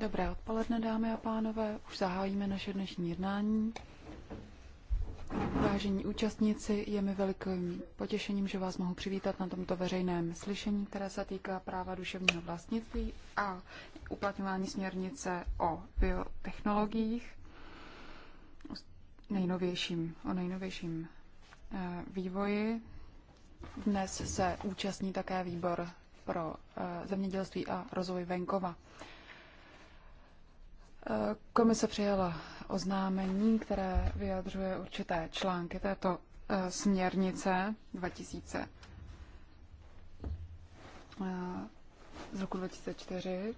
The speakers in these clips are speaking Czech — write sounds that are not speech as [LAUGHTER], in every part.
Dobré odpoledne, dámy a pánové. Už zahájíme naše dnešní jednání. Vážení účastníci, je mi velkým potěšením, že vás mohu přivítat na tomto veřejném slyšení, které se týká práva duševního vlastnictví a uplatňování směrnice o biotechnologiích, nejnovějším, o nejnovějším eh, vývoji. Dnes se účastní také výbor pro eh, zemědělství a rozvoj venkova. Eh, komise přijala oznámení, které vyjadřuje určité články této eh, směrnice 2000 z roku 2004.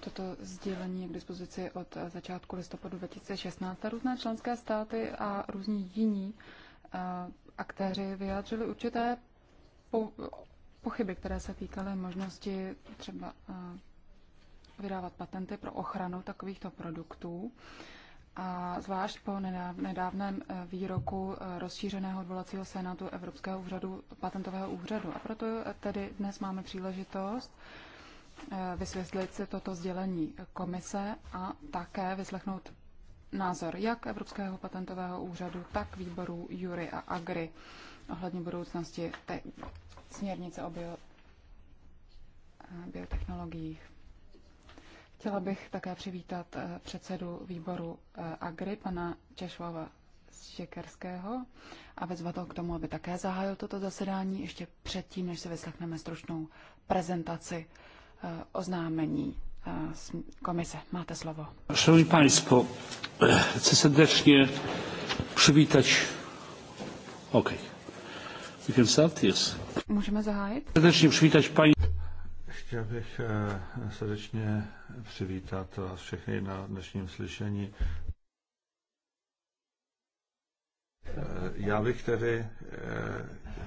Toto sdělení je k dispozici od začátku listopadu 2016. Různé členské státy a různí jiní aktéři vyjádřili určité po, pochyby, které se týkaly možnosti třeba eh, vydávat patenty pro ochranu takovýchto produktů. A zvlášť po nedávném eh, výroku eh, rozšířeného odvolacího senátu Evropského úřadu, patentového úřadu. A proto tedy dnes máme příležitost vysvětlit si toto sdělení komise a také vyslechnout názor jak Evropského patentového úřadu, tak výboru Jury a Agri ohledně budoucnosti té směrnice o bio- biotechnologiích. Chtěla bych také přivítat eh, předsedu výboru eh, AGRI, pana Češlova Šekerského, a vyzvat ho k tomu, aby také zahájil toto zasedání ještě předtím, než se vyslechneme stručnou prezentaci eh, oznámení komise. Máte slovo. Szanowni Państwo, chcę serdecznie przywitać. Okej. Okay. You can start, yes. Můžeme zahájit? Srdečně přivítať paní. Chtěl bych eh, srdečně přivítat vás všechny na dnešním slyšení. Eh, já bych tedy eh,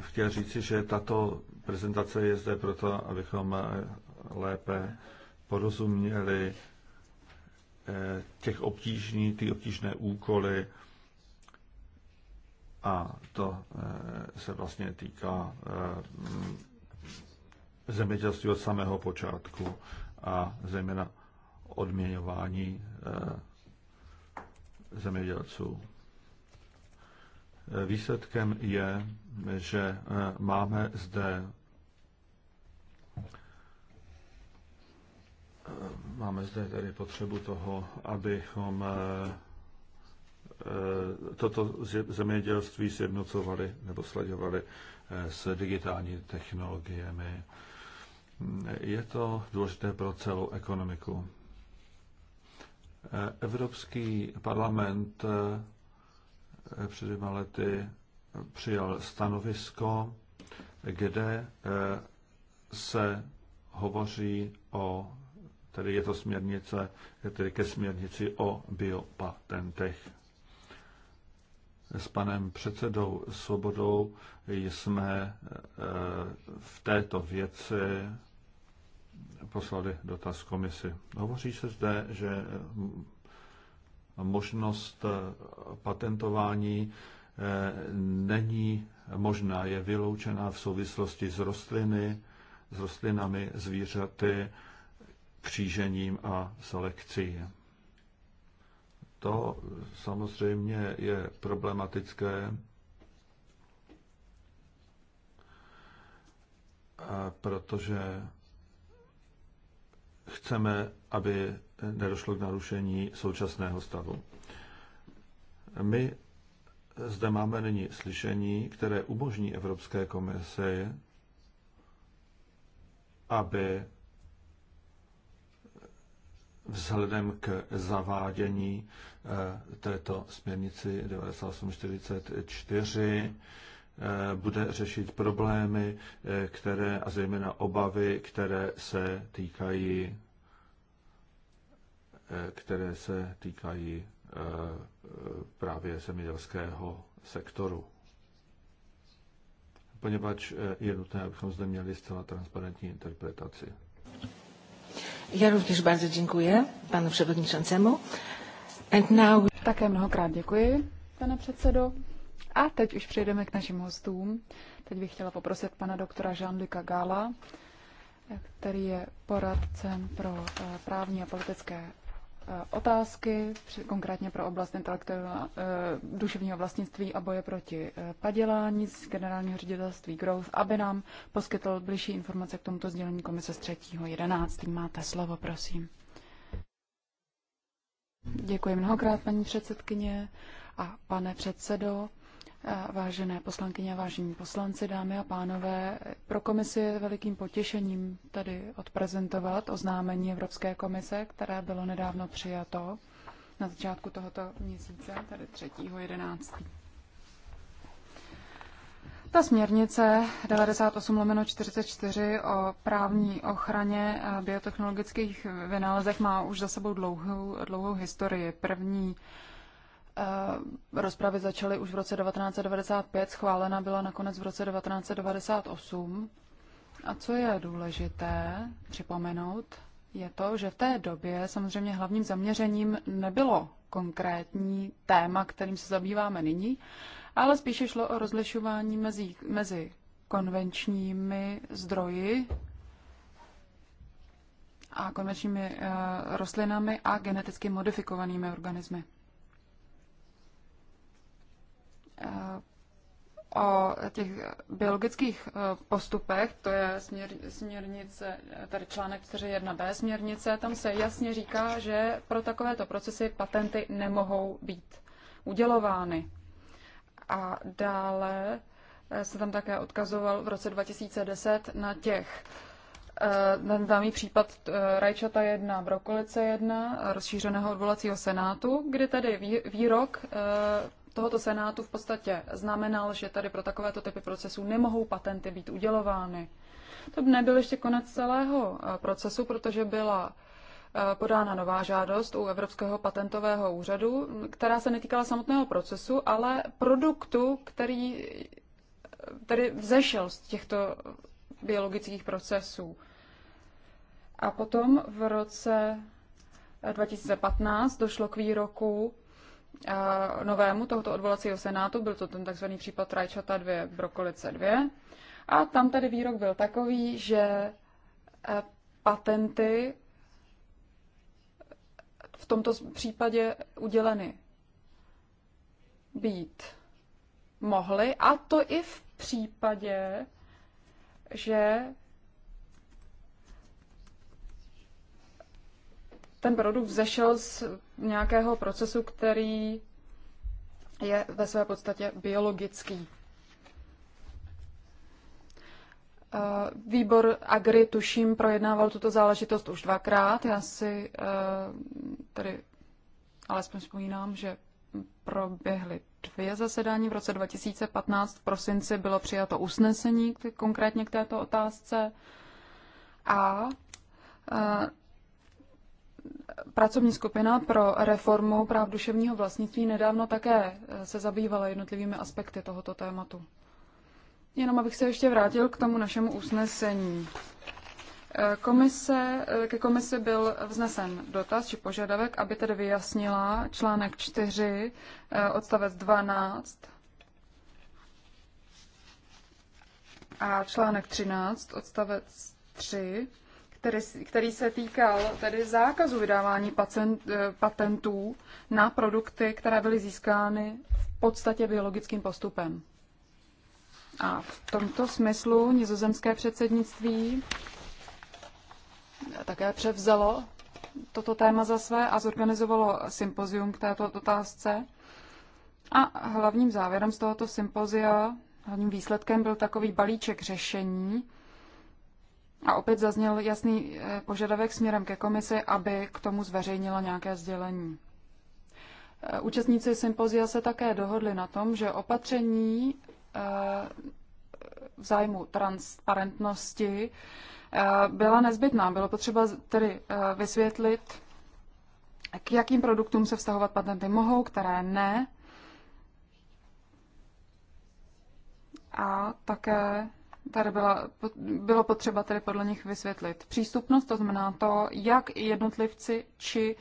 chtěl říci, že tato prezentace je zde proto, abychom lépe porozuměli těch obtížných, ty obtížné úkoly, a to eh, se vlastně týká eh, zemědělství od samého počátku a zejména odměňování eh, zemědělců. Výsledkem je, že máme zde máme zde tedy potřebu toho, abychom Eh, toto zemědělství sjednocovali nebo sladěvali eh, s digitální technologiemi. Je to důležité pro celou ekonomiku. Eh, Evropský parlament před dvěma lety přijal stanovisko, kde se hovoří o, tedy je to směrnice, tedy ke směrnici o biopatentech s panem předsedou Svobodou jsme e, v této věci poslali dotaz komisi. Hovoří se zde, že e, možnost e, patentování není možná, je vyloučená v souvislosti s rostliny, s rostlinami, zvířaty, křížením a selekcí. To samozřejmě je problematické, protože chceme, aby nedošlo k narušení současného stavu. My zde máme nyní slyšení, které umožní Evropské komise, aby vzhledem k zavádění eh, této směrnici 9844 eh, bude řešit problémy, eh, které a zejména obavy, které se týkají které se týkají právě zemědělského sektoru. Poněvadž je nutné, abychom zde měli zcela transparentní interpretaci. Já rovněž bardzo děkuji panu předsedajícímu. now... Také mnohokrát děkuji, pane předsedo. A teď už přejdeme k našim hostům. Teď bych chtěla poprosit pana doktora Jean-Luca Gala, který je poradcem pro eh, právní a politické Eh, otázky, konkrétně pro oblast eh, duševního vlastnictví a boje proti eh, padělání z generálního ředitelství Growth, aby nám poskytl blížší informace k tomuto sdělení komise z 3.11. Máte slovo, prosím. Děkuji mnohokrát, paní předsedkyně a pane předsedo. Vážené poslankyně a vážení poslanci, dámy a pánové, pro komisi je velikým potěšením tady odprezentovat oznámení Evropské komise, které bylo nedávno přijato na začátku tohoto měsíce, tedy 3.11. Ta směrnice 98 44 o právní ochraně biotechnologických vynálezech má už za sebou dlouhou, dlouhou historii. První Eh, rozpravy začaly už v roce 1995, schválena byla nakonec v roce 1998. A co je důležité připomenout, je to, že v té době samozřejmě hlavním zaměřením nebylo konkrétní téma, kterým se zabýváme nyní, ale spíše šlo o rozlišování mezi, mezi konvenčními zdroji a konvenčními uh, rostlinami a geneticky modifikovanými organismy. Eh, o těch biologických eh, postupech, to je směr, směrnice, eh, tady článek 4.1b směrnice, tam se jasně říká, že pro takovéto procesy patenty nemohou být udělovány. A dále se tam také odkazoval v roce 2010 na těch ten známý případ rajčata 1, brokolice 1, rozšířeného odvolacího senátu, kdy tedy výrok tohoto senátu v podstatě znamenal, že tady pro takovéto typy procesů nemohou patenty být udělovány. To by nebyl ještě konec celého eh, procesu, protože byla eh, podána nová žádost u Evropského patentového úřadu, která se netýkala samotného procesu, ale produktu, který eh, tedy vzešel z těchto biologických procesů. A potom v roce 2015 došlo k výroku novému tohoto odvolacího senátu, byl to ten takzvaný případ Rajčata 2, Brokolice 2. A tam tedy výrok byl takový, že eh, patenty eh, v tomto případě uděleny být mohly, a to i v případě, že ten produkt vzešel z nějakého procesu, který je ve své podstatě biologický. Eh, výbor Agri, tuším, projednával tuto záležitost už dvakrát. Já si eh, tedy alespoň vzpomínám, že proběhly dvě zasedání. V roce 2015 v prosinci bylo přijato usnesení konkrétně k této otázce a eh, Pracovní skupina pro reformu práv duševního vlastnictví nedávno také eh, se zabývala jednotlivými aspekty tohoto tématu. Jenom abych se ještě vrátil k tomu našemu usnesení. Eh, komise, eh, ke komisi byl vznesen dotaz či požadavek, aby tedy vyjasnila článek 4, odstavec 12 a článek 13, odstavec 3 který, který se týkal tedy zákazu vydávání pacient, eh, patentů na produkty, které byly získány v podstatě biologickým postupem. A v tomto smyslu nizozemské předsednictví také převzalo toto téma za své a zorganizovalo sympozium k této otázce. A hlavním závěrem z tohoto sympozia, hlavním výsledkem byl takový balíček řešení, a opět zazněl jasný eh, požadavek směrem ke komisi, aby k tomu zveřejnila nějaké sdělení. Eh, účastníci sympozia se také dohodli na tom, že opatření eh, v zájmu transparentnosti byla nezbytná. Bylo potřeba tedy vysvětlit, k jakým produktům se vztahovat patenty mohou, které ne. A také tady byla, bylo potřeba tedy podle nich vysvětlit. Přístupnost, to znamená to, jak jednotlivci či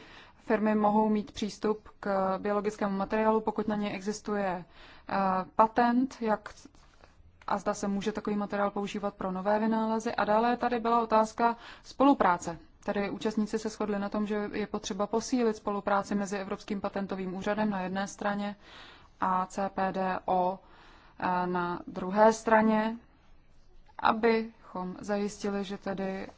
firmy mohou mít přístup k biologickému materiálu, pokud na něj existuje eh, patent, jak a zda se může takový materiál používat pro nové vynálezy. A dále tady byla otázka spolupráce. Tady účastníci se shodli na tom, že je potřeba posílit spolupráci mezi Evropským patentovým úřadem na jedné straně a CPDO eh, na druhé straně, abychom zajistili, že tedy eh,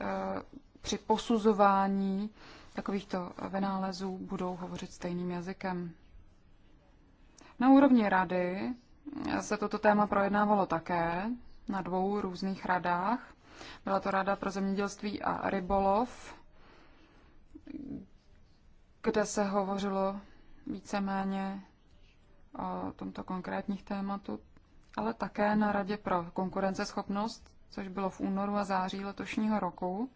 při posuzování takovýchto vynálezů budou hovořit stejným jazykem. Na úrovni rady se toto téma projednávalo také na dvou různých radách. Byla to Rada pro zemědělství a rybolov, kde se hovořilo víceméně o tomto konkrétních tématu, ale také na Radě pro konkurenceschopnost což bylo v únoru a září letošního roku.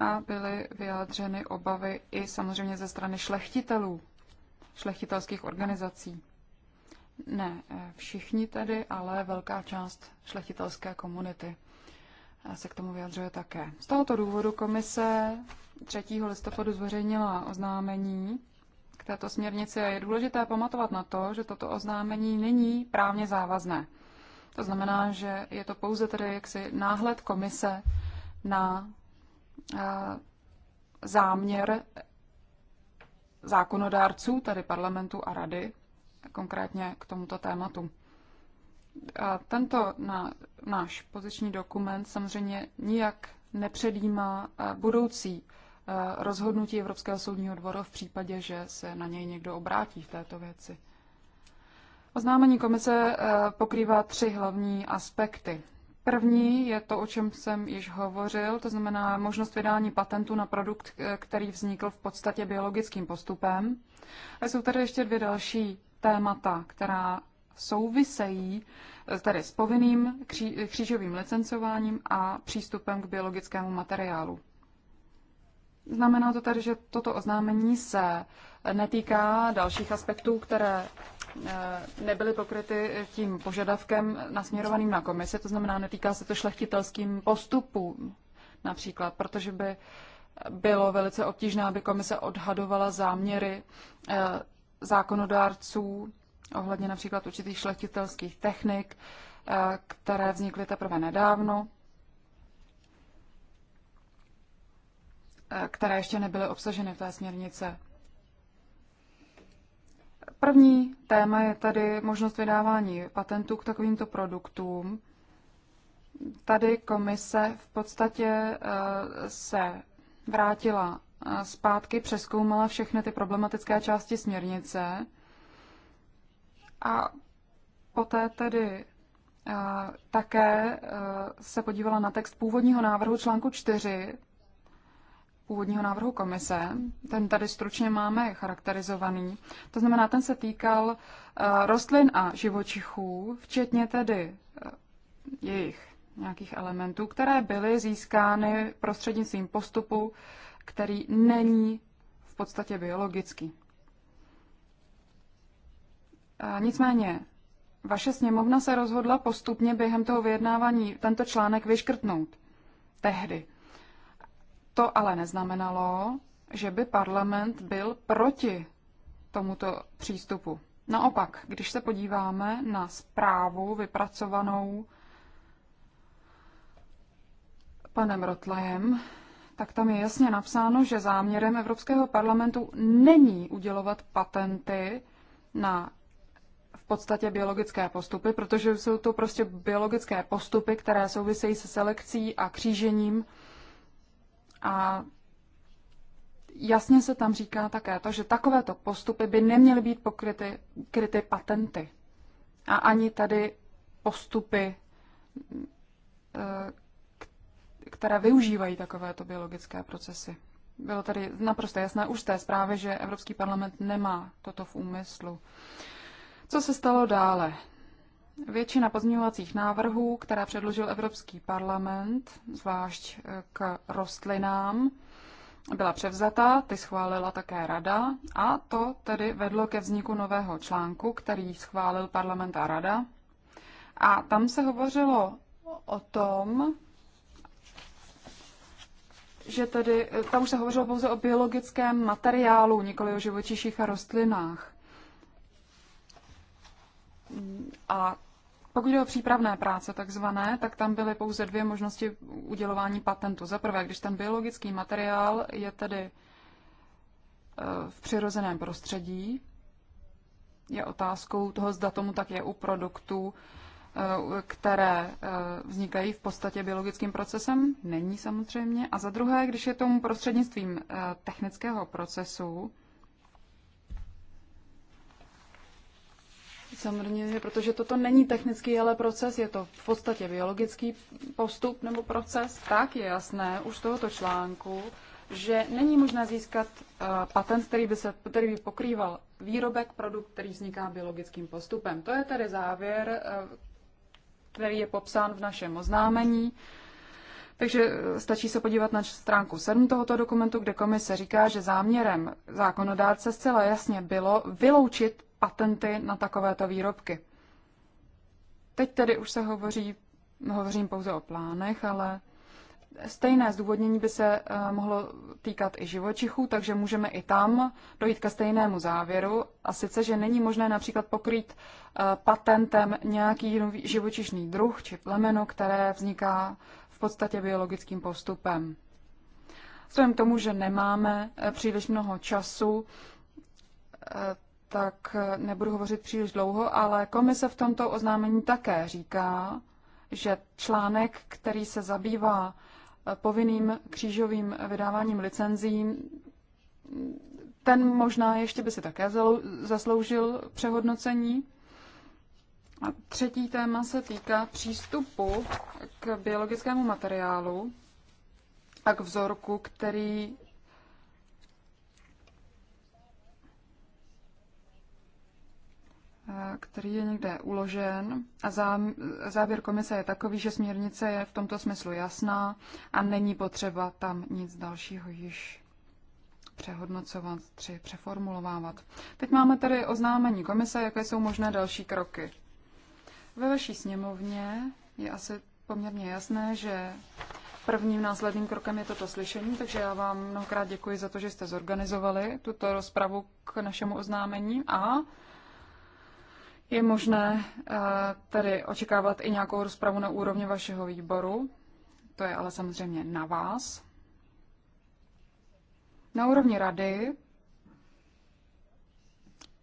A byly vyjádřeny obavy i samozřejmě ze strany šlechtitelů, šlechtitelských organizací. Ne eh, všichni tedy, ale velká část šlechtitelské komunity eh, se k tomu vyjadřuje také. Z tohoto důvodu komise 3. listopadu zveřejnila oznámení k této směrnici a je důležité pamatovat na to, že toto oznámení není právně závazné. To znamená, že je to pouze tedy jaksi náhled komise na eh, záměr zákonodárců, tedy parlamentu a rady, konkrétně k tomuto tématu. A eh, tento na, náš poziční dokument samozřejmě nijak nepředjímá eh, budoucí rozhodnutí Evropského soudního dvora v případě, že se na něj někdo obrátí v této věci. Oznámení komise eh, pokrývá tři hlavní aspekty. První je to, o čem jsem již hovořil, to znamená možnost vydání patentu na produkt, eh, který vznikl v podstatě biologickým postupem. A jsou tady ještě dvě další témata, která souvisejí eh, tedy s povinným kří, křížovým licencováním a přístupem k biologickému materiálu. Znamená to tedy, že toto oznámení se netýká dalších aspektů, které eh, nebyly pokryty tím požadavkem nasměrovaným na komisi, to znamená, netýká se to šlechtitelským postupům například, protože by bylo velice obtížné, aby komise odhadovala záměry eh, zákonodárců ohledně například určitých šlechtitelských technik, eh, které vznikly teprve nedávno. Eh, které ještě nebyly obsaženy v té směrnice. První téma je tady možnost vydávání patentů k takovýmto produktům. Tady komise v podstatě eh, se vrátila eh, zpátky, přeskoumala všechny ty problematické části směrnice a poté tedy také se podívala na text původního návrhu článku 4 původního návrhu komise. Ten tady stručně máme charakterizovaný. To znamená, ten se týkal eh, rostlin a živočichů, včetně tedy eh, jejich nějakých elementů, které byly získány prostřednictvím postupu, který není v podstatě biologický. Eh, nicméně vaše sněmovna se rozhodla postupně během toho vyjednávání tento článek vyškrtnout. Tehdy. To ale neznamenalo, že by parlament byl proti tomuto přístupu. Naopak, když se podíváme na zprávu vypracovanou panem Rotlejem, tak tam je jasně napsáno, že záměrem Evropského parlamentu není udělovat patenty na v podstatě biologické postupy, protože jsou to prostě biologické postupy, které souvisejí se selekcí a křížením a jasně se tam říká také to, že takovéto postupy by neměly být pokryty kryty patenty. A ani tady postupy, eh, které využívají takovéto biologické procesy. Bylo tady naprosto jasné už z té zprávy, že Evropský parlament nemá toto v úmyslu. Co se stalo dále? Většina pozměňovacích návrhů, která předložil Evropský parlament, zvlášť eh, k rostlinám, byla převzata, ty schválila také rada a to tedy vedlo ke vzniku nového článku, který schválil parlament a rada. A tam se hovořilo o tom, že tedy, eh, tam už se hovořilo pouze o biologickém materiálu, nikoli o živočiších a rostlinách. A pokud jde o přípravné práce takzvané, tak tam byly pouze dvě možnosti udělování patentu. Za prvé, když ten biologický materiál je tedy e, v přirozeném prostředí, je otázkou toho, zda tomu tak je u produktů, e, které e, vznikají v podstatě biologickým procesem, není samozřejmě. A za druhé, když je tomu prostřednictvím technického procesu, Samozřejmě, protože toto není technický ale proces, je to v podstatě biologický postup nebo proces, tak je jasné už z tohoto článku, že není možné získat eh, patent, který by, se, který by pokrýval výrobek, produkt, který vzniká biologickým postupem. To je tedy závěr, eh, který je popsán v našem oznámení. Takže eh, stačí se podívat na stránku 7 tohoto dokumentu, kde komise říká, že záměrem zákonodárce zcela jasně bylo vyloučit patenty na takovéto výrobky. Teď tedy už se hovoří, hovořím pouze o plánech, ale stejné zdůvodnění by se eh, mohlo týkat i živočichů, takže můžeme i tam dojít ke stejnému závěru. A sice, že není možné například pokrýt eh, patentem nějaký živočišný druh či plemeno, které vzniká v podstatě biologickým postupem. Vzhledem k tomu, že nemáme eh, příliš mnoho času, tak eh, nebudu hovořit příliš dlouho, ale komise v tomto oznámení také říká, že článek, který se zabývá eh, povinným křížovým vydáváním licenzí, ten možná ještě by si také zasloužil přehodnocení. A třetí téma se týká přístupu k biologickému materiálu a k vzorku, který Eh, který je někde uložen a závěr komise je takový, že směrnice je v tomto smyslu jasná a není potřeba tam nic dalšího již přehodnocovat, tři přeformulovávat. Teď máme tady oznámení komise, jaké jsou možné další kroky. Ve vaší sněmovně je asi poměrně jasné, že prvním následným krokem je toto slyšení, takže já vám mnohokrát děkuji za to, že jste zorganizovali tuto rozpravu k našemu oznámení a je možné eh, tady očekávat i nějakou rozpravu na úrovni vašeho výboru, to je ale samozřejmě na vás. Na úrovni rady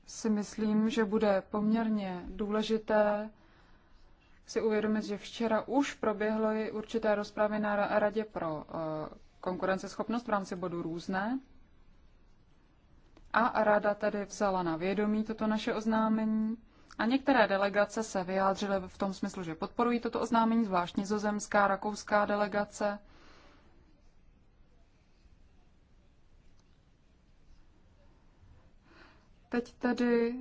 si myslím, že bude poměrně důležité si uvědomit, že včera už proběhly určité rozpravy na Radě pro eh, konkurenceschopnost v rámci bodu různé. A Rada tedy vzala na vědomí toto naše oznámení a některé delegace se vyjádřily v tom smyslu, že podporují toto oznámení, zvlášť nizozemská, rakouská delegace. Teď tedy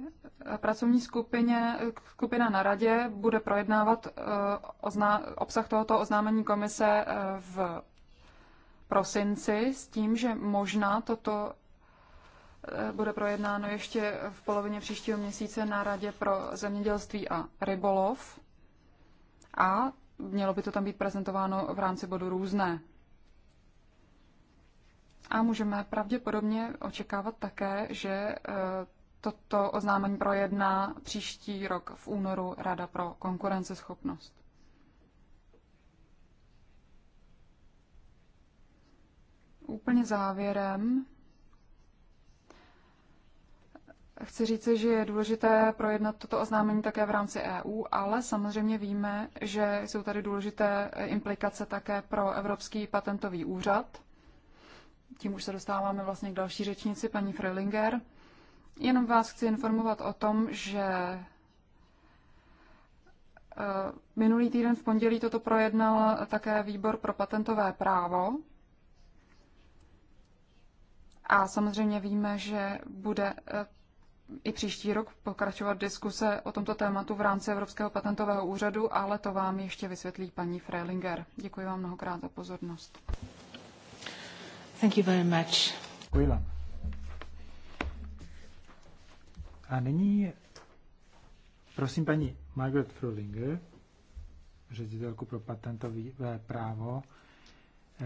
eh, pracovní skupině, eh, skupina na radě bude projednávat eh, ozná, obsah tohoto oznámení komise v prosinci s tím, že možná toto Eh, bude projednáno ještě v polovině příštího měsíce na Radě pro zemědělství a rybolov a mělo by to tam být prezentováno v rámci bodu různé. A můžeme pravděpodobně očekávat také, že eh, toto oznámení projedná příští rok v únoru Rada pro konkurenceschopnost. Úplně závěrem Chci říci, že je důležité projednat toto oznámení také v rámci EU, ale samozřejmě víme, že jsou tady důležité implikace také pro Evropský patentový úřad. Tím už se dostáváme vlastně k další řečnici, paní Freilinger. Jenom vás chci informovat o tom, že eh, minulý týden v pondělí toto projednal také výbor pro patentové právo. A samozřejmě víme, že bude eh, i příští rok pokračovat diskuse o tomto tématu v rámci Evropského patentového úřadu, ale to vám ještě vysvětlí paní Freilinger. Děkuji vám mnohokrát za pozornost. Thank you very much. Děkuji vám. A nyní prosím paní Margaret Fröhlinger, ředitelku pro patentové právo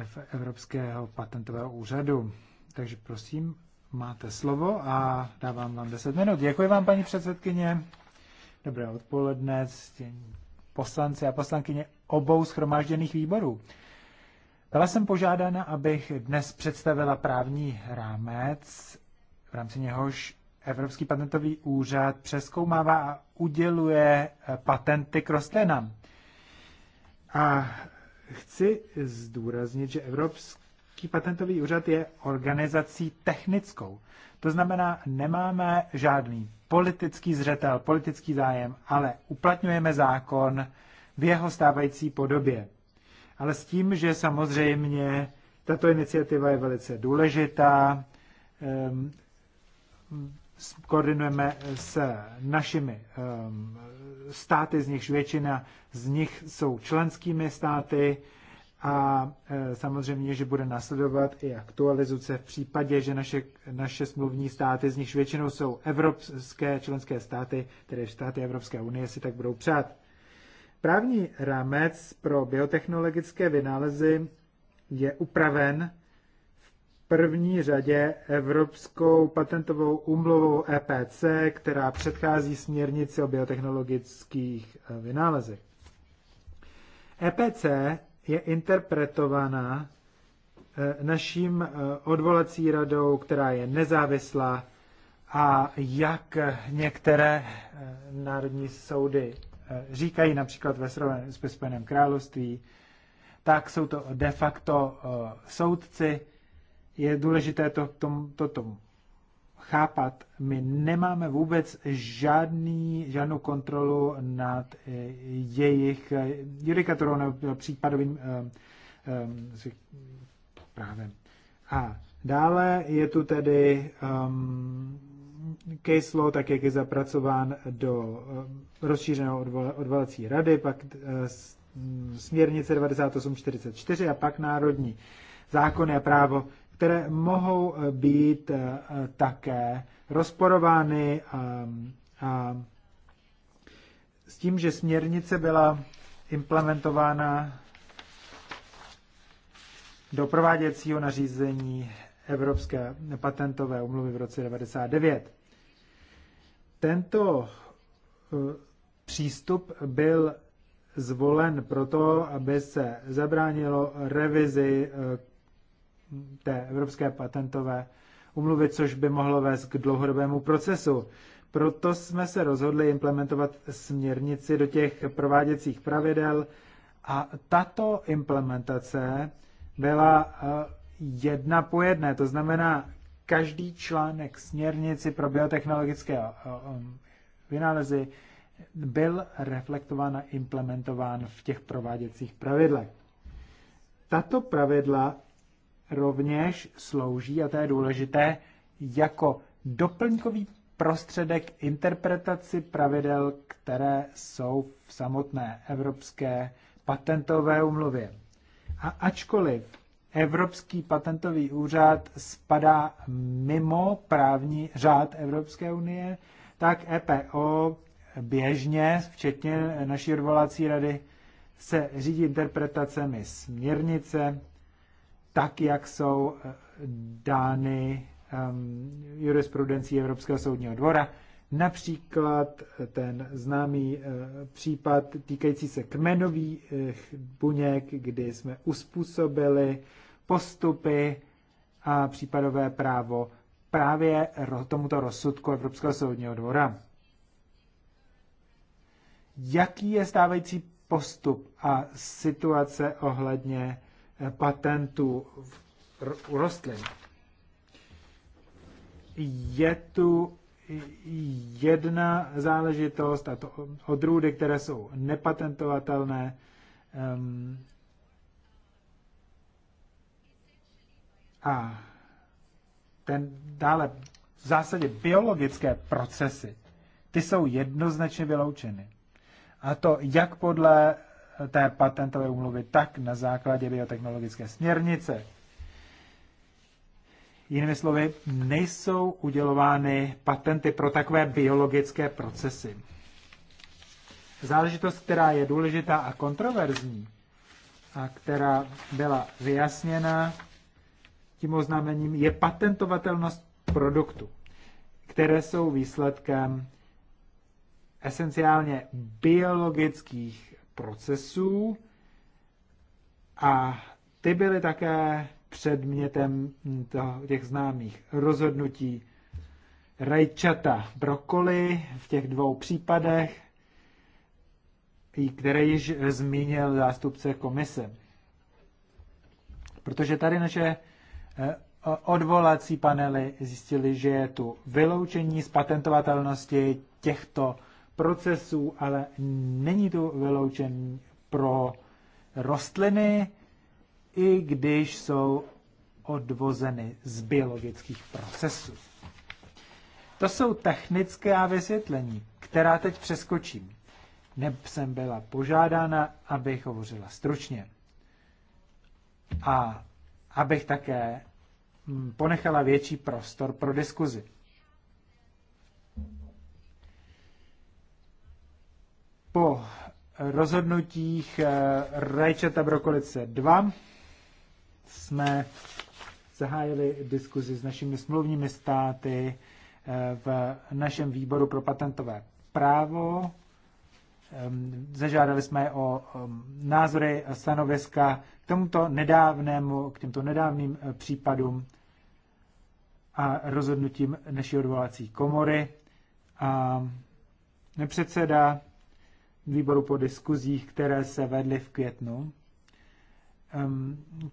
v Evropského patentového úřadu. Takže prosím, máte slovo a dávám vám 10 minut. Děkuji vám, paní předsedkyně. Dobré odpoledne, poslanci a poslankyně obou schromážděných výborů. Byla jsem požádána, abych dnes představila právní rámec, v rámci něhož Evropský patentový úřad přeskoumává a uděluje eh, patenty k rostlinám. A chci zdůraznit, že Evropský Český patentový úřad je organizací technickou. To znamená, nemáme žádný politický zřetel, politický zájem, ale uplatňujeme zákon v jeho stávající podobě. Ale s tím, že samozřejmě tato iniciativa je velice důležitá, ehm, koordinujeme s našimi ehm, státy, z nichž většina z nich jsou členskými státy, a e, samozřejmě, že bude nasledovat i aktualizace v případě, že naše, naše smluvní státy, z nichž většinou jsou evropské členské státy, tedy státy Evropské unie, si tak budou přát. Právní rámec pro biotechnologické vynálezy je upraven v první řadě Evropskou patentovou umluvou EPC, která předchází směrnici o biotechnologických e, vynálezech. EPC je interpretovaná eh, naším eh, odvolací radou, která je nezávislá a jak některé eh, národní soudy říkají například ve srovnání s Spojeném království, tak jsou to de facto soudci. Je důležité to, to, to tomu chápat. My nemáme vůbec žádný, žádnou kontrolu nad eh, jejich eh, judikaturou nebo případovým eh, právem. A dále je tu tedy um, case law, tak jak je zapracován do rozšířeného odvolací rady, pak směrnice 2844 a pak národní zákony a právo které mohou eh, být eh, také rozporovány a, ehm, a s tím, že směrnice byla implementována do prováděcího nařízení Evropské patentové umluvy v roce 99. Tento eh, přístup byl zvolen proto, aby se zabránilo revizi té Evropské patentové umluvy, což by mohlo vést k dlouhodobému procesu. Proto jsme se rozhodli implementovat směrnici do těch prováděcích pravidel a tato implementace byla eh, jedna po jedné, to znamená každý článek směrnici pro biotechnologické eh, eh, vynálezy byl reflektován a implementován v těch prováděcích pravidlech. Tato pravidla rovněž slouží, a to je důležité, jako doplňkový prostředek interpretaci pravidel, které jsou v samotné evropské patentové umluvě. A ačkoliv Evropský patentový úřad spadá mimo právní řád Evropské unie, tak EPO běžně, včetně naší odvolací rady, se řídí interpretacemi směrnice tak, jak jsou eh, dány um, jurisprudencí Evropského soudního dvora. Například eh, ten známý uh, případ týkající se kmenových buněk, kdy jsme uspůsobili postupy a případové právo právě tomuto rozsudku Evropského soudního dvora. Jaký je stávající postup a situace ohledně Patentu u rostlin. Je tu jedna záležitost, a to odrůdy, které jsou nepatentovatelné, um, a ten dále v zásadě biologické procesy, ty jsou jednoznačně vyloučeny. A to jak podle té patentové úmluvy, tak na základě biotechnologické směrnice. Jinými slovy, nejsou udělovány patenty pro takové biologické procesy. Záležitost, která je důležitá a kontroverzní a která byla vyjasněna tím oznámením, je patentovatelnost produktu, které jsou výsledkem esenciálně biologických procesů a ty byly také předmětem těch známých rozhodnutí rajčata brokoli v těch dvou případech, které již zmínil zástupce komise. Protože tady naše eh, odvolací panely zjistili, že je tu vyloučení z patentovatelnosti těchto procesů, ale není to vyloučen pro rostliny, i když jsou odvozeny z biologických procesů. To jsou technické vysvětlení, která teď přeskočím. Neb jsem byla požádána, abych hovořila stručně. A abych také mm, ponechala větší prostor pro diskuzi. po rozhodnutích eh, Rajčata Brokolice 2 jsme zahájili diskuzi s našimi smluvními státy eh, v našem výboru pro patentové právo. Ehm, zažádali jsme o ehm, názory a stanoviska k tomuto nedávnému, k těmto nedávným eh, případům a rozhodnutím naší odvolací komory. A předseda výboru po diskuzích, které se vedly v květnu,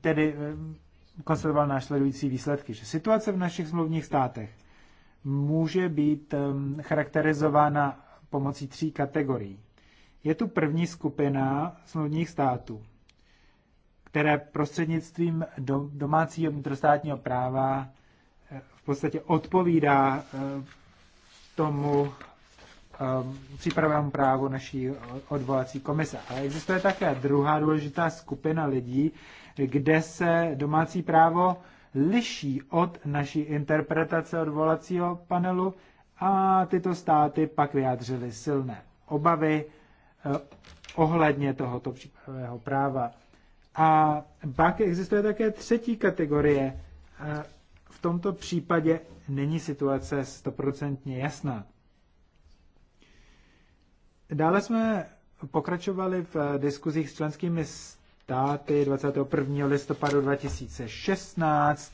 tedy konstatoval následující výsledky, že situace v našich smluvních státech může být charakterizována pomocí tří kategorií. Je tu první skupina smluvních států, které prostřednictvím domácího vnitrostátního práva eh, v podstatě odpovídá eh, tomu Ehm, přípravému právu naší odvolací komise. Ale existuje také druhá důležitá skupina lidí, kde se domácí právo liší od naší interpretace odvolacího panelu a tyto státy pak vyjádřily silné obavy eh, ohledně tohoto přípravného práva. A pak existuje také třetí kategorie. Eh, v tomto případě není situace stoprocentně jasná. Dále jsme pokračovali v eh, diskuzích s členskými státy 21. listopadu 2016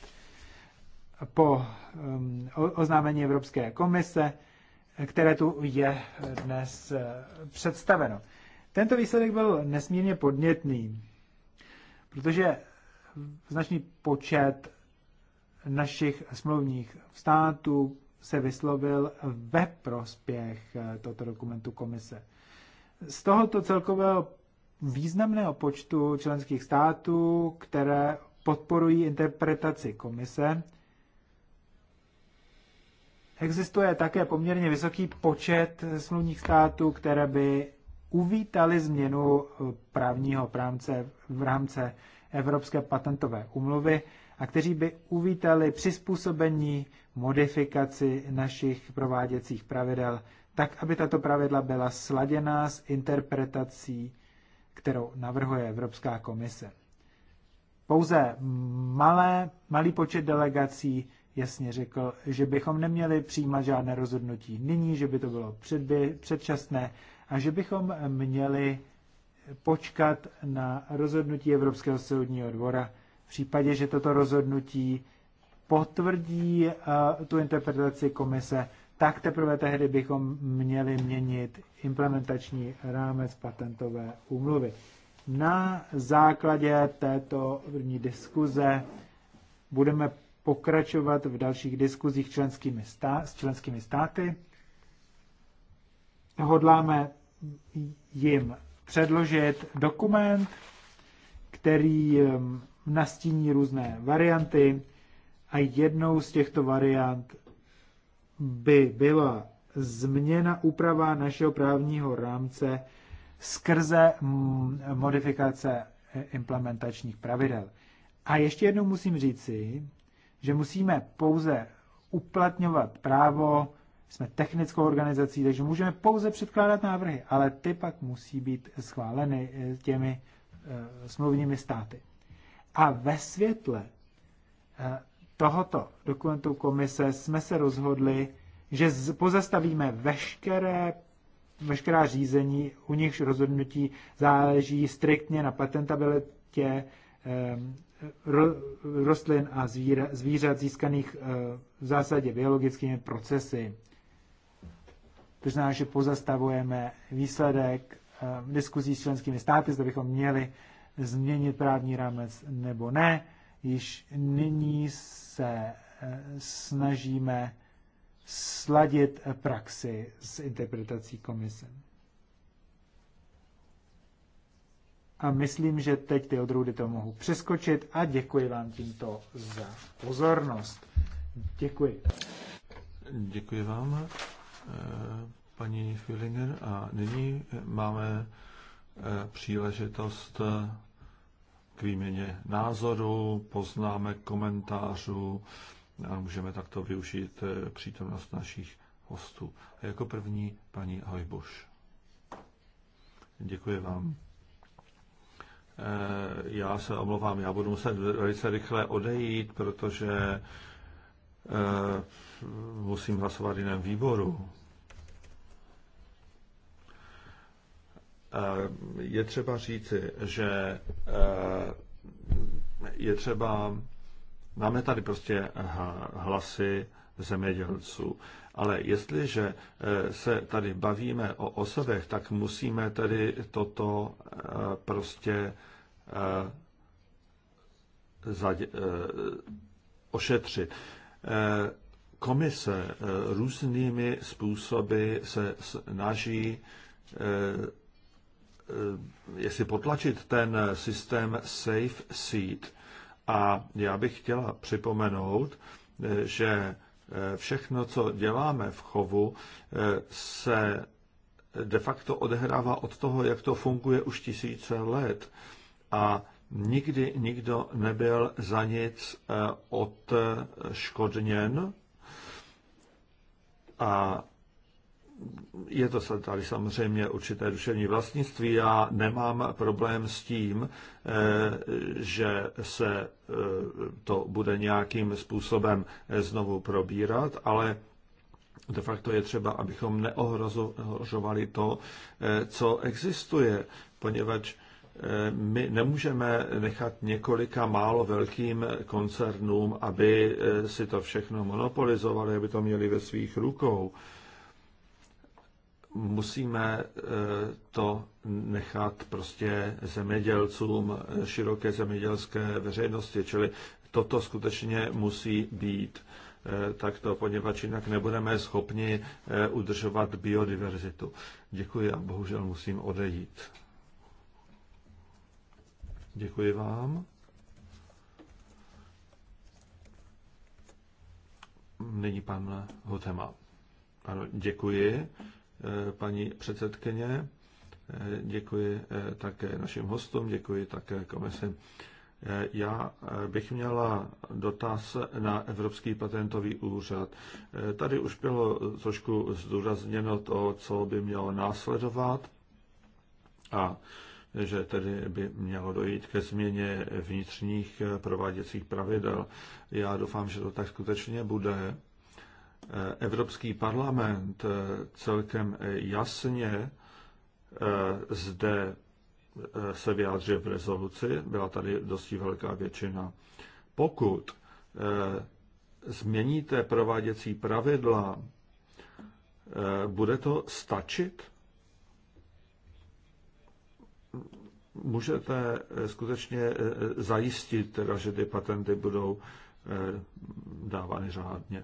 po ehm, oznámení Evropské komise, eh, které tu je eh, dnes představeno. Tento výsledek byl nesmírně podnětný, protože značný počet našich smluvních států se vyslovil ve prospěch eh, tohoto dokumentu komise. Z tohoto celkového významného počtu členských států, které podporují interpretaci komise, Existuje také poměrně vysoký počet smluvních států, které by uvítali změnu eh, právního právce v rámci Evropské patentové umluvy a kteří by uvítali přizpůsobení modifikaci našich prováděcích pravidel, tak aby tato pravidla byla sladěná s interpretací, kterou navrhuje Evropská komise. Pouze malé, malý počet delegací jasně řekl, že bychom neměli přijímat žádné rozhodnutí nyní, že by to bylo předby, předčasné a že bychom měli počkat na rozhodnutí Evropského soudního dvora, v případě, že toto rozhodnutí potvrdí eh, tu interpretaci komise, tak teprve tehdy bychom měli měnit implementační rámec patentové úmluvy. Na základě této první diskuze budeme pokračovat v dalších diskuzích členskými stá- s členskými státy. Hodláme jim předložit dokument, který eh, nastíní různé varianty a jednou z těchto variant by byla změna úprava našeho právního rámce skrze modifikace e, implementačních pravidel. A ještě jednou musím říci, že musíme pouze uplatňovat právo, jsme technickou organizací, takže můžeme pouze předkládat návrhy, ale ty pak musí být schváleny e, těmi e, smluvními státy. A ve světle eh, tohoto dokumentu komise jsme se rozhodli, že pozastavíme veškeré, veškerá řízení, u nichž rozhodnutí záleží striktně na patentabilitě ehm, rostlin a zvířat získaných eh, v zásadě biologickými procesy. To znamená, že pozastavujeme výsledek eh, diskuzí s členskými státy, zda bychom měli změnit právní rámec nebo ne. Již nyní se eh, snažíme sladit praxi s interpretací komise. A myslím, že teď ty odrůdy to mohu přeskočit a děkuji vám tímto za pozornost. Děkuji. Děkuji vám, eh, paní Filinger. A nyní máme eh, příležitost k výměně názorů, poznámek, komentářů a můžeme takto využít eh, přítomnost našich hostů. A jako první paní Hojbuš. Děkuji vám. Eh, já se omlouvám, já budu muset velice rychle odejít, protože eh, musím hlasovat jiném výboru. Eh, je třeba říci, že eh, je třeba, máme tady prostě hlasy zemědělců, ale jestliže eh, se tady bavíme o osobech, tak musíme tady toto prostě ošetřit. Komise různými způsoby se snaží Eh, jestli potlačit ten systém Safe Seed. A já bych chtěla připomenout, eh, že eh, všechno, co děláme v chovu, se de facto odehrává od toho, jak to funguje už tisíce let. A nikdy nikdo nebyl za nic odškodněn. A je to tady samozřejmě určité duševní vlastnictví. Já nemám problém s tím, eh, že se eh, to bude nějakým způsobem eh, znovu probírat, ale de facto je třeba, abychom neohrožovali to, co existuje, poněvadž my nemůžeme nechat několika málo velkým koncernům, aby si to všechno monopolizovali, aby to měli ve svých rukou musíme eh, to nechat prostě zemědělcům, eh, široké zemědělské veřejnosti, čili toto skutečně musí být eh, takto, poněvadž jinak nebudeme schopni udržovat biodiverzitu. Děkuji a bohužel musím odejít. Děkuji vám. Nyní pan Hotema. Ano, děkuji. Eh, paní předsedkyně. Eh, děkuji eh, také našim hostům, děkuji také komisi. Já bych měla dotaz na Evropský patentový úřad. Tady už bylo trošku zdůrazněno to, co by mělo následovat a že tedy by mělo dojít ke změně vnitřních prováděcích pravidel. Já doufám, že to tak skutečně bude Evropský parlament celkem jasně eh, zde eh, se vyjádřil v rezoluci, byla tady dosti velká většina. Pokud eh, změníte prováděcí pravidla, bude to stačit? Můžete skutečně zajistit, teda, že ty patenty budou dávány řádně.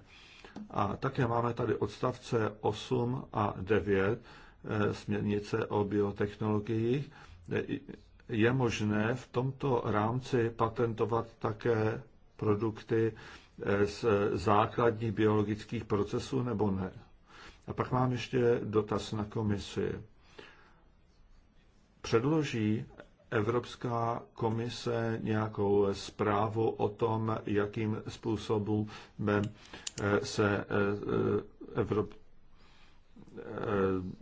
A také máme tady odstavce 8 a 9 eh, směrnice o biotechnologiích. Eh, je možné v tomto rámci patentovat také produkty eh, z základních biologických procesů nebo ne? A pak mám ještě dotaz na komisi. Předloží Evropská komise nějakou zprávu o tom, jakým způsobem eh, se eh, Evrop... Eh,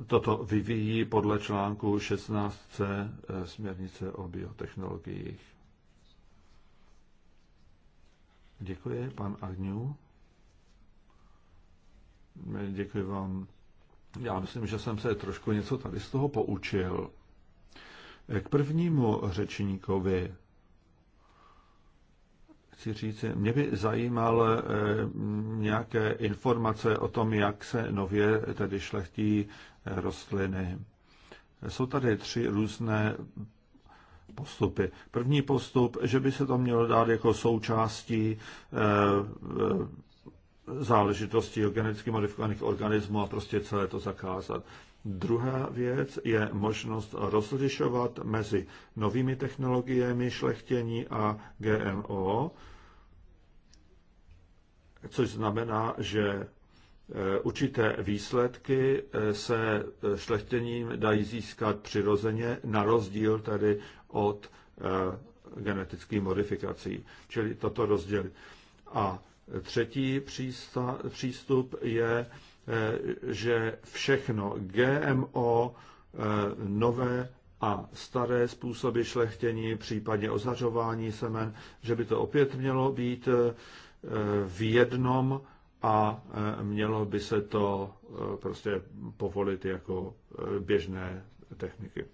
toto vyvíjí podle článku 16c směrnice o biotechnologiích. Děkuji, pan Agňu. Děkuji vám. Já myslím, že jsem se trošku něco tady z toho poučil. K prvnímu řečníkovi chci říct, mě by zajímal eh, nějaké informace o tom, jak se nově tedy šlechtí eh, rostliny. Jsou tady tři různé postupy. První postup, že by se to mělo dát jako součástí eh, záležitostí o geneticky modifikovaných organismů a prostě celé to zakázat. Druhá věc je možnost rozlišovat mezi novými technologiemi šlechtění a GMO, což znamená, že e, určité výsledky e, se e, šlechtěním dají získat přirozeně, na rozdíl tedy od genetických modifikací, čili toto rozdělit. A třetí přístup je Eh, že všechno GMO, eh, nové a staré způsoby šlechtění, případně označování semen, že by to opět mělo být eh, v jednom a mělo by se to prostě povolit jako běžné techniky.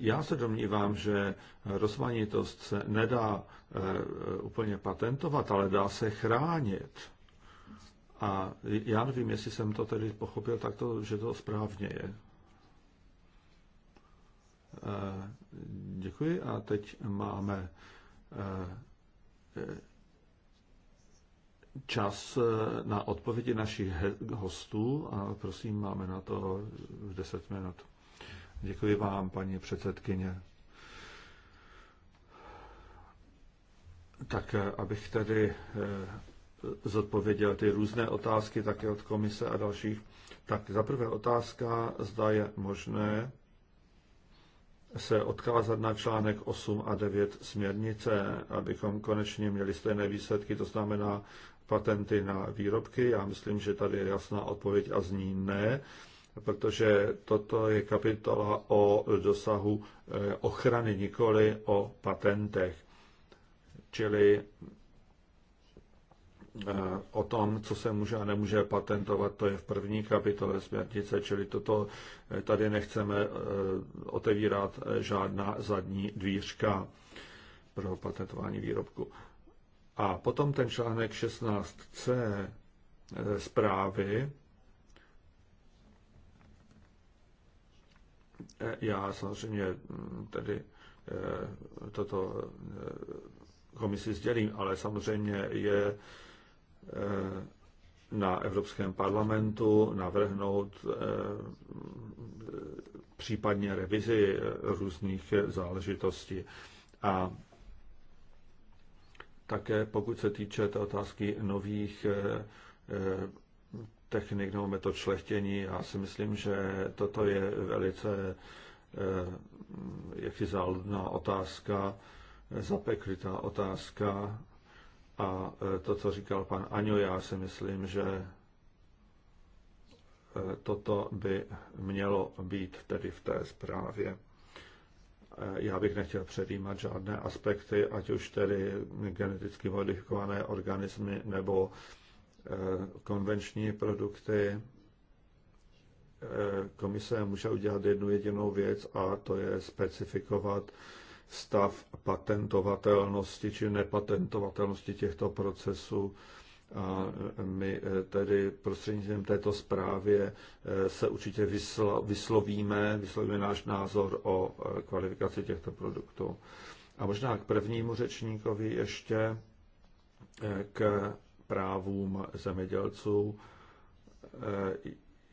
Já se domnívám, že rozmanitost se nedá úplně patentovat, ale dá se chránit. A já nevím, jestli jsem to tedy pochopil takto, že to správně je. Eh, děkuji a teď máme eh, čas eh, na odpovědi našich hostů a prosím, máme na to 10 minut. Děkuji vám, paní předsedkyně. Tak abych tedy zodpověděl ty různé otázky také od komise a dalších. Tak za prvé otázka, zda je možné se odkázat na článek 8 a 9 směrnice, abychom konečně měli stejné výsledky, to znamená patenty na výrobky. Já myslím, že tady je jasná odpověď a zní ne, protože toto je kapitola o dosahu eh, ochrany, nikoli o patentech. Čili Eh, o tom, co se může a nemůže patentovat, to je v první kapitole směrnice, čili toto eh, tady nechceme eh, otevírat žádná zadní dvířka pro patentování výrobku. A potom ten článek 16c zprávy. Já samozřejmě hm, tedy toto komisi sdělím, ale samozřejmě je Eh, na Evropském parlamentu navrhnout eh, případně revizi různých záležitostí. A také pokud se týče té otázky nových eh, technik nebo metod šlechtění, já si myslím, že toto je velice jaksi záludná otázka, zapeklitá otázka a e, to, co říkal pan Aňo, já si myslím, že e, toto by mělo být tedy v té zprávě. E, já bych nechtěl předjímat žádné aspekty, ať už tedy geneticky modifikované organismy nebo konvenční produkty. Komise může udělat jednu jedinou věc a to je specifikovat stav patentovatelnosti či nepatentovatelnosti těchto procesů. A my eh, tedy prostřednictvím této zprávě eh, se určitě vyslovíme, vyslovíme náš názor o eh, kvalifikaci těchto produktů. A možná k prvnímu řečníkovi ještě k právům zemědělců.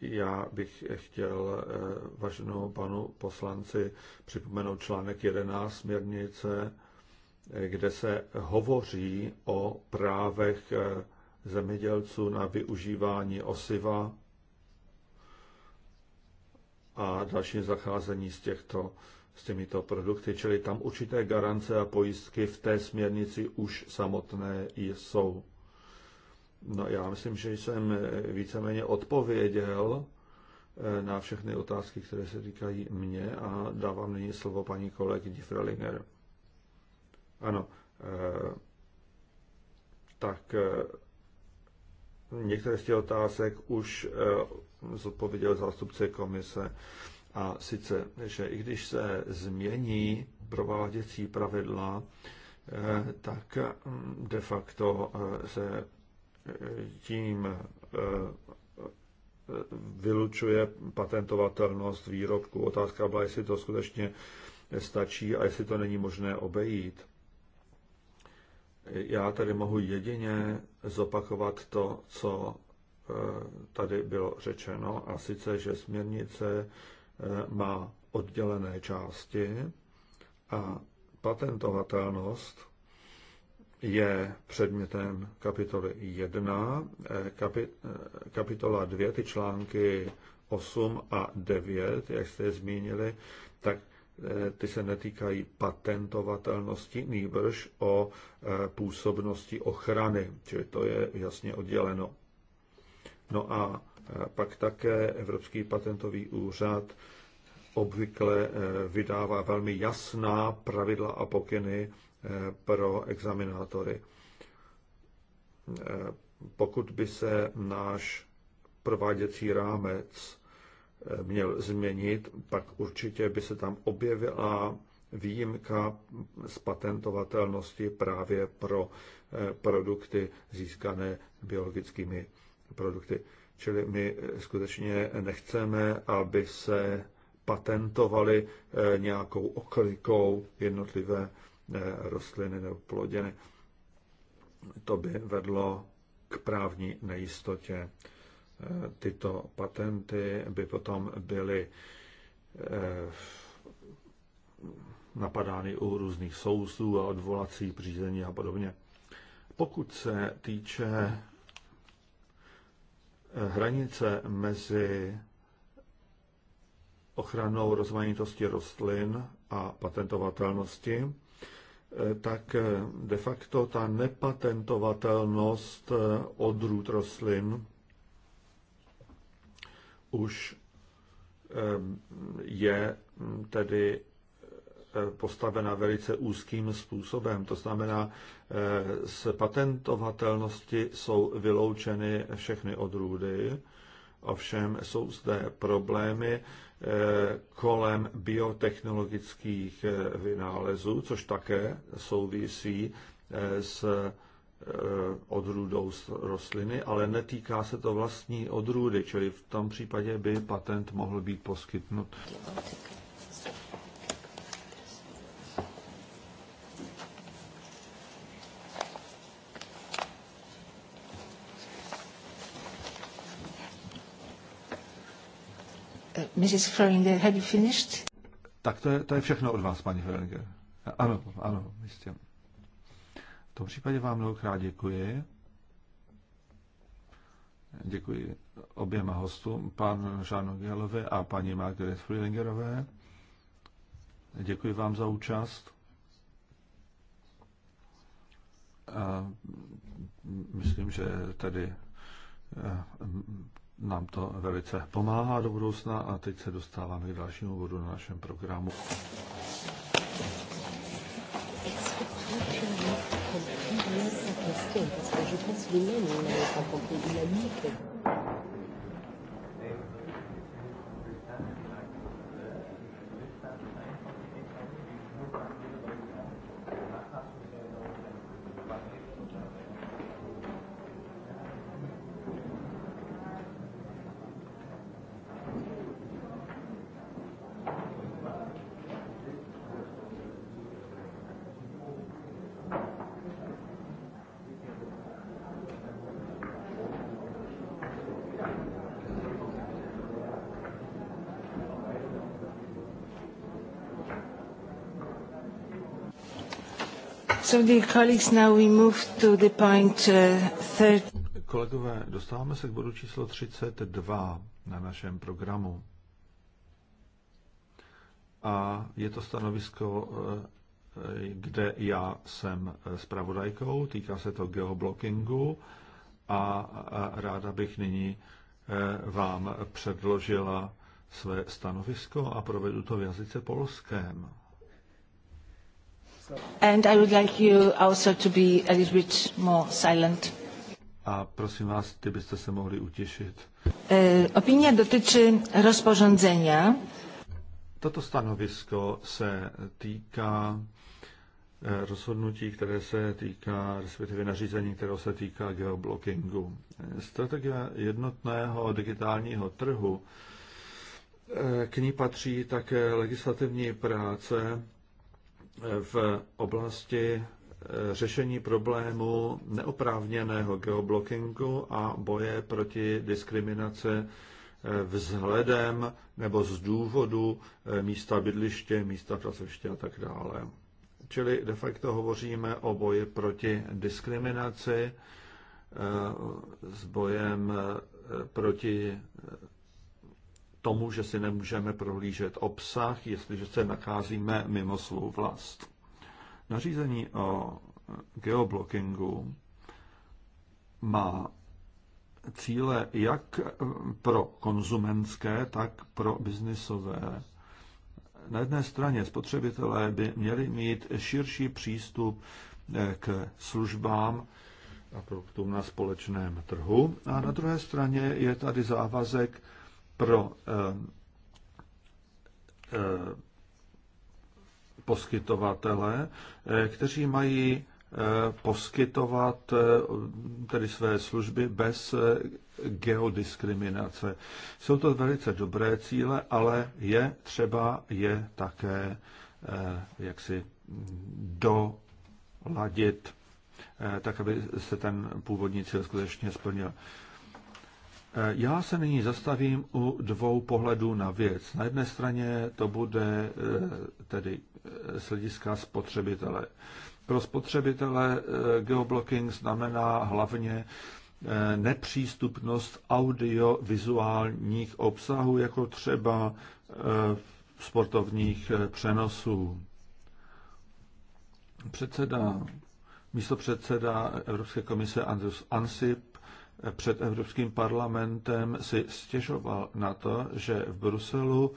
Já bych chtěl eh, važenou panu poslanci připomenout článek 11 směrnice, eh, kde se hovoří o právech eh, zemědělců na využívání osiva a další zacházení z, těchto, s těmito produkty, čili tam určité garance a pojistky v té směrnici už samotné jsou. No já myslím, že jsem eh, víceméně odpověděl eh, na všechny otázky, které se týkají mě a dávám nyní slovo paní kolegyni Frelinger. Ano, eh, tak některé z těch otázek už zodpověděl zástupce komise. A sice, že i když se změní prováděcí pravidla, tak mm, de facto se tím eh, vylučuje patentovatelnost výrobku. Otázka byla, jestli to skutečně stačí a jestli to není možné obejít. Já tady mohu jedině zopakovat to, co eh, tady bylo řečeno, a sice, že směrnice eh, má oddělené části a patentovatelnost je předmětem kapitoly 1, eh, eh, kapitola 2, ty články 8 a 9, jak jste je zmínili, tak eh, ty se netýkají patentovatelnosti, nýbrž o působnosti ochrany, čili to je jasně odděleno. No a pak také Evropský patentový úřad obvykle vydává velmi jasná pravidla a pokyny pro examinátory. Pokud by se náš prováděcí rámec měl změnit, pak určitě by se tam objevila výjimka z patentovatelnosti právě pro eh, produkty získané biologickými produkty. Čili my skutečně nechceme, aby se patentovali eh, nějakou oklikou jednotlivé E, rostliny nebo ploděny. To by vedlo k právní nejistotě. E, tyto patenty by potom byly e, napadány u různých soudů a odvolací řízení a podobně. Pokud se týče hranice mezi ochranou rozmanitosti rostlin a patentovatelnosti, Eh, tak eh, de facto ta nepatentovatelnost eh, odrůd rostlin už ehm, je hm, tedy postavena velice úzkým způsobem. To znamená, z patentovatelnosti jsou vyloučeny všechny odrůdy Ovšem jsou zde problémy eh, kolem biotechnologických eh, vynálezů, což také souvisí eh, s odrůdou rostliny, ale netýká se to vlastní odrůdy, čili v tom případě by patent mohl být poskytnut. Mrs. Frölinger, have you finished? Tak to je, to je všechno od vás, paní Frölinger. Ano, ano, jistě. V tom případě vám mnohokrát děkuji. Děkuji oběma hostům, pan Žánu Gělovi a paní Margaret Frühlingerové. Děkuji vám za účast. A myslím, že tady eh, nám to velice pomáhá do budoucna a teď se dostáváme k dalšímu bodu na našem programu. Je pense que même n'avait pas compris. Il a dit que Kolegové, dostáváme se k bodu číslo 32 na našem programu. A je to stanovisko, eh, kde já jsem eh, zpravodajkou, týká se to geoblockingu a ráda bych nyní eh, vám předložila své stanovisko a provedu to v jazyce polském. And I would like you also to be a little bit more silent. A prosím vás, ty byste se mohli utěšit. E, opinia dotyczy rozporządzenia. Toto stanovisko se týká e, rozhodnutí, které se týká, respektive nařízení, které se týká geoblockingu. E, strategie jednotného digitálního trhu, e, k ní patří také legislativní práce v oblasti eh, řešení problému neoprávněného geoblockingu a boje proti diskriminace eh, vzhledem nebo z důvodu eh, místa bydliště, místa pracoviště a tak dále. Čili de facto hovoříme o boji proti diskriminaci s bojem proti tomu, že si nemůžeme prohlížet obsah, jestliže se nacházíme mimo svou vlast. Nařízení o geoblockingu má cíle jak pro konzumenské, tak pro biznisové. Na jedné straně spotřebitelé by měli mít širší přístup eh, k službám a produktům na společném trhu. A na druhé straně je tady závazek pro eh, eh, poskytovatele, eh, kteří mají poskytovat tedy své služby bez geodiskriminace. Jsou to velice dobré cíle, ale je třeba je také jaksi doladit, tak aby se ten původní cíl skutečně splnil. Eh, já se nyní zastavím u dvou pohledů na věc. Na jedné straně to bude eh, tedy eh, z hlediska spotřebitele. Pro spotřebitele geoblocking znamená hlavně nepřístupnost audiovizuálních obsahů, jako třeba sportovních přenosů. Předseda, místo předseda Evropské komise Andrus Ansip před Evropským parlamentem si stěžoval na to, že v Bruselu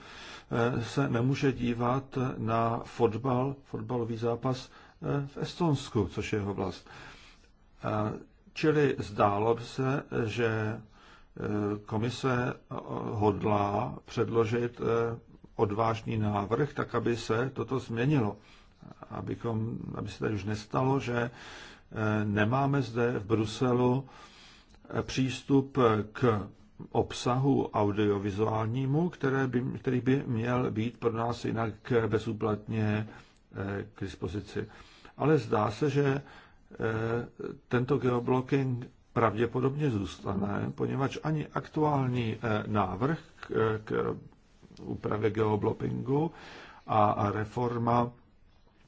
eh, se nemůže dívat na fotbal, fotbalový zápas eh, v Estonsku, což je jeho vlast. Čili zdálo by se, že eh, komise hodlá předložit odvážný návrh, tak aby se toto změnilo. Abychom, aby se tady už nestalo, že nemáme zde v Bruselu přístup k obsahu audiovizuálnímu, které by, který by měl být pro nás jinak bezúplatně eh, k dispozici. Ale zdá se, že eh, tento geoblocking pravděpodobně zůstane, poněvadž ani aktuální eh, návrh k, úpravě geoblockingu a reforma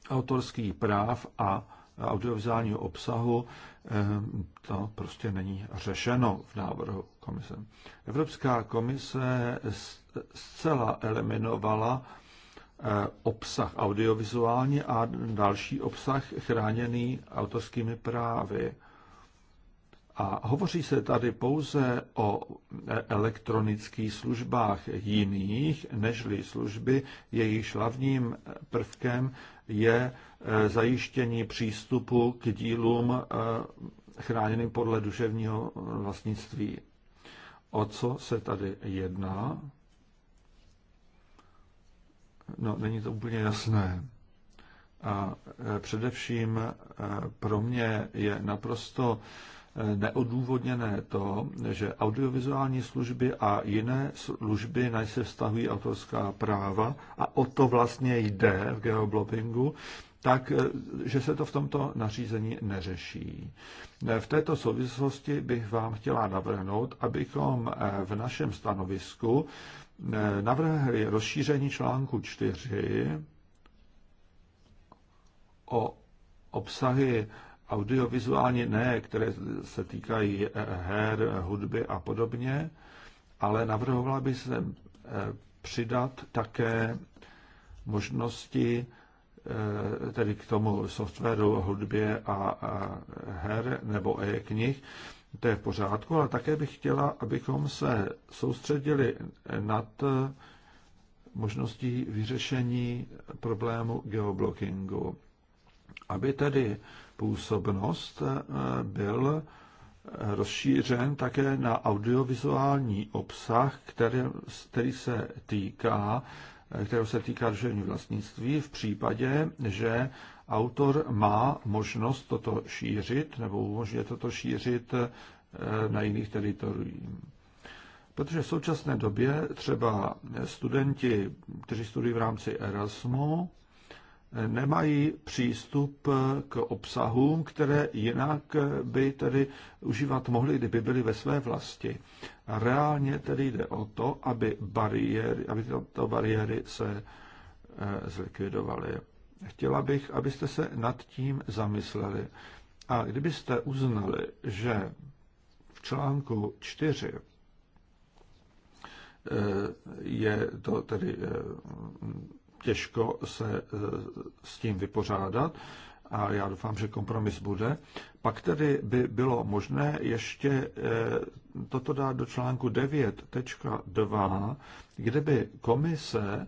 autorských práv a audiovizuálního obsahu Ehm, to prostě není řešeno v návrhu komise. Evropská komise zcela eliminovala eh, obsah audiovizuální a další obsah chráněný autorskými právy. A hovoří se tady pouze o eh, elektronických službách jiných nežli služby, jejichž hlavním eh, prvkem je eh, zajištění přístupu k dílům eh, chráněným podle duševního eh, vlastnictví. O co se tady jedná? No, není to úplně jasné. A především pro mě je naprosto neodůvodněné to, že audiovizuální služby a jiné služby, na se vztahují autorská práva, a o to vlastně jde v geoblobingu, tak, eh, že se to v tomto nařízení neřeší. V této souvislosti bych vám chtěla navrhnout, abychom eh, v našem stanovisku eh, navrhli rozšíření článku 4 o obsahy audiovizuálně ne, které se týkají her, hudby a podobně, ale navrhovala by se eh, přidat také možnosti eh, tedy k tomu softwaru, hudbě a her nebo e-knih. To je v pořádku, ale také bych chtěla, abychom se soustředili nad eh, možností vyřešení problému geoblockingu. Aby tedy působnost eh, byl eh, rozšířen také na audiovizuální obsah, který, který se týká eh, kterého se týká duševní vlastnictví v případě, že autor má možnost toto šířit nebo umožňuje toto šířit na jiných teritoriích. Protože v současné době třeba studenti, kteří studují v rámci Erasmu, nemají přístup k obsahům, které jinak by tedy užívat mohli, kdyby byly ve své vlasti. A reálně tedy jde o to, aby, bariéry, aby tyto bariéry se eh, zlikvidovaly. Chtěla bych, abyste se nad tím zamysleli. A kdybyste uznali, že v článku 4 eh, je to tedy eh, těžko se e, s tím vypořádat a já doufám, že kompromis bude. Pak tedy by bylo možné ještě e, toto dát do článku 9.2, kde by komise e,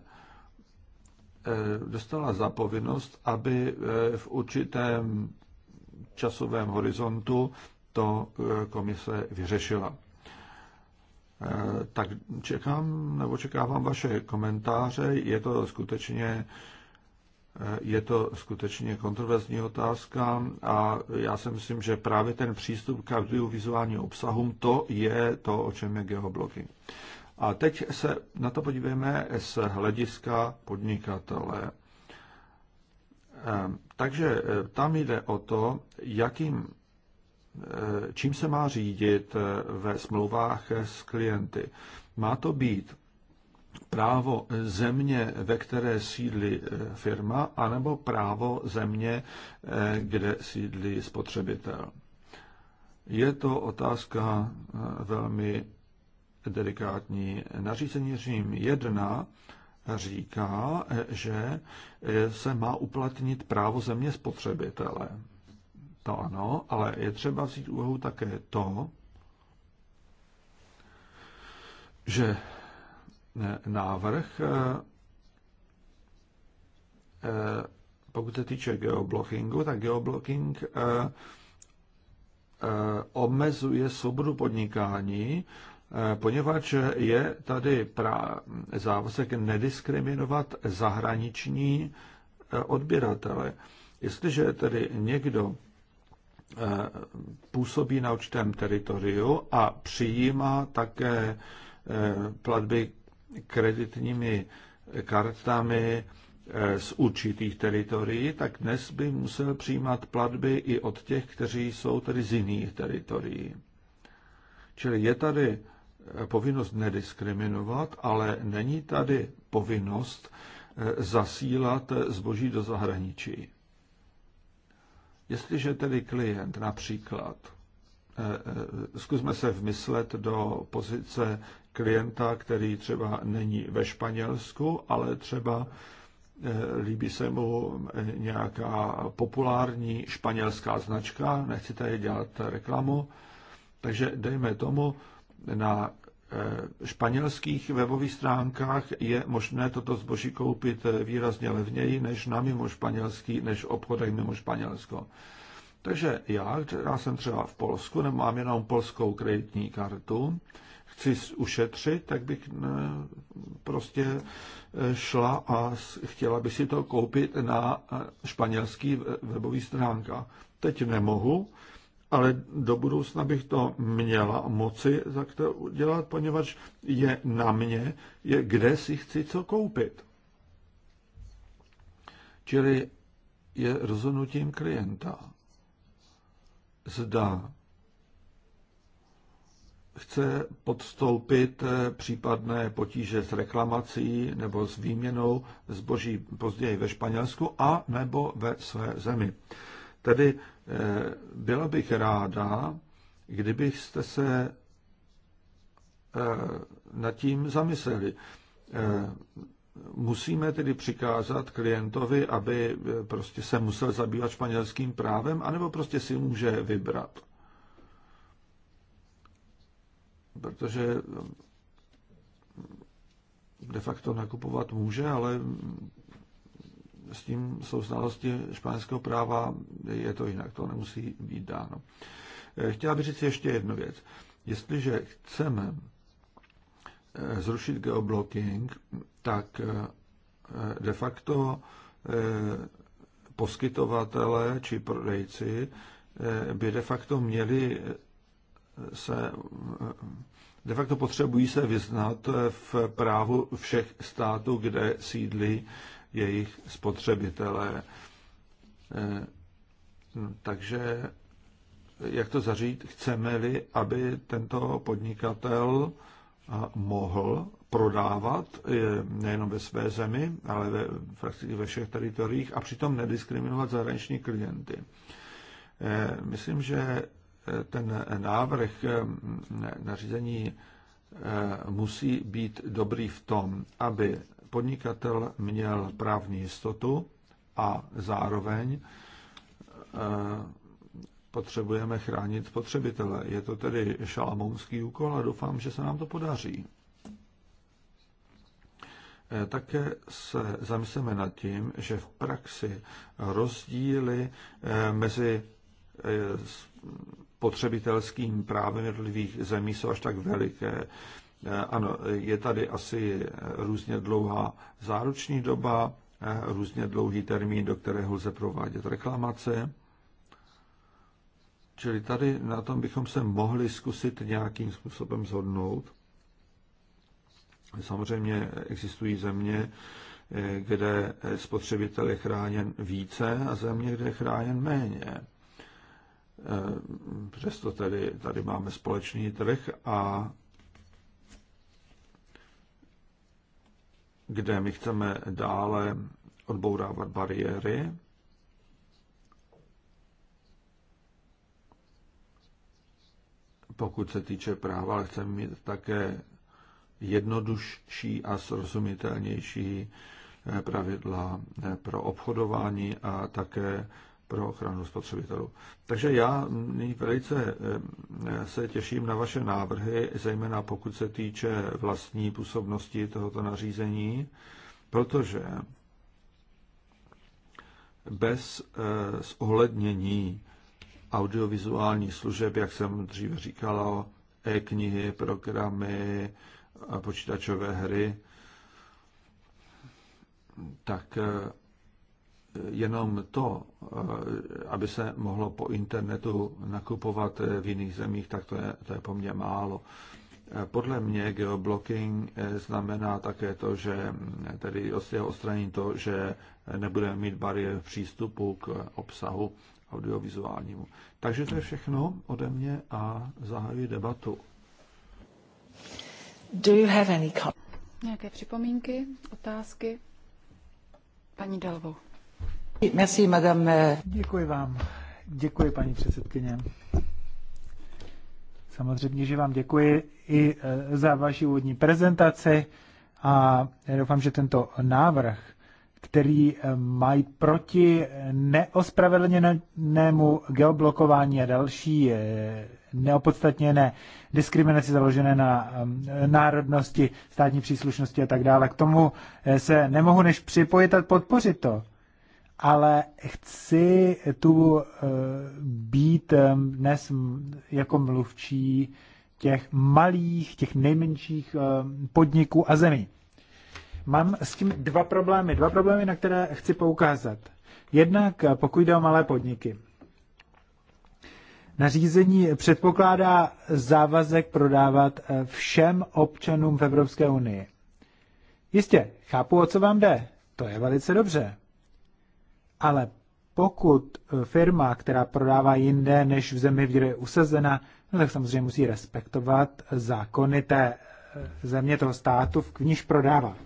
dostala zapovinnost, aby v určitém časovém horizontu to komise vyřešila. Eh, tak čekám nebo čekávám vaše komentáře. Je to skutečně eh, je to skutečně kontroverzní otázka a já si myslím, že právě ten přístup k audiovizuální obsahům, to je to, o čem je geoblogging. A teď se na to podívejme z hlediska podnikatele. Eh, takže tam jde o to, jakým Eh, čím se má řídit eh, ve smlouvách eh, s klienty. Má to být právo země, ve které sídlí firma, anebo právo země, kde sídlí spotřebitel. Je to otázka velmi delikátní. Nařízení Řím 1 říká, že se má uplatnit právo země spotřebitele. To ano, ale je třeba vzít úvahu také to, že eh, návrh, eh, eh, pokud se týče geoblockingu, tak geoblocking omezuje svobodu podnikání, poněvadž je tady závazek nediskriminovat zahraniční odběratele. Jestliže tedy někdo Eh, působí na určitém teritoriu a přijímá také eh, platby kreditními kartami eh, z určitých teritorií, tak dnes by musel přijímat platby i od těch, kteří jsou tedy z jiných teritorií. Čili je tady povinnost nediskriminovat, ale není tady povinnost zasílat zboží do zahraničí. Jestliže tedy klient například, eh, eh, zkusme se vmyslet do pozice klienta, který třeba není ve Španělsku, ale třeba eh, líbí se mu nějaká populární španělská značka, nechci tady dělat reklamu, takže dejme tomu, na Eh, španělských webových stránkách je možné toto zboží koupit eh, výrazně levněji než na mimo španělský, než obchodech mimo Španělsko. Takže já, já jsem třeba v Polsku, nemám jenom polskou kreditní kartu, chci ušetřit, tak bych eh, prostě šla a chtěla by si to koupit na španělský webový stránka. Teď nemohu, ale do budoucna bych to měla moci tak to udělat, poněvadž je na mě, je kde si chci co koupit. Čili je rozhodnutím klienta. Zda chce podstoupit eh, případné potíže s reklamací nebo s výměnou zboží později ve Španělsku a nebo ve své zemi. Tedy eh, byla bych ráda, kdybyste se eh, nad tím zamysleli. Eh, musíme tedy přikázat klientovi, aby prostě se musel zabývat španělským právem, anebo prostě si může vybrat. Protože de facto nakupovat může, ale s tím jsou znalosti španělského práva, je to jinak, to nemusí být dáno. Eh, chtěla bych říct ještě jednu věc. Jestliže chceme eh, zrušit geoblocking, tak eh, de facto poskytovatele či prodejci by de facto měli se de facto potřebují se vyznat v právu všech států, kde sídlí jejich spotřebitelé. Eh, takže jak to zařídit? Chceme-li, aby tento podnikatel mohl prodávat eh, nejenom ve své zemi, ale ve, prakticky ve všech teritoriích a přitom nediskriminovat zahraniční klienty. Eh, myslím, že ten návrh nařízení musí být dobrý v tom, aby podnikatel měl právní jistotu a zároveň e, potřebujeme chránit spotřebitele. Je to tedy šalamounský úkol a doufám, že se nám to podaří. E, také se zamysleme nad tím, že v praxi rozdíly e, mezi potřebitelským právem jednotlivých zemí jsou až tak veliké, Eh, ano, je tady asi různě dlouhá záruční doba, eh, různě dlouhý termín, do kterého lze provádět reklamace. Čili tady na tom bychom se mohli zkusit nějakým způsobem zhodnout. Samozřejmě existují země, eh, kde spotřebitel je chráněn více a země, kde je chráněn méně. Přesto tedy tady máme společný trh a kde my chceme dále odbourávat bariéry. Pokud se týče práva, ale chceme mít také jednodušší a srozumitelnější eh, pravidla eh, pro obchodování a také pro ochranu spotřebitelů. Takže já nyní velice eh, se těším na vaše návrhy, zejména pokud se týče vlastní působnosti tohoto nařízení, protože bez eh, zohlednění audiovizuální služeb, jak jsem dříve říkala, e-knihy, programy, počítačové hry, tak eh, jenom to, eh, aby se mohlo po internetu nakupovat eh, v jiných zemích, tak to je, to je po mně málo. Eh, podle mě geoblocking znamená také to, že tedy jeho odstraní to, že nebudeme mít bariér v přístupu k obsahu audiovizuálnímu. Takže to je všechno ode mě a zahajuji debatu. Do you have any Nějaké připomínky, otázky? Paní Delvou. Merci, madame. Děkuji vám. Děkuji, paní předsedkyně. Samozřejmě, že vám děkuji i e, za vaši úvodní prezentaci a doufám, že tento návrh, který e, mají proti neospravedlněnému geoblokování a další e, neopodstatněné diskriminaci založené na národnosti, státní příslušnosti a tak dále. K tomu se nemohu než připojit a podpořit to ale chci tu eh, být dnes jako mluvčí těch malých, těch nejmenších podniků a zemí. Mám s tím dva problémy, dva problémy, na které chci poukázat. Jednak eh, pokud jde o malé podniky. Nařízení předpokládá závazek prodávat eh, všem občanům v Evropské unii. Jistě, chápu, o co vám jde. To je velice dobře. Ale pokud eh, firma, která prodává jinde než v zemi, kde je usazena, no tak samozřejmě musí respektovat zákony té eh, země, toho státu, v níž prodává.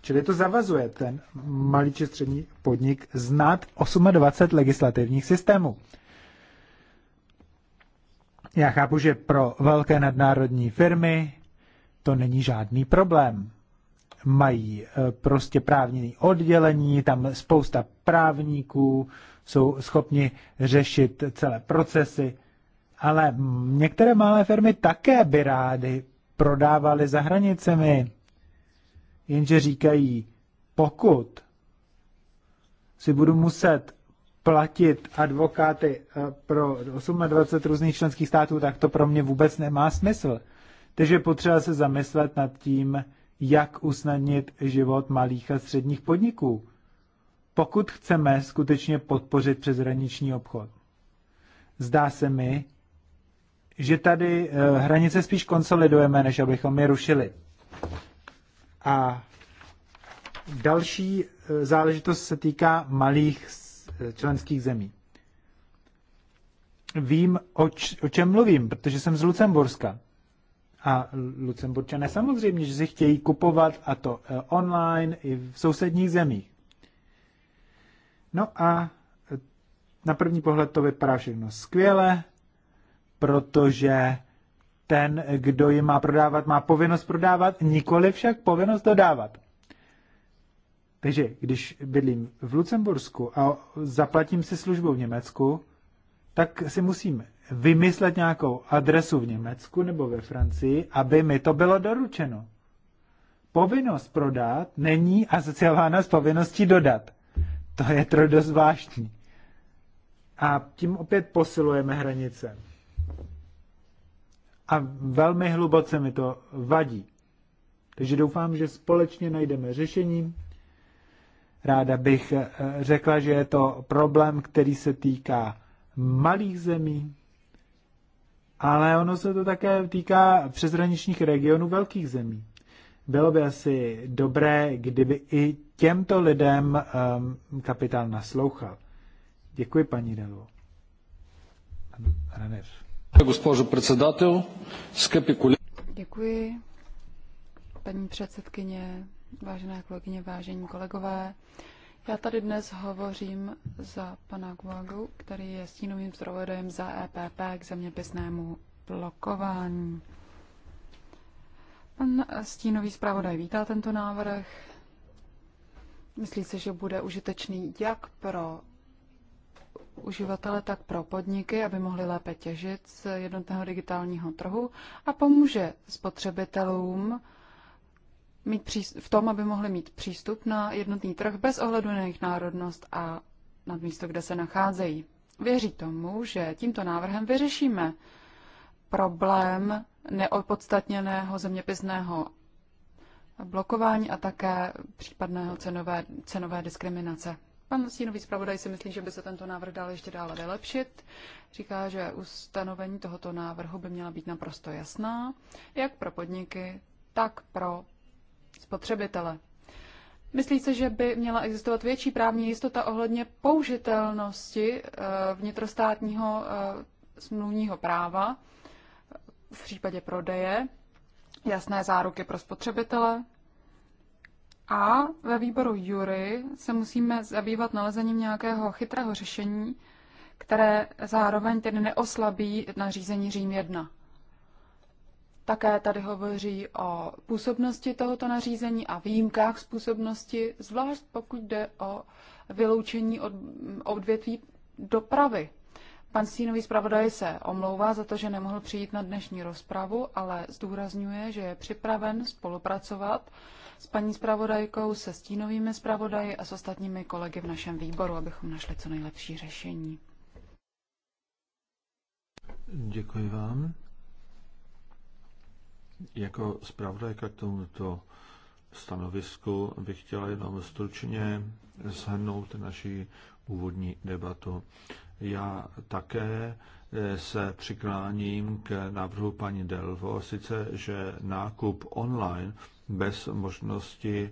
Čili to zavazuje ten malý či střední podnik znát 28 legislativních systémů. Já chápu, že pro velké nadnárodní firmy to není žádný problém mají eh, prostě právní oddělení, tam spousta právníků, jsou schopni řešit celé procesy, ale některé malé firmy také by rády prodávaly za hranicemi, jenže říkají, pokud si budu muset platit advokáty eh, pro 28 různých členských států, tak to pro mě vůbec nemá smysl. Takže potřeba se zamyslet nad tím, jak usnadnit život malých a středních podniků, pokud chceme skutečně podpořit přeshraniční obchod. Zdá se mi, že tady eh, hranice spíš konsolidujeme, než abychom je rušili. A další eh, záležitost se týká malých eh, členských zemí. Vím, o, č- o čem mluvím, protože jsem z Lucemburska. A Lucemburčané samozřejmě, že si chtějí kupovat a to eh, online i v sousedních zemích. No a eh, na první pohled to vypadá všechno skvěle, protože ten, kdo ji má prodávat, má povinnost prodávat, nikoli však povinnost dodávat. Takže když bydlím v Lucembursku a zaplatím si službu v Německu, tak si musím vymyslet nějakou adresu v Německu nebo ve Francii, aby mi to bylo doručeno. Povinnost prodat není asociována s povinností dodat. To je trochu dost zvláštní. A tím opět posilujeme hranice. A velmi hluboce mi to vadí. Takže doufám, že společně najdeme řešení. Ráda bych eh, řekla, že je to problém, který se týká malých zemí, ale ono se to také týká přezraničních regionů velkých zemí. Bylo by asi dobré, kdyby i těmto lidem um, kapitál naslouchal. Děkuji, paní Delvo. Pan Děkuji, paní předsedkyně, vážené kolegyně, vážení kolegové. Já tady dnes hovořím za pana Guagu, který je stínovým zpravodajem za EPP k zeměpisnému blokování. Pan stínový zpravodaj vítá tento návrh. Myslí se, že bude užitečný jak pro uživatele, tak pro podniky, aby mohli lépe těžit z jednotného digitálního trhu a pomůže spotřebitelům mít přístup, v tom, aby mohli mít přístup na jednotný trh bez ohledu na jejich národnost a na místo, kde se nacházejí. Věří tomu, že tímto návrhem vyřešíme problém neopodstatněného zeměpisného blokování a také případného cenové, cenové diskriminace. Pan stínový zpravodaj si myslí, že by se tento návrh dal ještě dále vylepšit. Říká, že ustanovení tohoto návrhu by měla být naprosto jasná, jak pro podniky, tak pro spotřebitele. Myslí se, že by měla existovat větší právní jistota ohledně použitelnosti eh, vnitrostátního eh, smluvního práva v případě prodeje, jasné záruky pro spotřebitele. A ve výboru jury se musíme zabývat nalezením nějakého chytrého řešení, které zároveň tedy neoslabí nařízení Řím 1. Také tady hovoří o působnosti tohoto nařízení a výjimkách z působnosti, zvlášť pokud jde o vyloučení od odvětví dopravy. Pan Stínový zpravodaj se omlouvá za to, že nemohl přijít na dnešní rozpravu, ale zdůrazňuje, že je připraven spolupracovat s paní zpravodajkou, se stínovými zpravodaji a s ostatními kolegy v našem výboru, abychom našli co nejlepší řešení. Děkuji vám. Jako zpravodajka k tomuto stanovisku bych chtěla jenom stručně zhrnout naši úvodní debatu. Já také eh, se přikláním k návrhu paní Delvo, sice, že nákup online bez možnosti,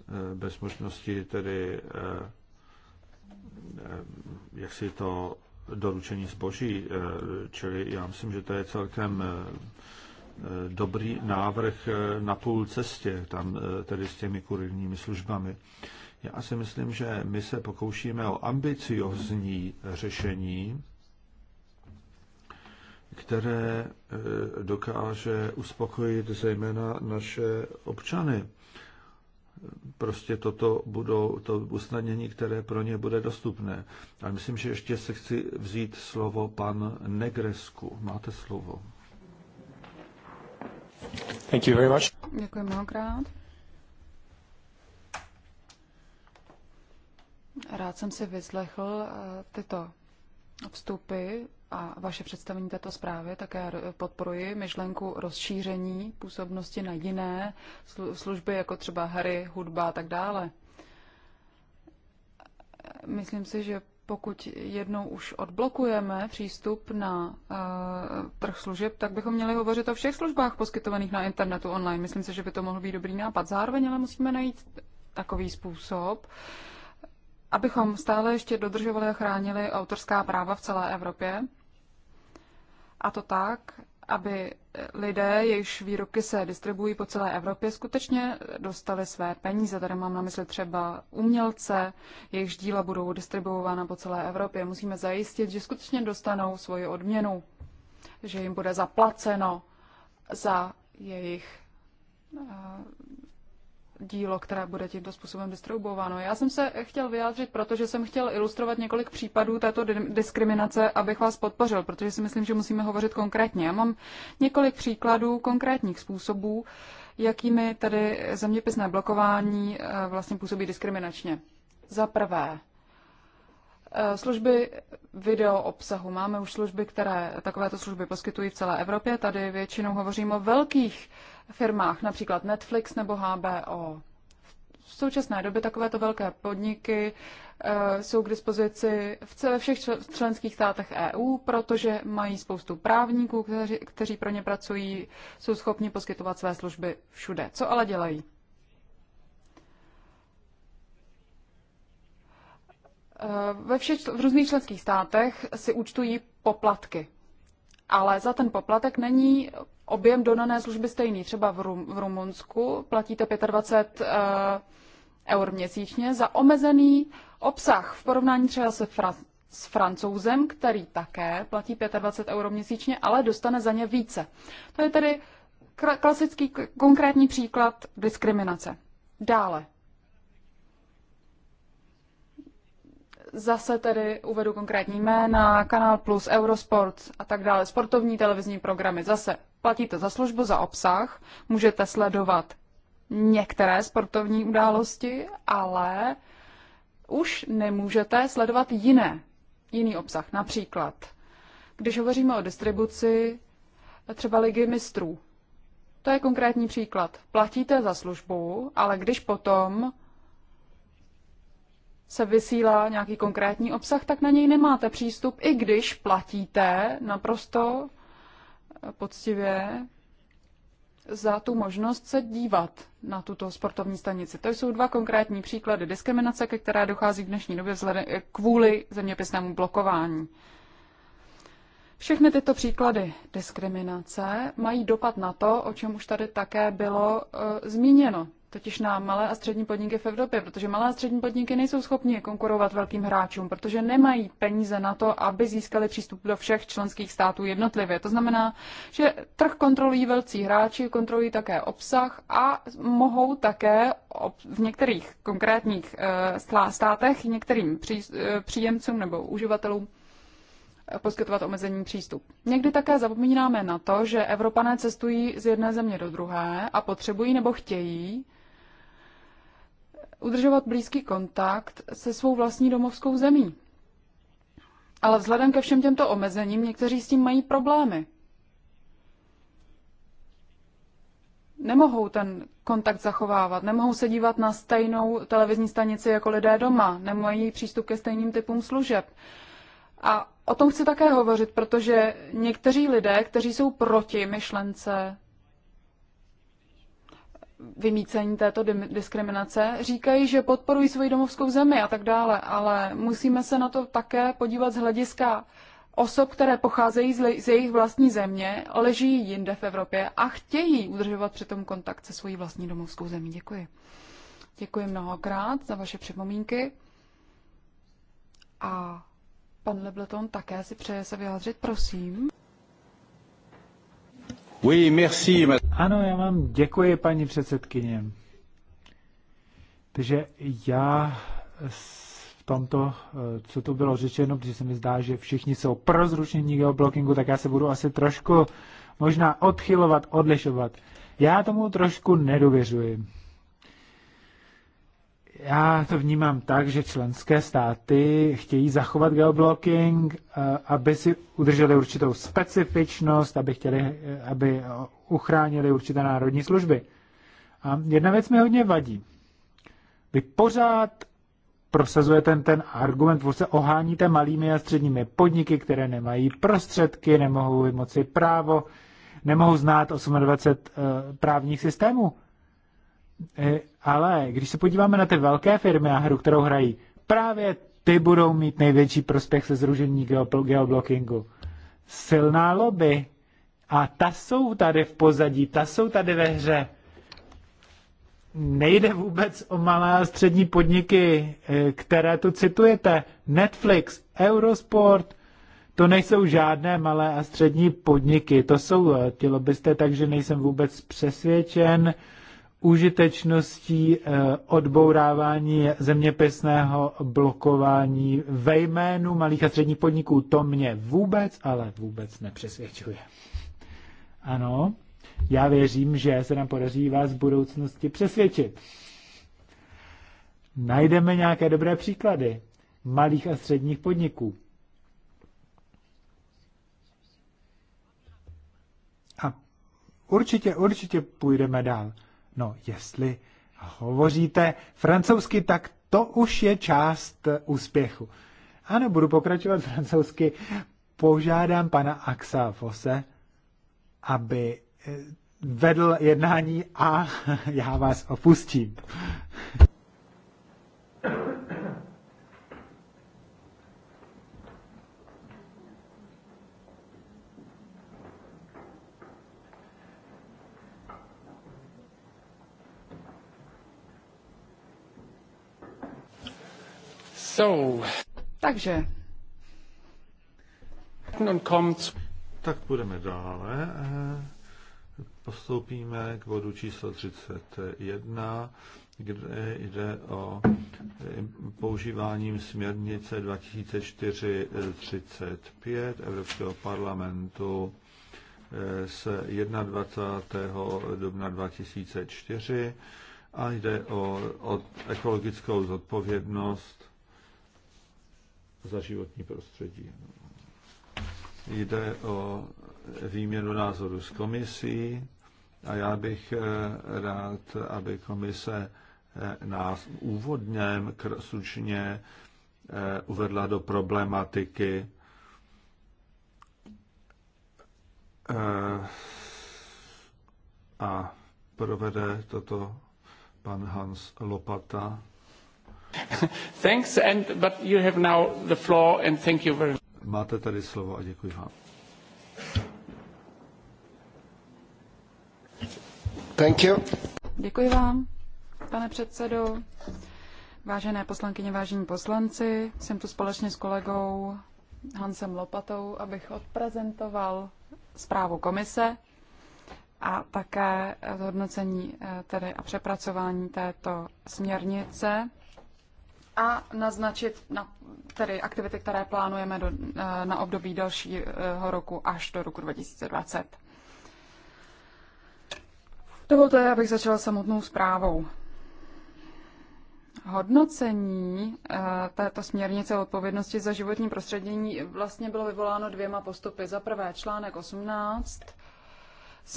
eh, bez možnosti tedy eh, jak si to doručení zboží, čili já myslím, že to je celkem Eh, dobrý návrh eh, na půl cestě, tam eh, tedy s těmi kurivními službami. Já si myslím, že my se pokoušíme o ambiciozní řešení, které dokáže uspokojit zejména naše občany. Prostě toto budou to usnadnění, které pro ně bude dostupné. Ale myslím, že ještě se chci vzít slovo pan Negresku. Máte slovo. Thank you very much. Děkuji mnohokrát. Rád jsem si vyslechl eh, tyto vstupy a vaše představení této zprávy. Také podporuji myšlenku rozšíření působnosti na jiné služby, jako třeba hry, hudba a tak dále. Myslím si, že pokud jednou už odblokujeme přístup na uh, trh služeb, tak bychom měli hovořit o všech službách poskytovaných na internetu online. Myslím si, že by to mohl být dobrý nápad. Zároveň ale musíme najít takový způsob, abychom stále ještě dodržovali a chránili autorská práva v celé Evropě. A to tak, aby lidé, jejichž výroky se distribuují po celé Evropě, skutečně dostali své peníze. Tady mám na mysli třeba umělce, jejichž díla budou distribuována po celé Evropě. Musíme zajistit, že skutečně dostanou svoji odměnu, že jim bude zaplaceno za jejich eh, dílo, které bude tímto způsobem distribuováno. Já jsem se chtěl vyjádřit, protože jsem chtěl ilustrovat několik případů této diskriminace, abych vás podpořil, protože si myslím, že musíme hovořit konkrétně. Já mám několik příkladů konkrétních způsobů, jakými tedy zeměpisné blokování eh, vlastně působí diskriminačně. Za prvé, eh, Služby video obsahu. Máme už služby, které takovéto služby poskytují v celé Evropě. Tady většinou hovořím o velkých firmách, například Netflix nebo HBO. V současné době takovéto velké podniky eh, jsou k dispozici v celé všech členských státech EU, protože mají spoustu právníků, kteři, kteří pro ně pracují, jsou schopni poskytovat své služby všude. Co ale dělají? Eh, ve všech, v různých členských státech si účtují poplatky, ale za ten poplatek není objem dodané služby stejný. Třeba v, Rum, v Rumunsku platíte 25 uh, eh, eur měsíčně za omezený obsah v porovnání třeba se fra- s francouzem, který také platí 25 eur měsíčně, ale dostane za ně více. To je tedy klasický konkrétní příklad diskriminace. Dále, Zase tedy uvedu konkrétní jména, Kanál Plus, Eurosport a tak dále, sportovní televizní programy. Zase platíte za službu, za obsah, můžete sledovat některé sportovní události, ale už nemůžete sledovat jiné, jiný obsah. Například, když hovoříme o distribuci třeba ligy mistrů, to je konkrétní příklad. Platíte za službu, ale když potom se vysílá nějaký konkrétní obsah, tak na něj nemáte přístup, i když platíte naprosto eh, poctivě za tu možnost se dívat na tuto sportovní stanici. To jsou dva konkrétní příklady diskriminace, ke které dochází v dnešní době vzhledem, eh, kvůli zeměpisnému blokování. Všechny tyto příklady diskriminace mají dopad na to, o čem už tady také bylo e, zmíněno totiž na malé a střední podniky v Evropě, protože malé a střední podniky nejsou schopni konkurovat velkým hráčům, protože nemají peníze na to, aby získali přístup do všech členských států jednotlivě. To znamená, že trh kontrolují velcí hráči, kontrolují také obsah a mohou také v některých konkrétních eh, státech některým eh, příjemcům nebo uživatelům eh, poskytovat omezený přístup. Někdy také zapomínáme na to, že Evropané cestují z jedné země do druhé a potřebují nebo chtějí udržovat blízký kontakt se svou vlastní domovskou zemí. Ale vzhledem ke všem těmto omezením někteří s tím mají problémy. Nemohou ten kontakt zachovávat, nemohou se dívat na stejnou televizní stanici jako lidé doma, nemají přístup ke stejným typům služeb. A o tom chci také hovořit, protože někteří lidé, kteří jsou proti myšlence vymícení této diskriminace, říkají, že podporují svoji domovskou zemi a tak dále, ale musíme se na to také podívat z hlediska osob, které pocházejí z, jejich vlastní země, leží jinde v Evropě a chtějí udržovat přitom kontakt se svojí vlastní domovskou zemí. Děkuji. Děkuji mnohokrát za vaše připomínky. A pan Lebleton také si přeje se vyjádřit, prosím. Oui, merci. Ano, já vám děkuji, paní předsedkyně. Takže já v tomto, eh, co to bylo řečeno, protože se mi zdá, že všichni jsou pro zrušení geoblockingu, tak já se budu asi trošku možná odchylovat, odlišovat. Já tomu trošku nedověřuji. Já to vnímám tak, že členské státy chtějí zachovat geoblocking, eh, aby si udrželi určitou specifičnost, aby, chtěli, eh, aby uchránili určité národní služby. A jedna věc mi hodně vadí. Vy pořád prosazuje ten, ten argument, se oháníte malými a středními podniky, které nemají prostředky, nemohou vymoci právo, nemohou znát 28 eh, právních systémů. E, ale když se podíváme na ty velké firmy a hru, kterou hrají, právě ty budou mít největší prospěch se zružení geoblockingu. Silná lobby. A ta jsou tady v pozadí, ta jsou tady ve hře. Nejde vůbec o malé a střední podniky, e, které tu citujete. Netflix, Eurosport, to nejsou žádné malé a střední podniky, to jsou e, ti lobbysté, takže nejsem vůbec přesvědčen, užitečností eh, odbourávání zeměpisného blokování ve jménu malých a středních podniků. To mě vůbec, ale vůbec nepřesvědčuje. Ano, já věřím, že se nám podaří vás v budoucnosti přesvědčit. Najdeme nějaké dobré příklady malých a středních podniků. A určitě, určitě půjdeme dál. No, jestli hovoříte francouzsky, tak to už je část úspěchu. Ano, budu pokračovat francouzsky. Požádám pana Axa Fose, aby eh, vedl jednání a [LAUGHS] já vás opustím. So. Takže. Tak půjdeme dále. Postoupíme k bodu číslo 31, kde jde o eh, používáním směrnice 2004-35 Evropského parlamentu eh, z 21. dubna 2004 a jde o, o ekologickou zodpovědnost za životní prostředí. Jde o výměnu názoru s komisí a já bych eh, rád, aby komise eh, nás úvodněm stručně eh, uvedla do problematiky a provede toto pan Hans Lopata. [LAUGHS] Thanks, and, but you have now the floor and thank you very much. Máte tady slovo a děkuji vám. Thank you. Děkuji vám, pane předsedo. Vážené poslankyně, vážení poslanci, jsem tu společně s kolegou Hansem Lopatou, abych odprezentoval zprávu komise a také zhodnocení eh, tedy a přepracování této směrnice a naznačit na, tedy aktivity, které plánujeme do, eh, na období dalšího roku až do roku 2020. Dovolte, abych začala samotnou zprávou. Hodnocení eh, této směrnice o odpovědnosti za životní prostředí vlastně bylo vyvoláno dvěma postupy. Za prvé článek 18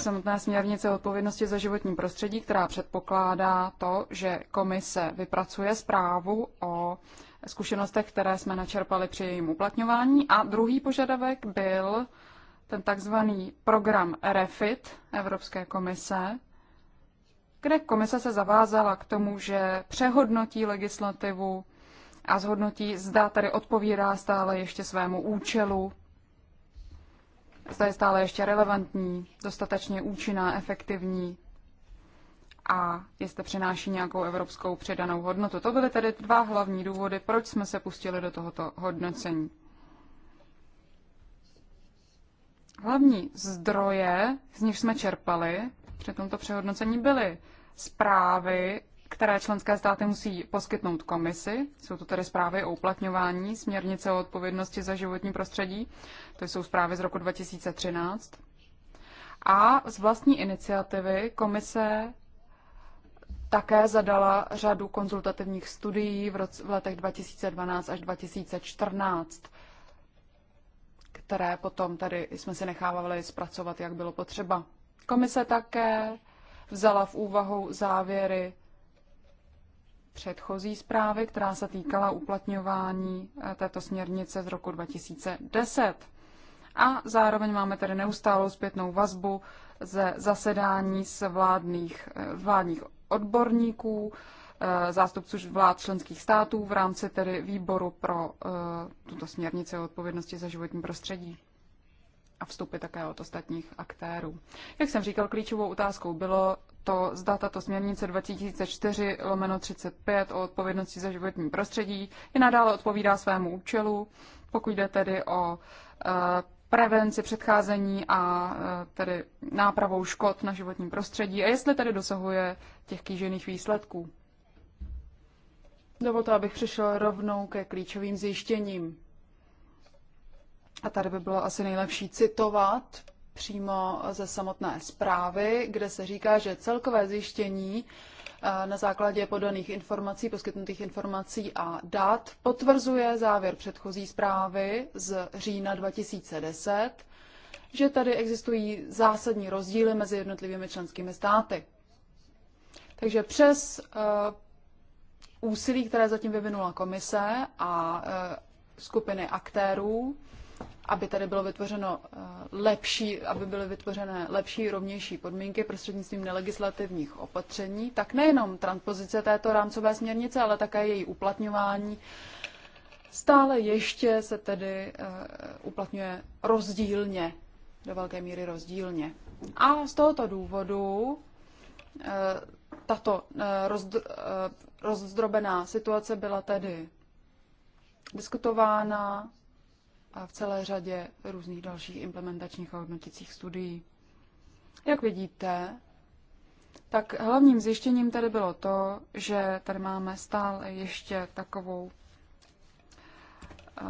samotná směrnice odpovědnosti za životní prostředí, která předpokládá to, že komise vypracuje zprávu o zkušenostech, které jsme načerpali při jejím uplatňování. A druhý požadavek byl ten takzvaný program REFIT Evropské komise, kde komise se zavázala k tomu, že přehodnotí legislativu a zhodnotí, zda tady odpovídá stále ještě svému účelu zda je stále ještě relevantní, dostatečně účinná, efektivní a jestli přináší nějakou evropskou přidanou hodnotu. To byly tedy dva hlavní důvody, proč jsme se pustili do tohoto hodnocení. Hlavní zdroje, z nich jsme čerpali při tomto přehodnocení, byly zprávy které členské státy musí poskytnout komisi. Jsou to tedy zprávy o uplatňování směrnice o odpovědnosti za životní prostředí. To jsou zprávy z roku 2013. A z vlastní iniciativy komise také zadala řadu konzultativních studií v, roce, v letech 2012 až 2014, které potom tady jsme si nechávali zpracovat, jak bylo potřeba. Komise také vzala v úvahu závěry předchozí zprávy, která se týkala uplatňování eh, této směrnice z roku 2010. A zároveň máme tedy neustálou zpětnou vazbu ze zasedání z vládných, eh, vládních odborníků, eh, zástupců vlád členských států v rámci tedy výboru pro tuto směrnici o odpovědnosti za životní prostředí a vstupy také od ostatních aktérů. Jak jsem říkal, klíčovou otázkou bylo to, zda tato směrnice 2004 lomeno 35 o odpovědnosti za životní prostředí i nadále odpovídá svému účelu, pokud jde tedy o eh, prevenci, předcházení a eh, tedy nápravou škod na životním prostředí a jestli tedy dosahuje těch kýžených výsledků. Dovolte, abych přišel rovnou ke klíčovým zjištěním. A tady by bylo asi nejlepší citovat přímo ze samotné zprávy, kde se říká, že celkové zjištění eh, na základě podaných informací, poskytnutých informací a dat potvrzuje závěr předchozí zprávy z října 2010, že tady existují zásadní rozdíly mezi jednotlivými členskými státy. Takže přes eh, úsilí, které zatím vyvinula komise a eh, skupiny aktérů, aby tady bylo vytvořeno eh, lepší, aby byly vytvořené lepší, rovnější podmínky prostřednictvím nelegislativních opatření, tak nejenom transpozice této rámcové směrnice, ale také její uplatňování. Stále ještě se tedy eh, uplatňuje rozdílně, do velké míry rozdílně. A z tohoto důvodu eh, tato rozdrobená situace byla tedy diskutována a v celé řadě různých dalších implementačních a hodnoticích studií. Jak vidíte, tak hlavním zjištěním tady bylo to, že tady máme stále ještě takovou eh,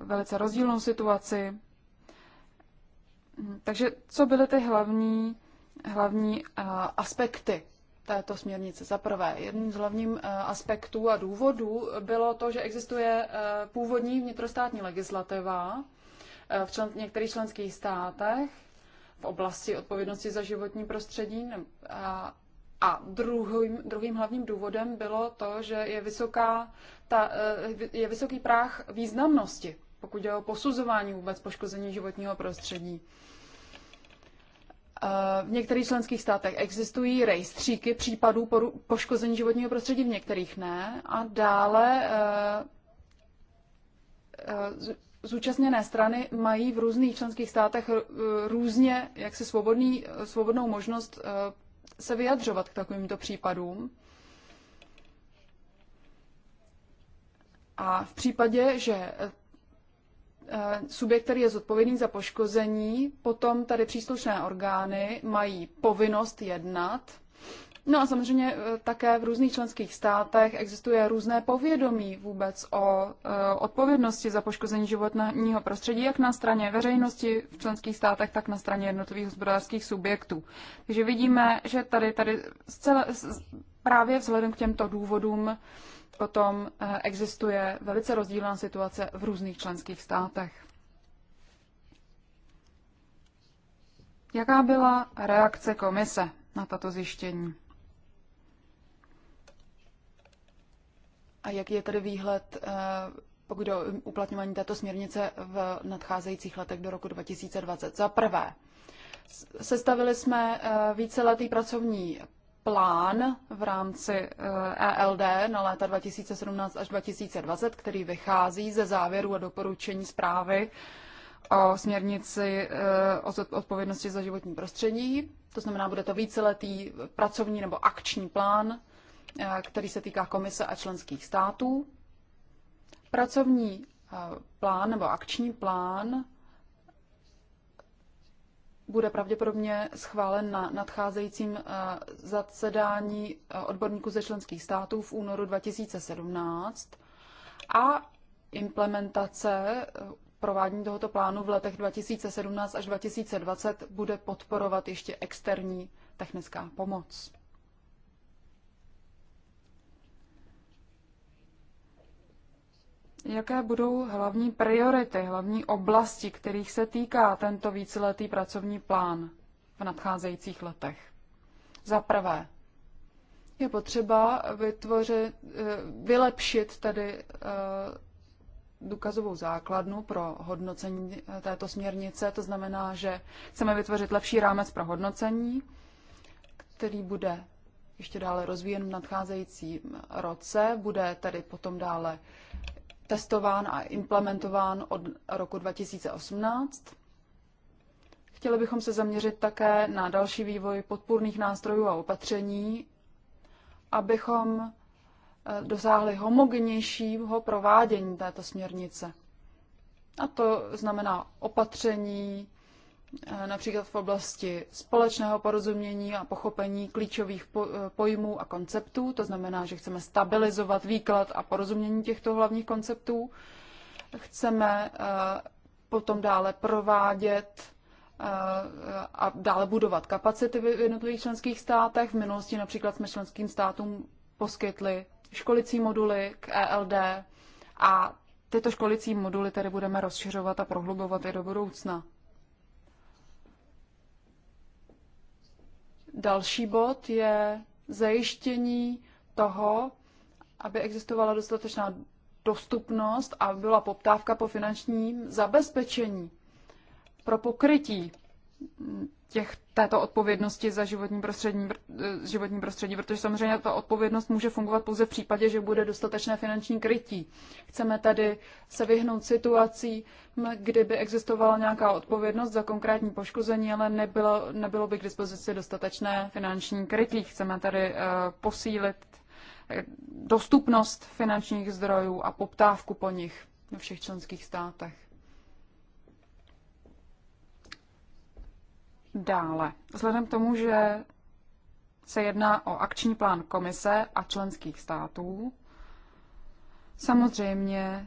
velice rozdílnou situaci. Mm, takže co byly ty hlavní, hlavní eh, aspekty této směrnice. Za prvé, jedním z hlavních eh, aspektů a důvodů bylo to, že existuje eh, původní vnitrostátní legislativa eh, v člen, některých členských státech v oblasti odpovědnosti za životní prostředí. A, a druhým, druhým hlavním důvodem bylo to, že je, vysoká, ta, je vysoký práh významnosti, pokud je o posuzování vůbec poškození životního prostředí. Eh, v některých členských státech existují rejstříky případů poškození životního prostředí, v některých ne. A dále eh, eh, zúčastněné strany mají v různých členských státech různě jaksi svobodný, svobodnou možnost se vyjadřovat k takovýmto případům. A v případě, že Eh, subjekt, který je zodpovědný za poškození, potom tady příslušné orgány mají povinnost jednat. No a samozřejmě eh, také v různých členských státech existuje různé povědomí vůbec o eh, odpovědnosti za poškození životního prostředí, jak na straně veřejnosti v členských státech, tak na straně jednotlivých hospodářských subjektů. Takže vidíme, že tady, tady zcela, právě vzhledem k těmto důvodům o tom eh, existuje velice rozdílná situace v různých členských státech. Jaká byla reakce komise na tato zjištění? A jaký je tedy výhled, eh, pokud o uplatňování této směrnice v nadcházejících letech do roku 2020? Za prvé, sestavili jsme eh, víceletý pracovní plán v rámci ELD eh, e na léta 2017 až 2020, který vychází ze závěru a doporučení zprávy o směrnici eh, o odpovědnosti za životní prostředí. To znamená, bude to víceletý pracovní nebo akční plán, eh, který se týká komise a členských států. Pracovní plán nebo akční plán bude pravděpodobně schválen na nadcházejícím eh, zasedání eh, odborníků ze členských států v únoru 2017 a implementace eh, provádění tohoto plánu v letech 2017 až 2020 bude podporovat ještě externí technická pomoc. jaké budou hlavní priority, hlavní oblasti, kterých se týká tento víceletý pracovní plán v nadcházejících letech. Za prvé, je potřeba vytvořit, eh, vylepšit tedy eh, důkazovou základnu pro hodnocení eh, této směrnice. To znamená, že chceme vytvořit lepší rámec pro hodnocení, který bude ještě dále rozvíjen v nadcházejícím roce, bude tedy potom dále testován a implementován od roku 2018. Chtěli bychom se zaměřit také na další vývoj podpůrných nástrojů a opatření, abychom eh, dosáhli homogenějšího provádění této směrnice. A to znamená opatření, Eh, například v oblasti společného porozumění a pochopení klíčových eh, pojmů a konceptů. To znamená, že chceme stabilizovat výklad a porozumění těchto hlavních konceptů. Chceme eh, potom dále provádět a dále budovat kapacity v jednotlivých členských státech. V minulosti například jsme členským státům poskytli školicí moduly k ELD a tyto školicí moduly tedy budeme rozšiřovat a prohlubovat i do budoucna. Další bod je zajištění toho, aby existovala dostatečná dostupnost a byla poptávka po finančním zabezpečení pro pokrytí těch, této odpovědnosti za životní prostředí, eh, životní prostředí, protože samozřejmě ta odpovědnost může fungovat pouze v případě, že bude dostatečné finanční krytí. Chceme tady se vyhnout situací, kdyby existovala nějaká odpovědnost za konkrétní poškození, ale nebylo, nebylo by k dispozici dostatečné finanční krytí. Chceme tady eh, posílit eh, dostupnost finančních zdrojů a poptávku po nich ve všech členských státech. Dále, vzhledem k tomu, že se jedná o akční plán komise a členských států, samozřejmě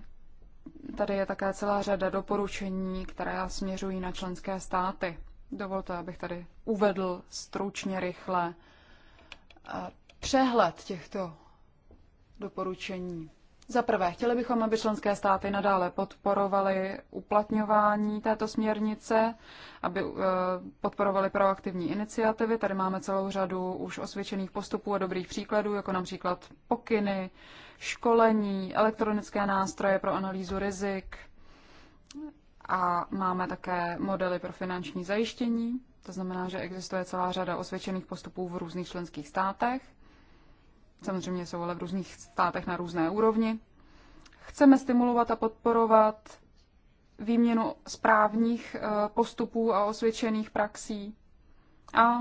tady je také celá řada doporučení, která směřují na členské státy. Dovolte, abych tady uvedl stručně, rychle eh, přehled těchto doporučení. Za prvé, chtěli bychom, aby členské státy nadále podporovaly uplatňování této směrnice, aby eh, podporovali proaktivní iniciativy. Tady máme celou řadu už osvědčených postupů a dobrých příkladů, jako například pokyny, školení, elektronické nástroje pro analýzu rizik a máme také modely pro finanční zajištění. To znamená, že existuje celá řada osvědčených postupů v různých členských státech. Samozřejmě jsou ale v různých státech na různé úrovni. Chceme stimulovat a podporovat výměnu správních eh, postupů a osvědčených praxí a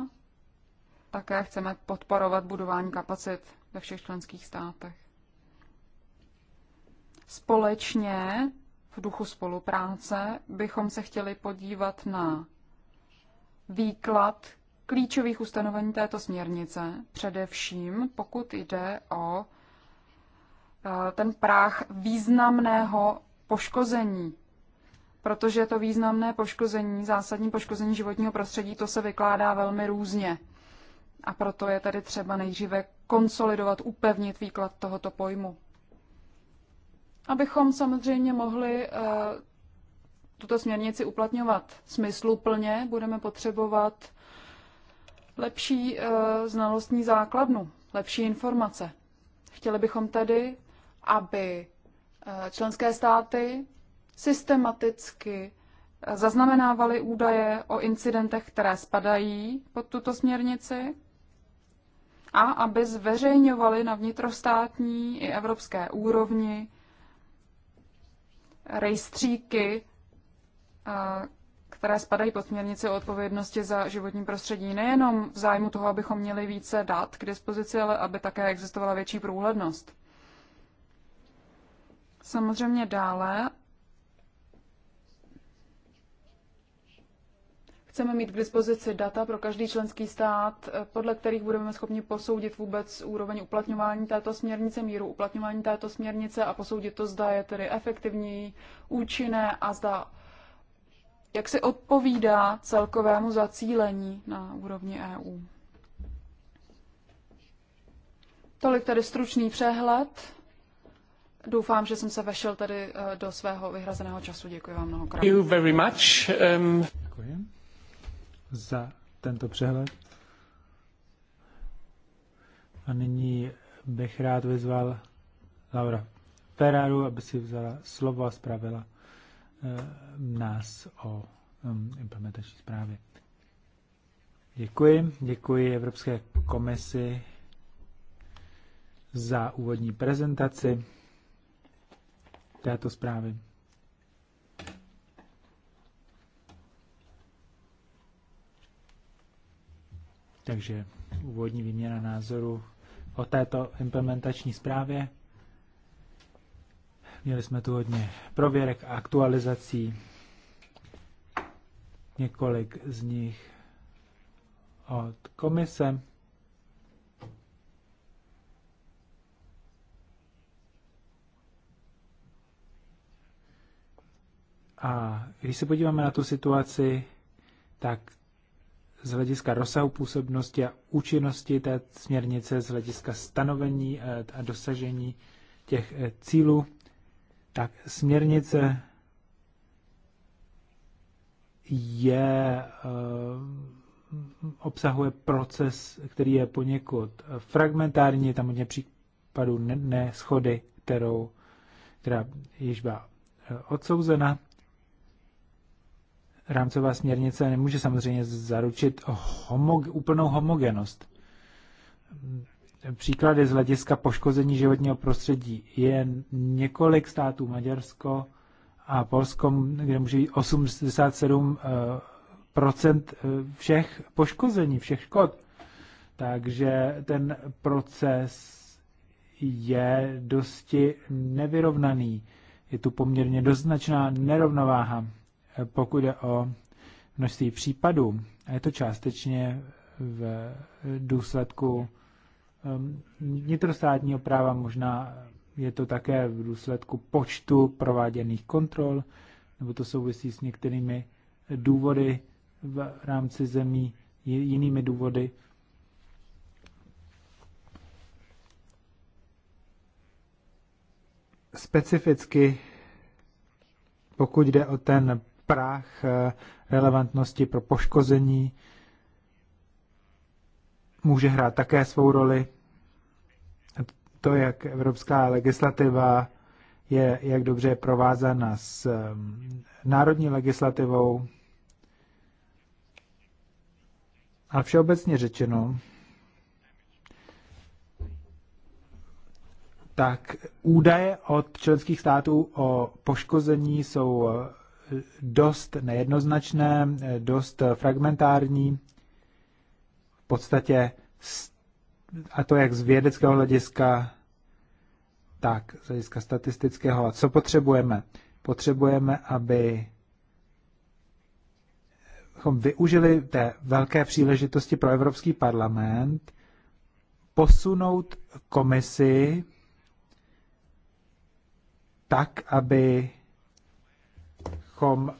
také chceme podporovat budování kapacit ve všech členských státech. Společně v duchu spolupráce bychom se chtěli podívat na výklad klíčových ustanovení této směrnice, především pokud jde o eh, ten práh významného poškození. Protože to významné poškození, zásadní poškození životního prostředí, to se vykládá velmi různě. A proto je tady třeba nejdříve konsolidovat, upevnit výklad tohoto pojmu. Abychom samozřejmě mohli eh, tuto směrnici uplatňovat smysluplně, budeme potřebovat lepší eh, znalostní základnu, lepší informace. Chtěli bychom tedy, aby eh, členské státy systematicky eh, zaznamenávaly údaje o incidentech, které spadají pod tuto směrnici a aby zveřejňovaly na vnitrostátní i evropské úrovni rejstříky které spadají pod směrnici o odpovědnosti za životní prostředí, nejenom v zájmu toho, abychom měli více dat k dispozici, ale aby také existovala větší průhlednost. Samozřejmě dále chceme mít k dispozici data pro každý členský stát, podle kterých budeme schopni posoudit vůbec úroveň uplatňování této směrnice, míru uplatňování této směrnice a posoudit to, zda je tedy efektivní, účinné a zda jak se odpovídá celkovému zacílení na úrovni EU. Tolik tady stručný přehled. Doufám, že jsem se vešel tady eh, do svého vyhrazeného času. Děkuji vám mnohokrát. you very much. Um... Děkuji za tento přehled. A nyní bych rád vyzval Laura Ferraru, aby si vzala slovo a spravila Eh, nás o implementační zprávě. Děkuji, děkuji Evropské komisi za úvodní prezentaci této zprávy. Takže úvodní výměna názoru o této implementační zprávě. Měli jsme tu hodně prověrek a aktualizací. Několik z nich od komise. A když se podíváme na tu situaci, tak z hlediska rozsahu působnosti a účinnosti té směrnice, z hlediska stanovení eh, a dosažení těch eh, cílů tak směrnice je, eh, obsahuje proces, který je poněkud fragmentární, tam hodně případů neschody, kterou, která již byla eh, odsouzena. Rámcová směrnice nemůže samozřejmě zaručit homo, úplnou homogenost příklady z hlediska poškození životního prostředí. Je několik států, Maďarsko a Polsko, kde může být 87 eh, procent eh, všech poškození, všech škod. Takže ten proces je dosti nevyrovnaný. Je tu poměrně doznačná nerovnováha, eh, pokud je o množství případů. A je to částečně v důsledku Ehm, vnitrostátního práva, možná je to také v důsledku počtu prováděných kontrol, nebo to souvisí s některými důvody v rámci zemí, jinými důvody. Specificky, pokud jde o ten práh eh, relevantnosti pro poškození, může hrát také svou roli to, jak evropská legislativa je, jak dobře je provázána s um, národní legislativou. A všeobecně řečeno, tak údaje od členských států o poškození jsou uh, dost nejednoznačné, dost fragmentární. V podstatě a to jak z vědeckého hlediska, tak z hlediska statistického. A co potřebujeme? Potřebujeme, aby využili té velké příležitosti pro Evropský parlament posunout komisi tak, aby um,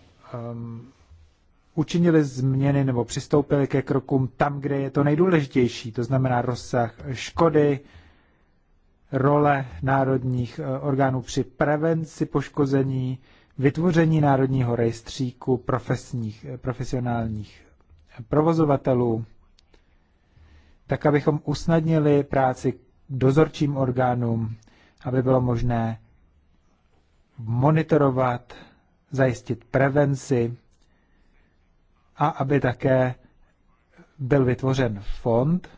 učinili změny nebo přistoupili ke krokům tam, kde je to nejdůležitější, to znamená rozsah škody, role národních eh, orgánů při prevenci poškození, vytvoření národního rejstříku profesních, eh, profesionálních eh, provozovatelů, tak abychom usnadnili práci dozorčím orgánům, aby bylo možné monitorovat, zajistit prevenci a aby také byl vytvořen fond,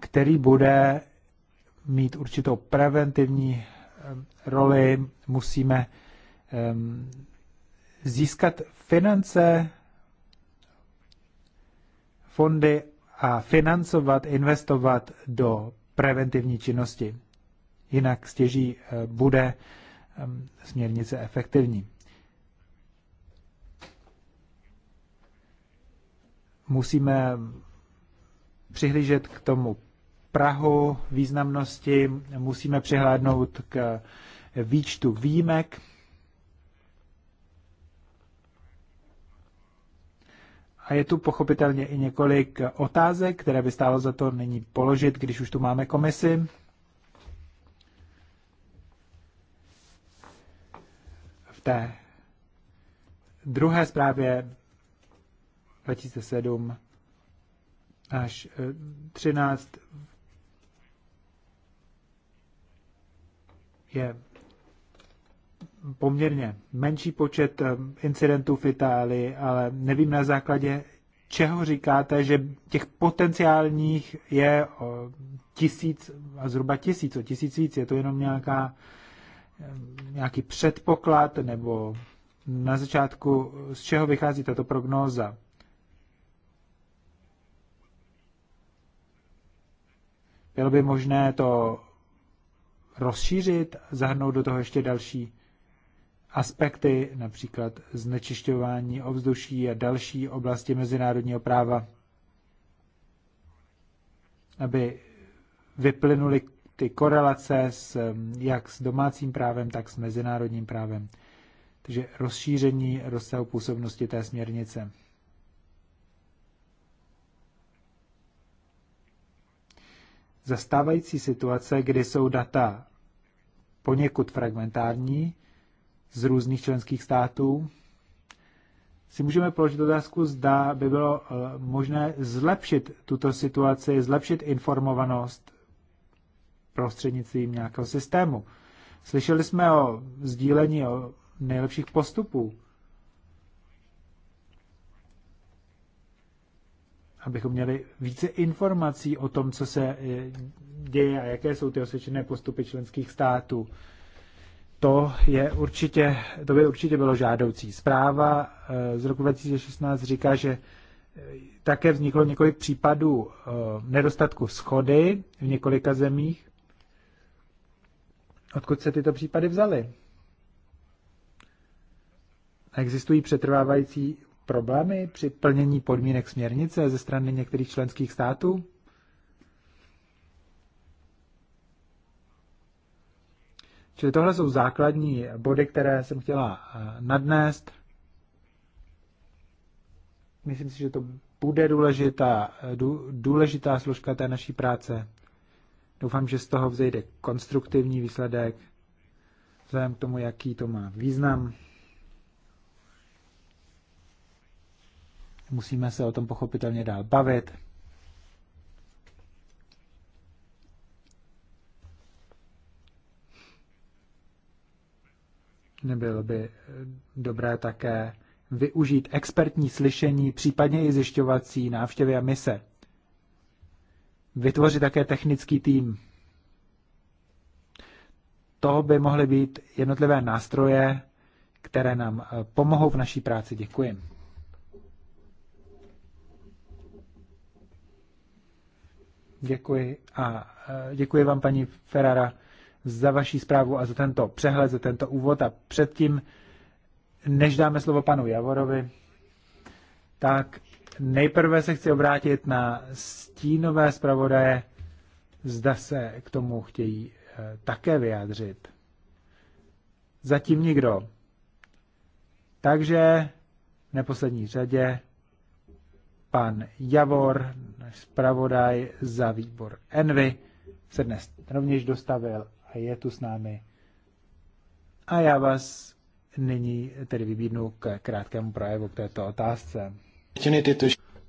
který bude mít určitou preventivní roli. Musíme získat finance, fondy a financovat, investovat do preventivní činnosti. Jinak stěží eh, bude směrnice efektivní. musíme přihlížet k tomu Prahu významnosti, musíme přihlédnout k výčtu výjimek. A je tu pochopitelně i několik otázek, které by stálo za to nyní položit, když už tu máme komisi. V té druhé zprávě 2007 až 13 eh, je poměrně menší počet eh, incidentů v Itálii, ale nevím na základě čeho říkáte, že těch potenciálních je tisíc, a zhruba tisíc, o tisíc víc, je to jenom nějaká, eh, nějaký předpoklad, nebo na začátku z čeho vychází tato prognóza? Bylo by možné to rozšířit, zahrnout do toho ještě další aspekty, například znečišťování ovzduší a další oblasti mezinárodního práva, aby vyplynuly ty korelace s, jak s domácím právem, tak s mezinárodním právem. Takže rozšíření rozsahu působnosti té směrnice. stávající situace, kdy jsou data poněkud fragmentární z různých členských států, si můžeme položit otázku, zda by bylo eh, možné zlepšit tuto situaci, zlepšit informovanost prostřednictvím nějakého systému. Slyšeli jsme o sdílení o nejlepších postupů. abychom měli více informací o tom, co se eh, děje a jaké jsou ty osvědčené postupy členských států. To, je určitě, to by určitě bylo žádoucí. Zpráva eh, z roku 2016 říká, že eh, také vzniklo několik případů nedostatku schody v několika zemích. Odkud se tyto případy vzaly? Existují přetrvávající problémy při plnění podmínek směrnice ze strany některých členských států? Čili tohle jsou základní body, které jsem chtěla eh, nadnést. Myslím si, že to bude důležitá, eh, důležitá složka té naší práce. Doufám, že z toho vzejde konstruktivní výsledek, vzhledem k tomu, jaký to má význam. Musíme se o tom pochopitelně dál bavit. Nebylo by eh, dobré také využít expertní slyšení, případně i zjišťovací návštěvy a mise. Vytvořit také technický tým. To by mohly být jednotlivé nástroje, které nám eh, pomohou v naší práci. Děkuji. Děkuji a e, děkuji vám, paní Ferrara, za vaši zprávu a za tento přehled, za tento úvod. A předtím, než dáme slovo panu Javorovi, tak nejprve se chci obrátit na stínové zpravodaje, zda se k tomu chtějí e, také vyjádřit. Zatím nikdo. Takže v neposlední řadě pan Javor, náš zpravodaj za výbor Envy, se dnes rovněž dostavil a je tu s námi. A já vás nyní tedy vybídnu k krátkému projevu k této otázce.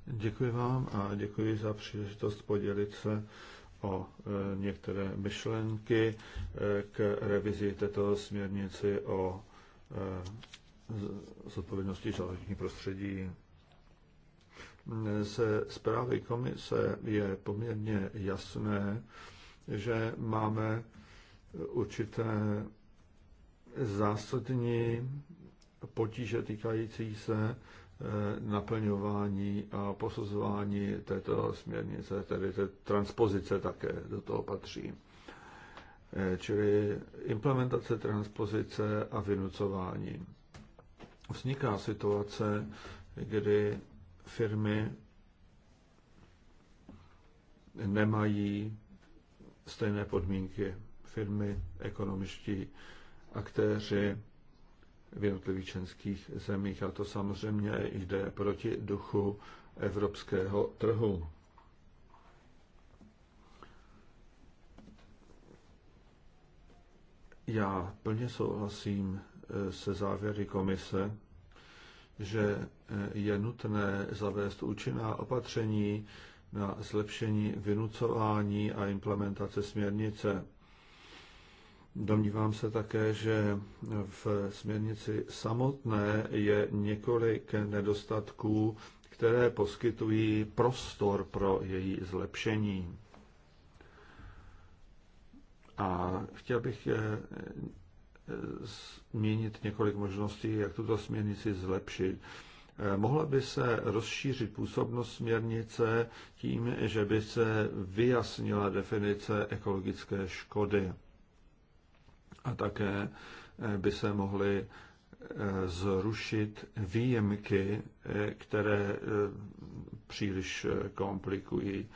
Děkuji vám a děkuji za příležitost podělit se o e, některé myšlenky e, k revizi této směrnici o e, zodpovědnosti životního prostředí ze zprávy komise je poměrně jasné, že máme určité zásadní potíže týkající se eh, naplňování a posuzování této směrnice, tedy té transpozice také do toho patří. Eh, čili implementace, transpozice a vynucování. Vzniká situace, kdy firmy nemají stejné podmínky. Firmy, ekonomičtí aktéři v jednotlivých členských zemích a to samozřejmě jde proti duchu evropského trhu. Já plně souhlasím eh, se závěry komise, že eh, je nutné zavést účinná opatření na zlepšení vynucování a implementace směrnice. Domnívám se také, že v směrnici samotné je několik nedostatků, které poskytují prostor pro její zlepšení. A chtěl bych eh, změnit několik možností, jak tuto směrnici zlepšit. Mohla by se rozšířit působnost směrnice tím, že by se vyjasnila definice ekologické škody. A také eh, by se mohly eh, zrušit výjimky, eh, které příliš komplikují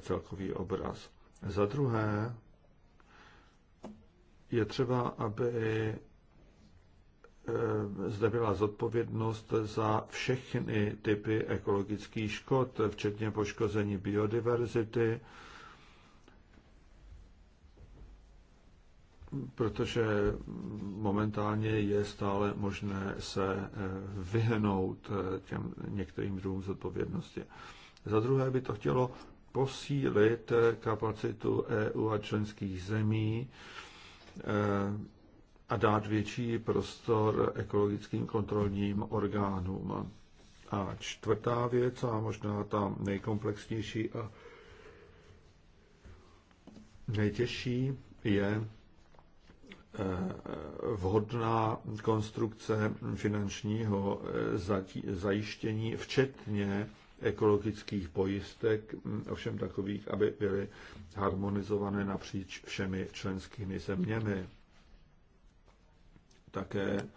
celkový obraz. Za druhé, je třeba, aby eh, zde byla zodpovědnost za všechny typy ekologických škod, včetně poškození biodiverzity, protože momentálně je stále možné se eh, vyhnout eh, těm některým druhům zodpovědnosti. Za druhé by to chtělo posílit kapacitu EU a členských zemí Eh, a dát větší prostor ekologickým kontrolním orgánům. A čtvrtá věc, a možná ta nejkomplexnější a nejtěžší, je eh, vhodná konstrukce finančního eh, zajištění, včetně ekologických pojistek, mm, ovšem takových, aby byly harmonizované napříč všemi členskými zeměmi. Také e,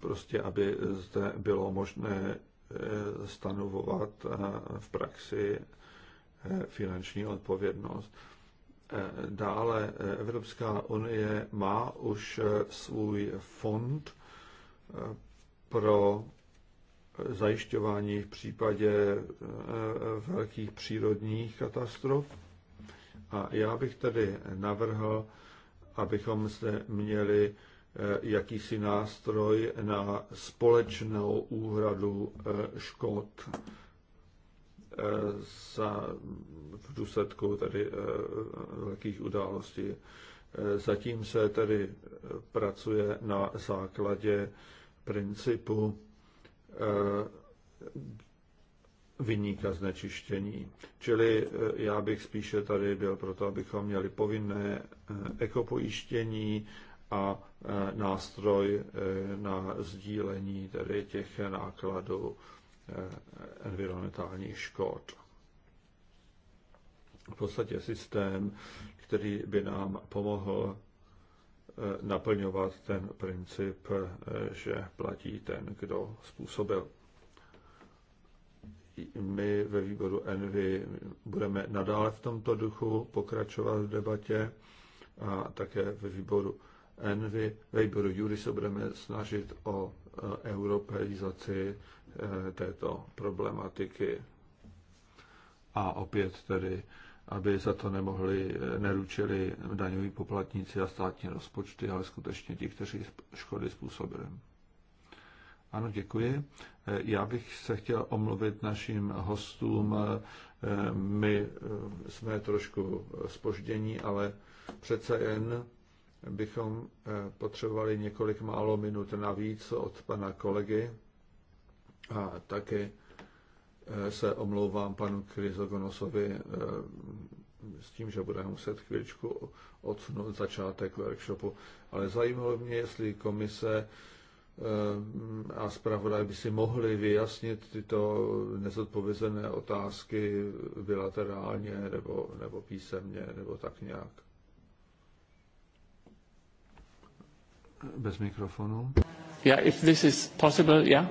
prostě, aby zde bylo možné e, stanovovat e, v praxi finanční odpovědnost. Dále Evropská unie má už svůj fond pro zajišťování v případě eh, velkých přírodních katastrof. A já bych tedy navrhl, abychom se měli eh, jakýsi nástroj na společnou úhradu eh, škod za, v důsledku tedy velkých událostí. Zatím se tedy pracuje na základě principu Eh, vyníka znečištění. Čili eh, já bych spíše tady byl proto, abychom měli povinné eh, ekopojištění a nástroj na sdílení tedy těch nákladů environmentálních škod. V podstatě systém, který by nám pomohl Eh, naplňovat ten princip, eh, že platí ten, kdo způsobil. My ve výboru Envy budeme nadále v tomto duchu pokračovat v debatě a také ve výboru Envy, ve výboru Jury se budeme snažit o eh, europeizaci této problematiky. A opět tedy aby za to nemohli, eh, neručili daňoví poplatníci a státní rozpočty, ale skutečně ti, kteří škody způsobili. Ano, děkuji. Eh, já bych se chtěl omluvit našim hostům. Eh, my jsme trošku spoždění, ale přece jen bychom potřebovali několik málo minut navíc od pana kolegy a také. Eh, se omlouvám panu Krizogonosovi eh, s tím, že budeme muset chvíličku odsunout začátek workshopu, ale zajímalo mě, jestli komise eh, a zpravodaj by si mohli vyjasnit tyto nezodpovězené otázky bilaterálně nebo, nebo písemně, nebo tak nějak. Bez mikrofonu. Yeah, if this is possible, yeah.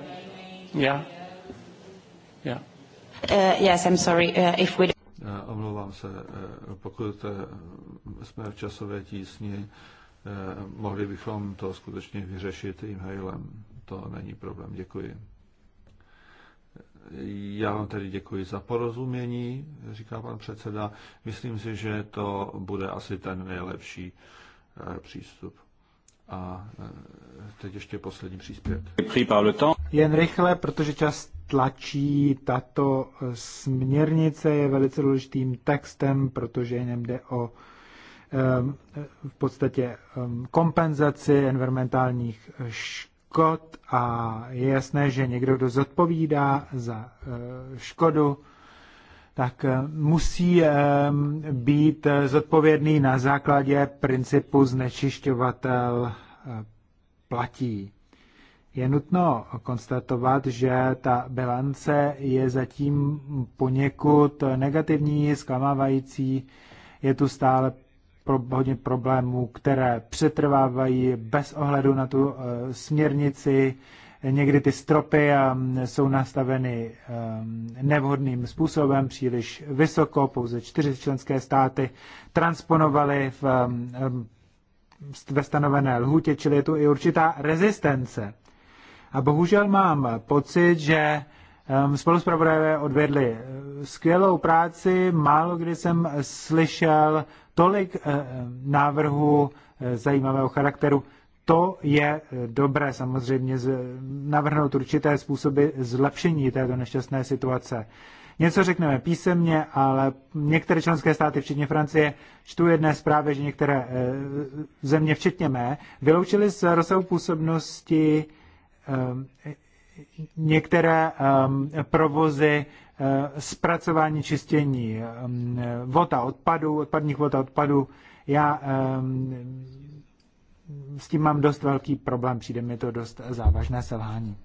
Yeah. Yeah. Uh, yes, I'm sorry. Uh, if we... Omlouvám se, eh, pokud eh, jsme v časové tísni, eh, mohli bychom to skutečně vyřešit e-mailem. To není problém, děkuji. Já vám tedy děkuji za porozumění, říká pan předseda. Myslím si, že to bude asi ten nejlepší přístup. A teď ještě poslední příspěvek. Jen rychle, protože čas tlačí. Tato eh, směrnice je velice důležitým textem, protože jenom jde o ehm, v podstatě ehm, kompenzaci environmentálních škod a je jasné, že někdo, kdo zodpovídá za eh, škodu, tak eh, musí ehm, být zodpovědný na základě principu znečišťovatel platí. Je nutno konstatovat, že ta bilance je zatím poněkud negativní, zklamávající. Je tu stále pro, hodně problémů, které přetrvávají bez ohledu na tu uh, směrnici. Někdy ty stropy um, jsou nastaveny um, nevhodným způsobem, příliš vysoko, pouze čtyři členské státy transponovaly v, um, ve stanovené lhůtě, čili je tu i určitá rezistence a bohužel mám pocit, že spolu s odvedli eh, skvělou práci. Málo kdy jsem slyšel tolik eh, návrhů eh, zajímavého charakteru. To je dobré samozřejmě navrhnout určité způsoby zlepšení této nešťastné situace. Něco řekneme písemně, ale některé členské státy, včetně Francie, čtu jedné zprávy, že některé země, včetně mé, vyloučily z rozsahu působnosti Ehm, některé ehm, provozy eh, zpracování, čištění ehm, vod a odpadů, odpadních vod a odpadů. Já s tím mám dost velký problém, přijde mi to dost závažné selhání.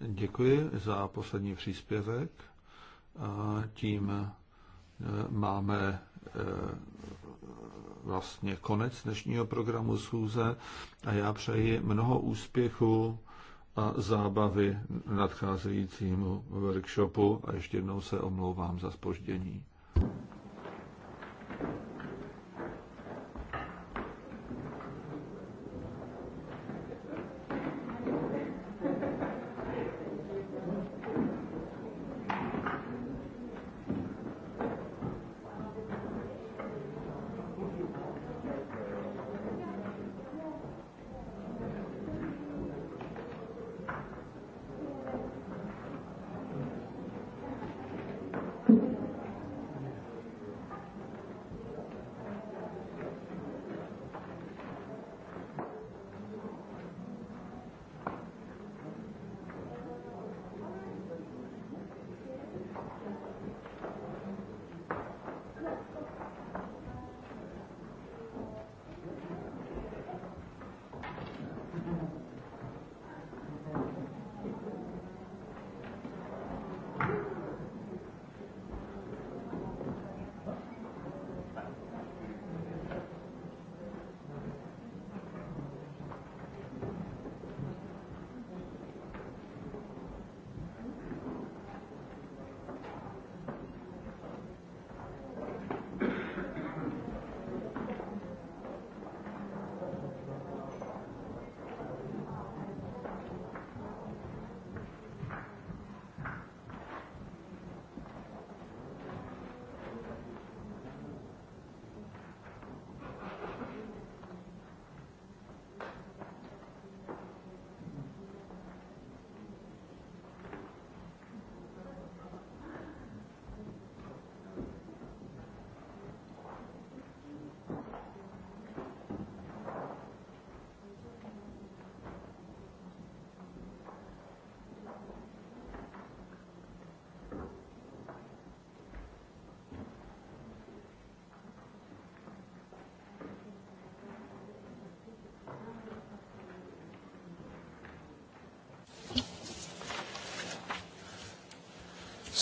Děkuji za poslední příspěvek. A tím eh, máme eh, vlastně konec dnešního programu schůze a já přeji mnoho úspěchu a zábavy nadcházejícímu workshopu a ještě jednou se omlouvám za spoždění.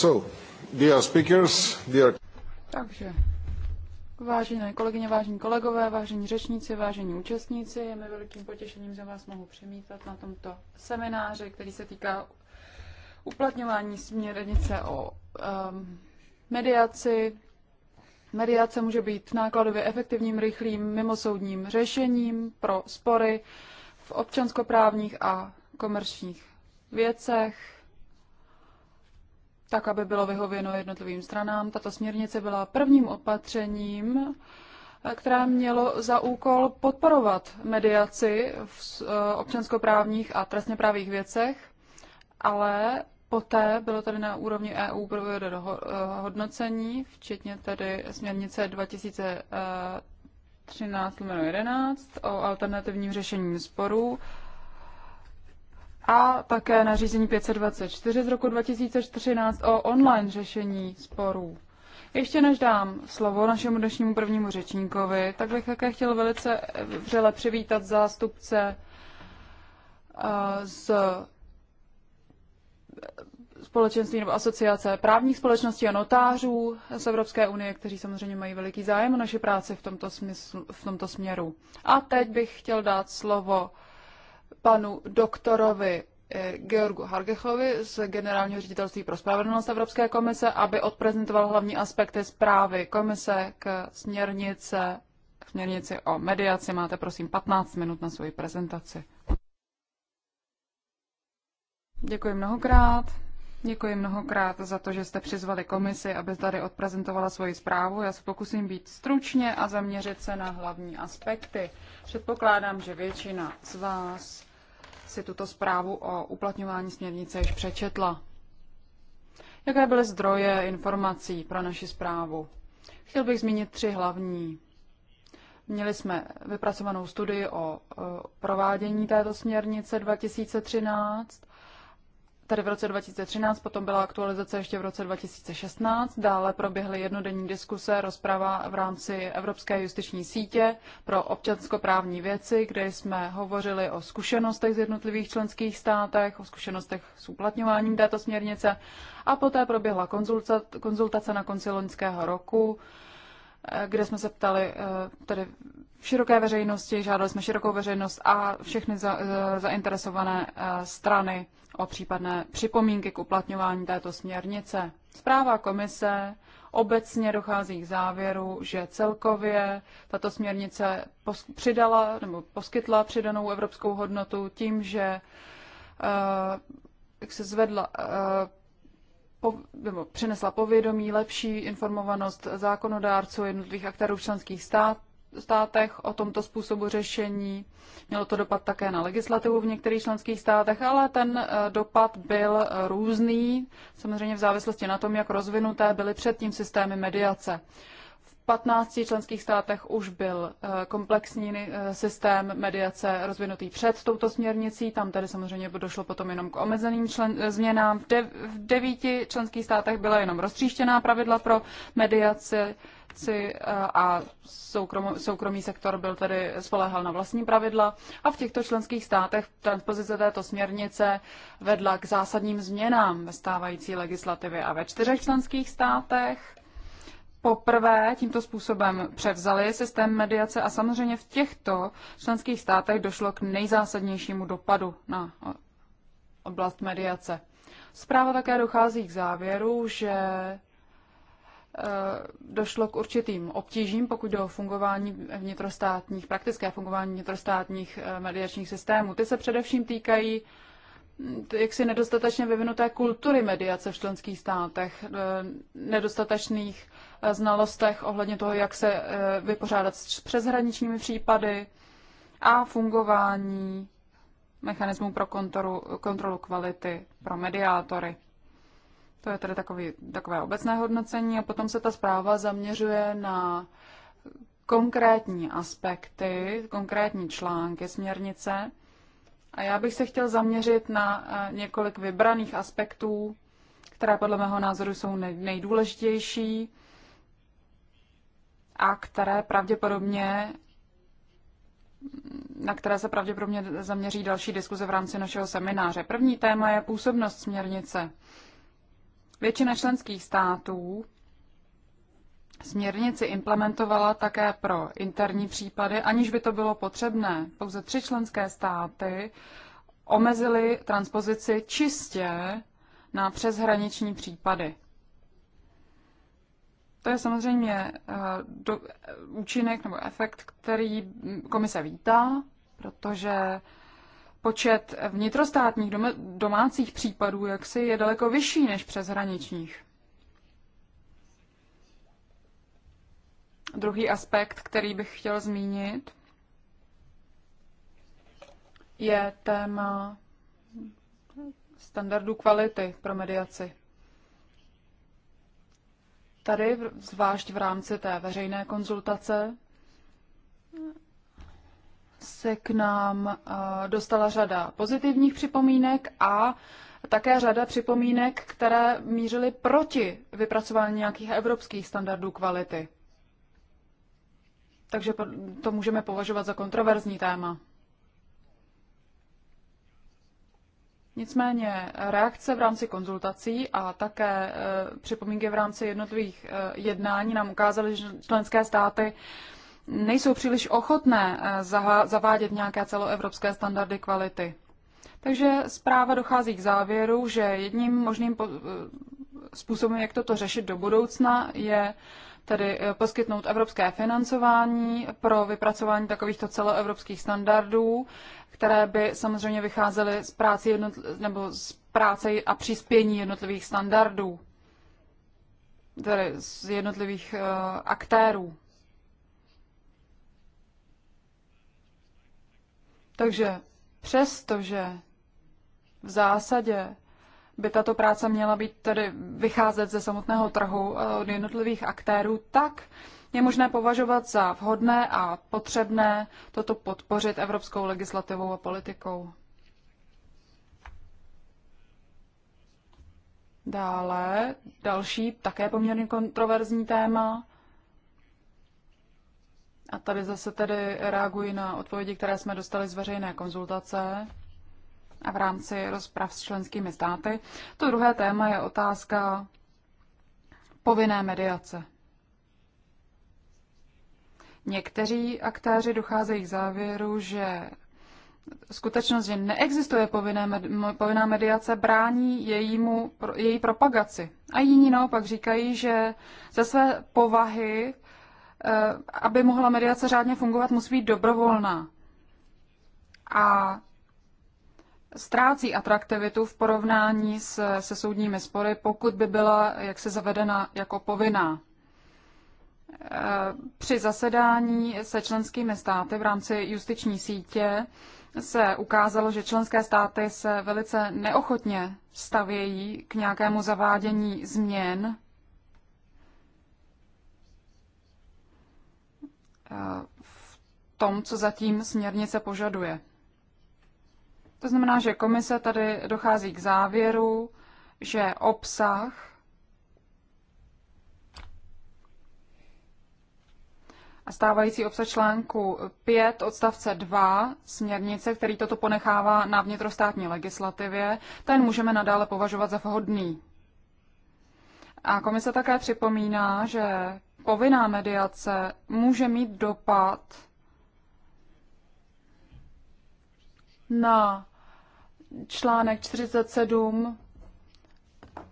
So, dear speakers, dear... Takže, vážené kolegyně, vážení kolegové, vážení řečníci, vážení účastníci, je mi velkým potěšením, že vás mohu přemítat na tomto semináři, který se týká uplatňování směrnice o um, mediaci. Mediace může být nákladově efektivním, rychlým, mimosoudním řešením pro spory v občanskoprávních a komerčních věcech tak aby bylo vyhověno jednotlivým stranám. Tato směrnice byla prvním opatřením, eh, které mělo za úkol podporovat mediaci v eh, občanskoprávních a trestněprávních věcech, ale poté bylo tady na úrovni EU provedeno eh, hodnocení, včetně tedy směrnice 2013 11 o alternativním řešení sporů a také nařízení 524 z roku 2013 o online řešení sporů. Ještě než dám slovo našemu dnešnímu prvnímu řečníkovi, tak bych také chtěl velice vřele přivítat zástupce eh, z společenství nebo asociace právních společností a notářů z Evropské unie, kteří samozřejmě mají veliký zájem o naše práci v tomto, smyslu, v tomto směru. A teď bych chtěl dát slovo panu doktorovi eh, Georgu Hargechovi z Generálního ředitelství pro spravedlnost Evropské komise, aby odprezentoval hlavní aspekty zprávy komise k směrnice, směrnici o mediaci. Máte prosím 15 minut na svoji prezentaci. Děkuji mnohokrát. Děkuji mnohokrát za to, že jste přizvali komisi, aby tady odprezentovala svoji zprávu. Já se pokusím být stručně a zaměřit se na hlavní aspekty. Předpokládám, že většina z vás si tuto zprávu o uplatňování směrnice již přečetla. Jaké byly zdroje informací pro naši zprávu? Chtěl bych zmínit tři hlavní. Měli jsme vypracovanou studii o e, provádění této směrnice 2013, tady v roce 2013, potom byla aktualizace ještě v roce 2016, dále proběhly jednodenní diskuse, rozprava v rámci Evropské justiční sítě pro občanskoprávní věci, kde jsme hovořili o zkušenostech z jednotlivých členských státech, o zkušenostech s uplatňováním této směrnice a poté proběhla konzultace, konzultace na konci loňského roku, eh, kde jsme se ptali eh, tedy široké veřejnosti, žádali jsme širokou veřejnost a všechny za, eh, zainteresované eh, strany o případné připomínky k uplatňování této směrnice. Zpráva komise obecně dochází k závěru, že celkově tato směrnice přidala nebo poskytla přidanou evropskou hodnotu tím, že eh, jak se zvedla po, nebo přinesla povědomí, lepší informovanost zákonodárců jednotlivých aktérů členských států, státech o tomto způsobu řešení. Mělo to dopad také na legislativu v některých členských státech, ale ten eh, dopad byl eh, různý, samozřejmě v závislosti na tom, jak rozvinuté byly předtím systémy mediace. V 15 členských státech už byl eh, komplexní systém mediace rozvinutý před touto směrnicí, tam tedy samozřejmě došlo potom jenom k omezeným člen, změnám. V, v devíti členských státech byla jenom roztříštěná pravidla pro mediaci akci eh, a soukrom, soukromý sektor byl tedy spolehal na vlastní pravidla a v těchto členských státech transpozice této směrnice vedla k zásadním změnám ve stávající legislativě a ve čtyřech členských státech poprvé tímto způsobem převzali systém mediace a samozřejmě v těchto členských státech došlo k nejzásadnějšímu dopadu na oblast mediace. Zpráva také dochází k závěru, že Eh, došlo k určitým obtížím, pokud jde o fungování vnitrostátních, praktické fungování vnitrostátních eh, mediačních systémů. Ty se především týkají hm, jaksi nedostatečně vyvinuté kultury mediace v členských státech, eh, nedostatečných znalostech ohledně toho, jak se vypořádat s přeshraničními případy a fungování mechanismů pro kontoru, kontrolu kvality pro mediátory. To je tedy takový, takové obecné hodnocení a potom se ta zpráva zaměřuje na konkrétní aspekty, konkrétní články směrnice. A já bych se chtěl zaměřit na eh, několik vybraných aspektů, které podle mého názoru jsou nejdůležitější a které pravděpodobně na které se pravděpodobně zaměří další diskuze v rámci našeho semináře. První téma je působnost směrnice. Většina členských států směrnici implementovala také pro interní případy, aniž by to bylo potřebné. Pouze tři členské státy omezily transpozici čistě na přeshraniční případy. To je samozřejmě eh, do, účinek nebo efekt, který komise vítá, protože počet vnitrostátních domácích případů jaksi je daleko vyšší než přeshraničních. Druhý aspekt, který bych chtěl zmínit, je téma standardu kvality pro mediaci. Tady, zvlášť v rámci té veřejné konzultace, se k nám eh, dostala řada pozitivních připomínek a také řada připomínek, které mířily proti vypracování nějakých evropských standardů kvality. Takže to můžeme považovat za kontroverzní téma. Nicméně reakce v rámci konzultací a také eh, připomínky v rámci jednotlivých eh, jednání nám ukázaly, že členské státy nejsou příliš ochotné eh, zavádět nějaké celoevropské standardy kvality. Takže zpráva dochází k závěru, že jedním možným eh, způsobem, jak toto řešit do budoucna, je tedy eh, poskytnout evropské financování pro vypracování takovýchto celoevropských standardů, které by samozřejmě vycházely z práce, jednotl- nebo z práce a přispění jednotlivých standardů, tedy z jednotlivých uh, aktérů. Takže přestože v zásadě by tato práce měla být tedy vycházet ze samotného trhu eh, od jednotlivých aktérů, tak je možné považovat za vhodné a potřebné toto podpořit evropskou legislativou a politikou. Dále další také poměrně kontroverzní téma a tady zase tedy reaguji na odpovědi, které jsme dostali z veřejné konzultace a v rámci rozprav s členskými státy. To druhé téma je otázka povinné mediace. Někteří aktéři docházejí k závěru, že skutečnost, že neexistuje povinné, povinná mediace, brání jejímu, její propagaci. A jiní naopak říkají, že ze své povahy Eh, aby mohla mediace řádně fungovat, musí být dobrovolná. A ztrácí atraktivitu v porovnání s, se soudními spory, pokud by byla jak se zavedena jako povinná. Eh, při zasedání se členskými státy v rámci justiční sítě se ukázalo, že členské státy se velice neochotně stavějí k nějakému zavádění změn Eh, v tom, co zatím směrnice požaduje. To znamená, že komise tady dochází k závěru, že obsah a stávající obsah článku 5 odstavce 2 směrnice, který toto ponechává na vnitrostátní legislativě, ten můžeme nadále považovat za vhodný. A komise také připomíná, že povinná mediace může mít dopad na článek 47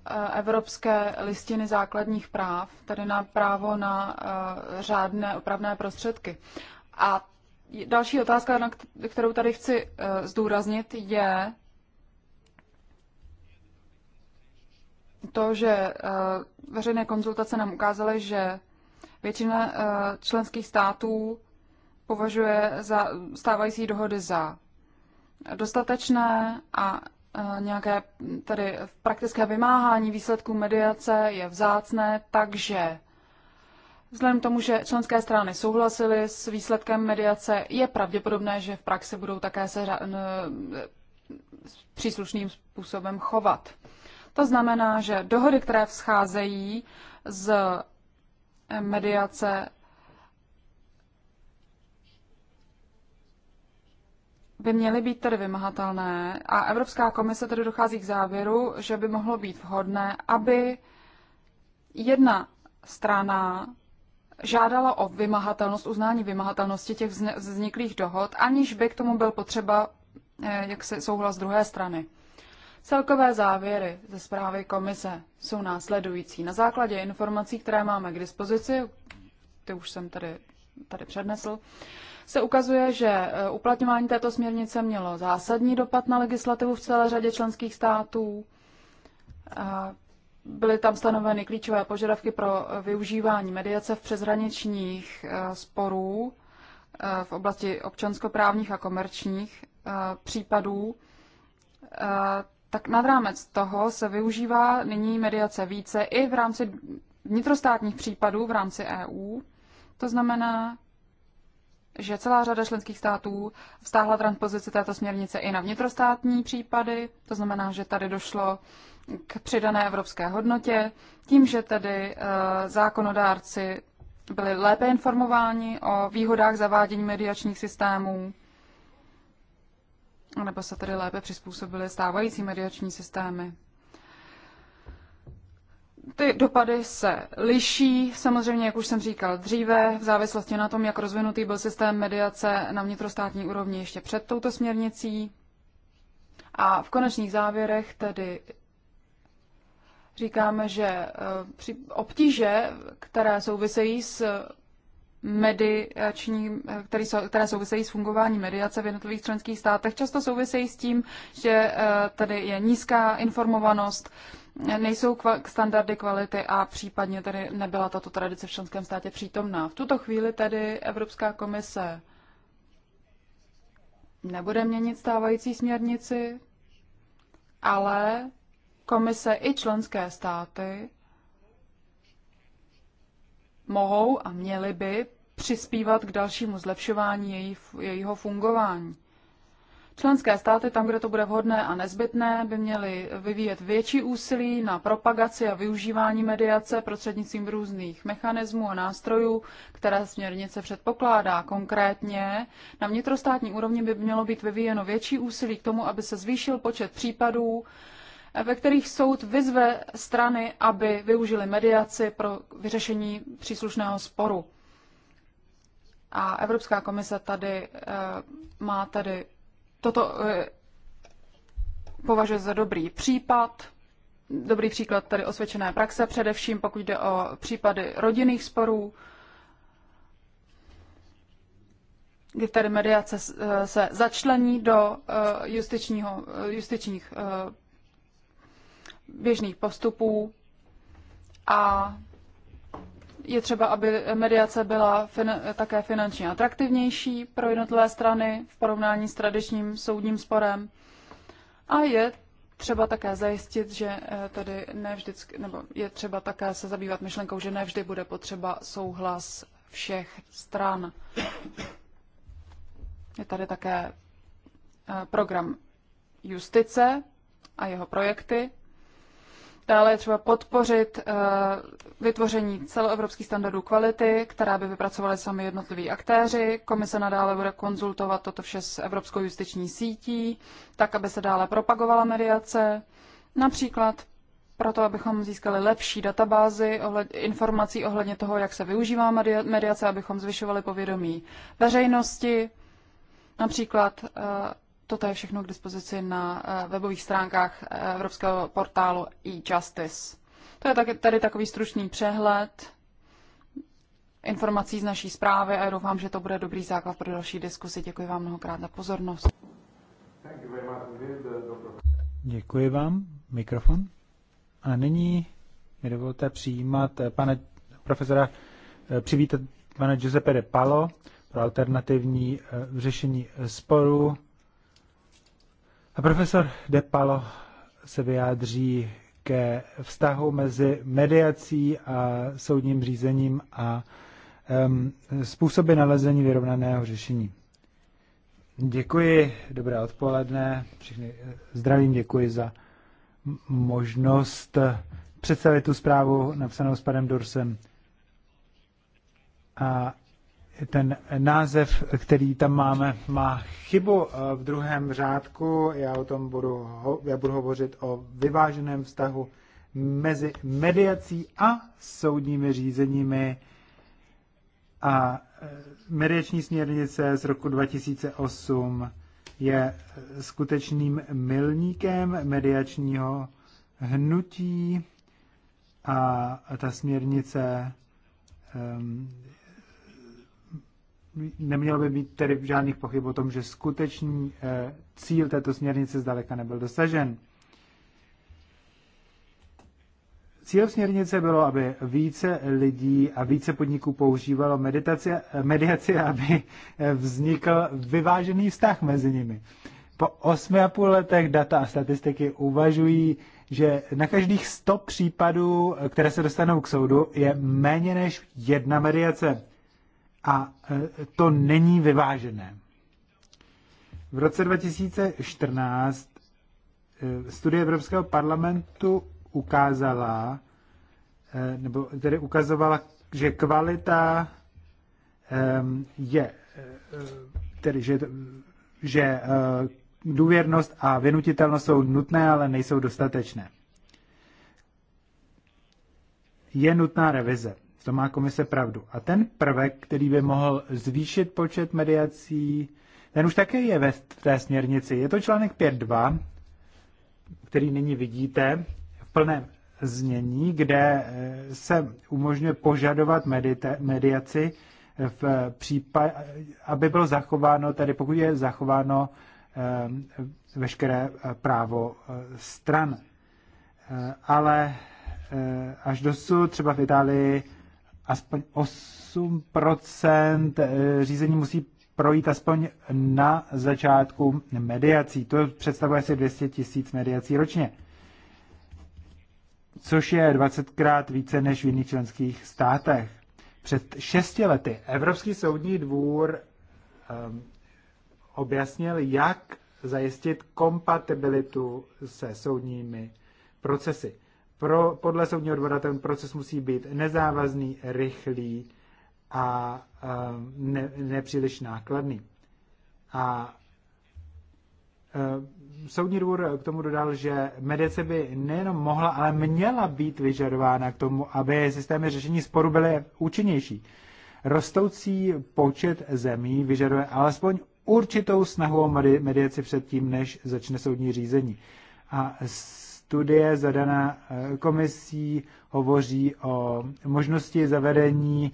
eh, Evropské listiny základních práv, tedy na právo na eh, řádné opravné prostředky. A další otázka, na kterou tady chci eh, zdůraznit, je to, že veřejné konzultace nám ukázaly, že Většina eh, členských států považuje za stávající dohody za dostatečné a eh, nějaké tady praktické vymáhání výsledků mediace je vzácné, takže Vzhledem k tomu, že členské strany souhlasily s výsledkem mediace, je pravděpodobné, že v praxi budou také se eh, příslušným způsobem chovat. To znamená, že dohody, které vzcházejí z mediace by měly být tedy vymahatelné a Evropská komise tedy dochází k závěru, že by mohlo být vhodné, aby jedna strana žádala o vymahatelnost, uznání vymahatelnosti těch vzniklých dohod, aniž by k tomu byl potřeba eh, jak se souhlas druhé strany. Celkové závěry ze zprávy komise jsou následující. Na základě informací, které máme k dispozici, ty už jsem tady, tady přednesl, se ukazuje, že e, uplatňování této směrnice mělo zásadní dopad na legislativu v celé řadě členských států. Byly tam stanoveny klíčové požadavky pro e, využívání mediace v přeshraničních e, sporů v oblasti občanskoprávních a komerčních případů tak nad rámec toho se využívá nyní mediace více i v rámci vnitrostátních případů v rámci EU. To znamená, že celá řada členských států vztáhla transpozici této směrnice i na vnitrostátní případy, to znamená, že tady došlo k přidané evropské hodnotě, tím, že tedy eh, zákonodárci byli lépe informováni o výhodách zavádění mediačních systémů Anebo se tedy lépe přizpůsobily stávající mediační systémy. Ty dopady se liší, samozřejmě, jak už jsem říkal dříve, v závislosti na tom, jak rozvinutý byl systém mediace na vnitrostátní úrovni ještě před touto směrnicí. A v konečných závěrech tedy říkáme, že eh, obtíže, které souvisejí s mediační, eh, eh, které, jsou, které souvisejí s fungováním mediace v jednotlivých členských státech, často souvisejí s tím, že eh, tady je nízká informovanost, nejsou kva- standardy kvality a případně tady nebyla tato tradice v členském státě přítomná. V tuto chvíli tedy Evropská komise nebude měnit stávající směrnici, ale komise i členské státy mohou a měly by přispívat k dalšímu zlepšování její, jejího fungování. Členské státy, tam, kde to bude vhodné a nezbytné, by měly vyvíjet větší úsilí na propagaci a využívání mediace prostřednictvím různých mechanismů a nástrojů, které směrnice předpokládá. Konkrétně na vnitrostátní úrovni by mělo být vyvíjeno větší úsilí k tomu, aby se zvýšil počet případů, ve kterých soud vyzve strany, aby využili mediaci pro vyřešení příslušného sporu. A Evropská komise tady eh, má tady toto eh, považuje za dobrý případ, dobrý příklad tady osvědčené praxe, především pokud jde o případy rodinných sporů, kdy tedy mediace eh, se začlení do justičního, justičních běžných postupů a je třeba, aby mediace byla fin- také finančně atraktivnější pro jednotlivé strany v porovnání s tradičním soudním sporem. A je třeba také zajistit, že eh, tady ne vždycky, nebo je třeba také se zabývat myšlenkou, že nevždy bude potřeba souhlas všech stran. Je tady také eh, program justice a jeho projekty, Dále je třeba podpořit eh, vytvoření celoevropských standardů kvality, která by vypracovali sami jednotliví aktéři. Komise nadále bude konzultovat toto vše s Evropskou justiční sítí, tak, aby se dále propagovala mediace. Například proto, abychom získali lepší databázy informací ohledně toho, jak se využívá mediace, abychom zvyšovali povědomí veřejnosti, například eh, Toto je všechno k dispozici na eh, webových stránkách eh, Evropského portálu e-justice. To je tady takový stručný přehled informací z naší zprávy a doufám, že to bude dobrý základ pro další diskusi. Děkuji vám mnohokrát za pozornost. Děkuji vám. Mikrofon. A nyní mi dovolte přijímat eh, pana profesora, přivítat pana Giuseppe De Palo pro alternativní řešení sporu a profesor Depalo se vyjádří ke vztahu mezi mediací a soudním řízením a um, způsoby nalezení vyrovnaného řešení. Děkuji, dobré odpoledne, všichni eh, zdravím, děkuji za možnost eh, představit tu zprávu napsanou s panem Dorsem. A ten název, který tam máme, má chybu eh, v druhém řádku. Já o tom budu, já budu hovořit o vyváženém vztahu mezi mediací a soudními řízeními. A eh, mediační směrnice z roku 2008 je eh, skutečným milníkem mediačního hnutí a ta směrnice ehm, nemělo by být tedy žádných pochyb o tom, že skutečný eh, cíl této směrnice zdaleka nebyl dosažen. Cíl směrnice bylo, aby více lidí a více podniků používalo meditaci, mediaci, aby eh, vznikl vyvážený vztah mezi nimi. Po 8,5 letech data a statistiky uvažují, že na každých 100 případů, eh, které se dostanou k soudu, je méně než jedna mediace a e, to není vyvážené. V roce 2014 e, studie Evropského parlamentu ukázala, e, nebo tedy ukazovala, že kvalita je, tedy že, že důvěrnost a vynutitelnost jsou nutné, ale nejsou dostatečné. Je nutná revize to má komise pravdu. A ten prvek, který by mohl zvýšit počet mediací, ten už také je ve té směrnici. Je to článek 5.2, který nyní vidíte v plném znění, kde eh, se umožňuje požadovat medite, mediaci, v eh, případ, aby bylo zachováno, tedy pokud je zachováno eh, veškeré právo stran. Ale až dosud třeba v Itálii aspoň 8% eh, řízení musí projít aspoň na začátku mediací. To představuje asi 200 tisíc mediací ročně, což je 20 krát více než v jiných členských státech. Před šesti lety Evropský soudní dvůr um, objasnil, jak zajistit kompatibilitu se soudními procesy. Pro, podle soudního dvora ten proces musí být nezávazný, rychlý a eh, ne, nepříliš nákladný. A eh, soudní dvůr k tomu dodal, že medice by nejenom mohla, ale měla být vyžadována k tomu, aby systémy řešení sporu byly účinnější. Rostoucí počet zemí vyžaduje alespoň určitou snahu o mediaci předtím, než začne soudní řízení. A studie zadaná eh, komisí hovoří o možnosti zavedení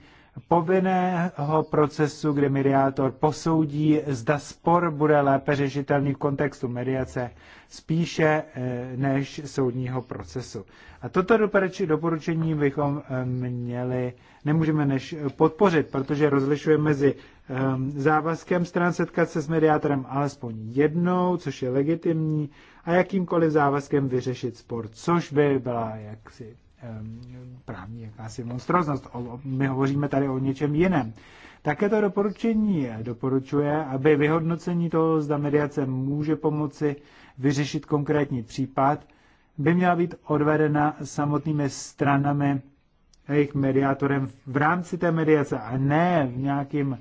povinného procesu, kde mediátor posoudí, zda spor bude lépe řešitelný v kontextu mediace spíše eh, než soudního procesu. A toto doporučení bychom eh, měli, nemůžeme než podpořit, protože rozlišujeme mezi Ehm, závazkem stran setkat se s mediátorem alespoň jednou, což je legitimní, a jakýmkoliv závazkem vyřešit spor, což by byla jaksi ehm, právní jakási monstroznost. My hovoříme tady o něčem jiném. Také to doporučení doporučuje, aby vyhodnocení toho, zda mediace může pomoci vyřešit konkrétní případ, by měla být odvedena samotnými stranami a jejich mediátorem v rámci té mediace a ne v nějakým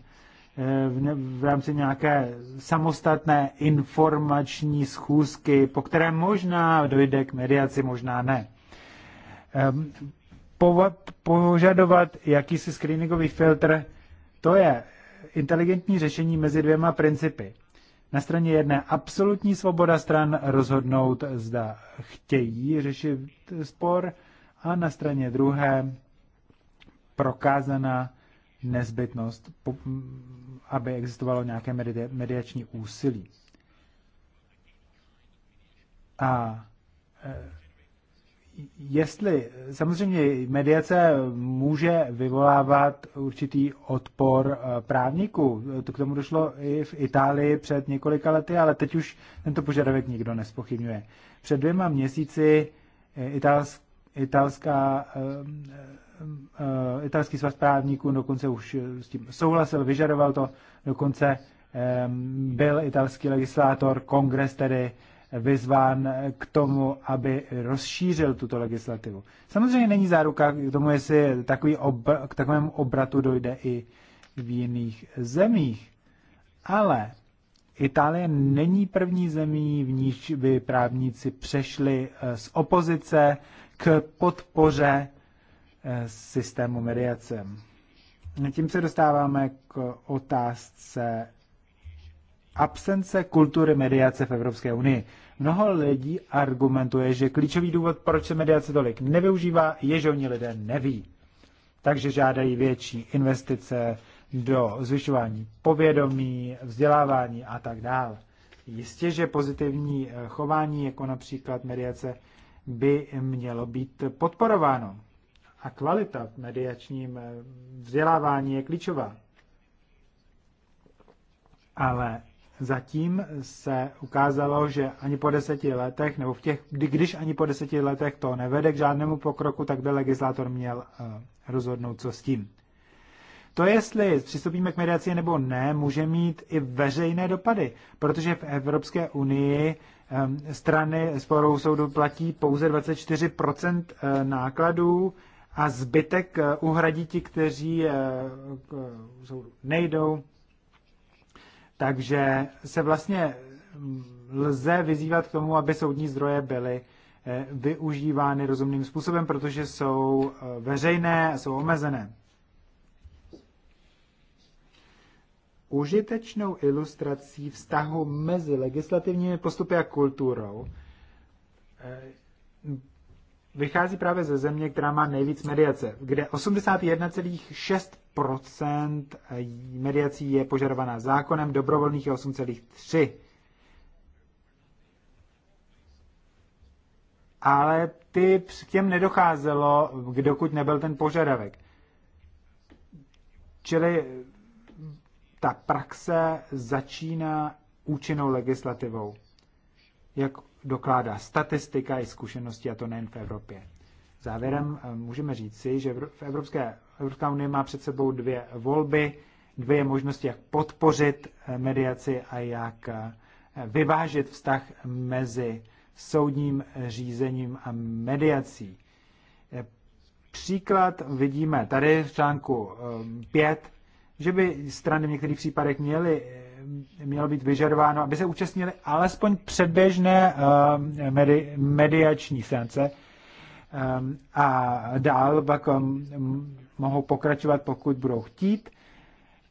Eh, v, v rámci nějaké samostatné informační schůzky, po které možná dojde k mediaci, možná ne. Ehm, po, požadovat jakýsi screeningový filtr, to je inteligentní řešení mezi dvěma principy. Na straně jedné absolutní svoboda stran rozhodnout, zda chtějí řešit spor, a na straně druhé prokázaná nezbytnost aby existovalo nějaké mediační úsilí. A e, jestli, samozřejmě mediace může vyvolávat určitý odpor e, právníků. To k tomu došlo i v Itálii před několika lety, ale teď už tento požadavek nikdo nespochybňuje. Před dvěma měsíci e, italská, italská Eh, italský svaz právníků dokonce už eh, s tím souhlasil, vyžadoval to, dokonce eh, byl italský legislátor, kongres tedy vyzván k tomu, aby rozšířil tuto legislativu. Samozřejmě není záruka k tomu, jestli takový obr- k takovému obratu dojde i v jiných zemích. Ale Itálie není první zemí, v níž by právníci přešli z opozice k podpoře Eh, systému mediace. Tím se dostáváme k otázce absence kultury mediace v Evropské unii. Mnoho lidí argumentuje, že klíčový důvod, proč se mediace tolik nevyužívá, je, že oni lidé neví. Takže žádají větší investice do zvyšování povědomí, vzdělávání a tak dále. Jistě, že pozitivní eh, chování, jako například mediace, by mělo být podporováno. A kvalita v mediačním eh, vzdělávání je klíčová. Ale zatím se ukázalo, že ani po deseti letech, nebo v těch, kdy, když ani po deseti letech to nevede k žádnému pokroku, tak by legislátor měl eh, rozhodnout, co s tím. To, jestli přistoupíme k mediaci nebo ne, může mít i veřejné dopady, protože v Evropské unii ehm, strany sporou soudu platí pouze 24 eh, nákladů a zbytek eh, uhradí ti, kteří eh, eh, nejdou. Takže se vlastně mm, lze vyzývat k tomu, aby soudní zdroje byly využívány rozumným způsobem, protože jsou veřejné a jsou omezené. Užitečnou ilustrací vztahu mezi legislativními postupy a kulturou vychází právě ze země, která má nejvíc mediace, kde 81,6% eh, mediací je požadovaná zákonem, dobrovolných je 8,3%. Ale ty, k těm nedocházelo, dokud nebyl ten požadavek. Čili eh, ta praxe začíná účinnou legislativou. Jak dokládá statistika i zkušenosti, a to nejen v Evropě. Závěrem eh, můžeme říci, že v Evropské, Evropská unie má před sebou dvě volby, dvě možnosti, jak podpořit eh, mediaci a jak eh, vyvážit vztah mezi soudním řízením a mediací. Příklad vidíme tady v článku 5, že by strany v některých případech měly mělo být vyžadováno, aby se účastnili alespoň předběžné eh, mediační seance eh, a dál pak eh, mohou pokračovat, pokud budou chtít.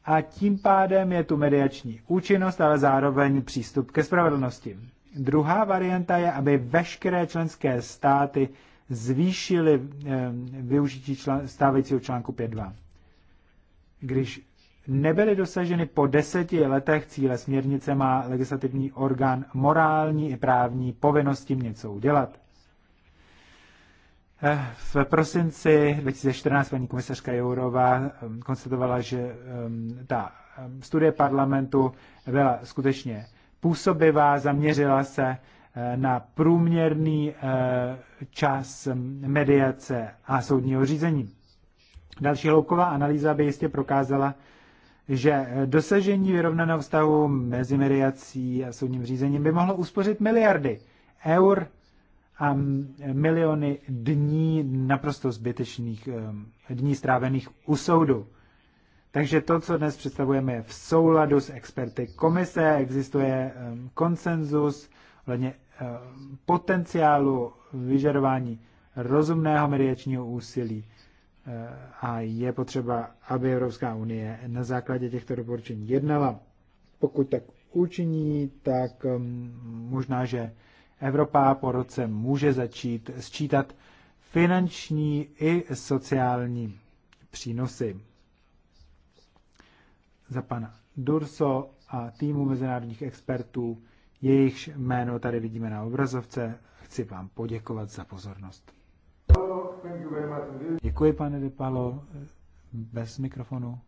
A tím pádem je tu mediační účinnost, ale zároveň přístup ke spravedlnosti. Druhá varianta je, aby veškeré členské státy zvýšily využití člán, stávajícího článku 5.2. Když nebyly dosaženy po deseti letech cíle směrnice, má legislativní orgán morální i právní povinnosti něco udělat. Eh, v prosinci 2014 paní komisařka Jourová ehm, konstatovala, že ehm, ta ehm, studie parlamentu byla skutečně působivá, zaměřila se eh, na průměrný eh, čas mediace a soudního řízení. Další hlouková analýza by jistě prokázala, že dosažení vyrovnaného vztahu mezi mediací a soudním řízením by mohlo uspořit miliardy eur a miliony dní naprosto zbytečných dní strávených u soudu. Takže to, co dnes představujeme, je v souladu s experty komise, existuje konsenzus ohledně potenciálu vyžadování rozumného mediačního úsilí a je potřeba, aby Evropská unie na základě těchto doporučení jednala. Pokud tak učiní, tak um, možná, že Evropa po roce může začít sčítat finanční i sociální přínosy. Za pana Durso a týmu mezinárodních expertů, jejichž jméno tady vidíme na obrazovce, chci vám poděkovat za pozornost. Děkuji, pane Depalo. Bez mikrofonu.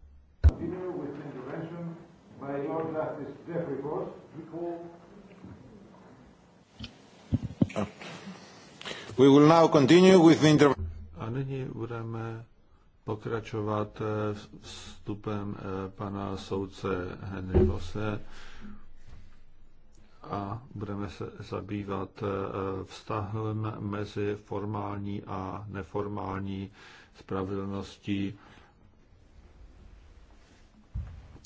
We will now continue with the inter- A nyní budeme pokračovat eh, vstupem eh, pana soudce Henry Lose a budeme se zabývat eh, vztahem mezi formální a neformální spravedlností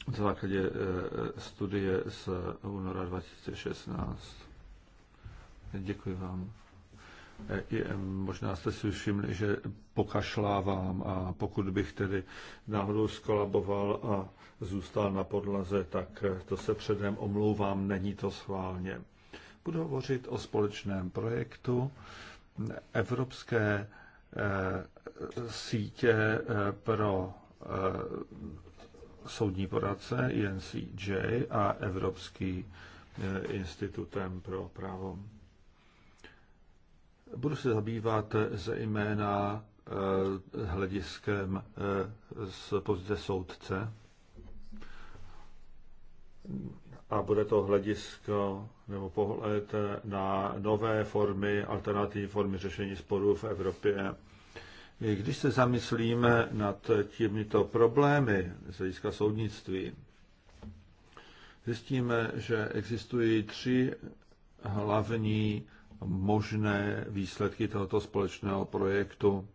v základě eh, studie z února 2016. Děkuji vám. Eh, je, možná jste si všimli, že pokašlávám a pokud bych tedy náhodou skolaboval a zůstal na podlaze, tak eh, to se předem omlouvám, není to schválně. Budu hovořit o společném projektu Evropské eh, sítě eh, pro soudní poradce INCJ a Evropský institutem pro právo. Budu se zabývat zejména hlediskem z pozice soudce a bude to hledisko nebo pohled na nové formy, alternativní formy řešení sporů v Evropě. Když se zamyslíme nad těmito problémy z hlediska soudnictví, zjistíme, že existují tři hlavní možné výsledky tohoto společného projektu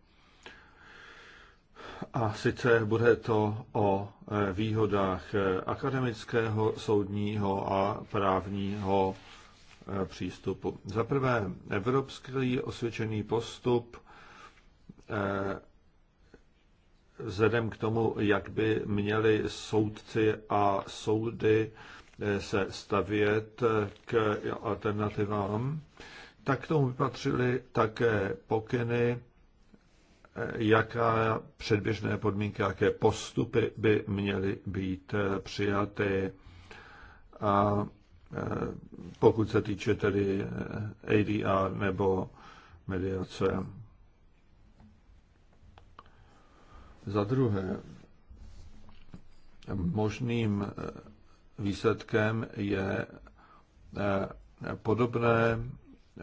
a sice bude to o e, výhodách e, akademického, soudního a právního e, přístupu. Za prvé, evropský osvědčený postup vzhledem k tomu, jak by měli soudci a soudy se stavět k alternativám, tak k tomu vypatřili také pokyny jaká předběžné podmínky, jaké postupy by měly být eh, přijaty. A eh, pokud se týče tedy eh, ADR nebo mediace. Za druhé, možným výsledkem je podobné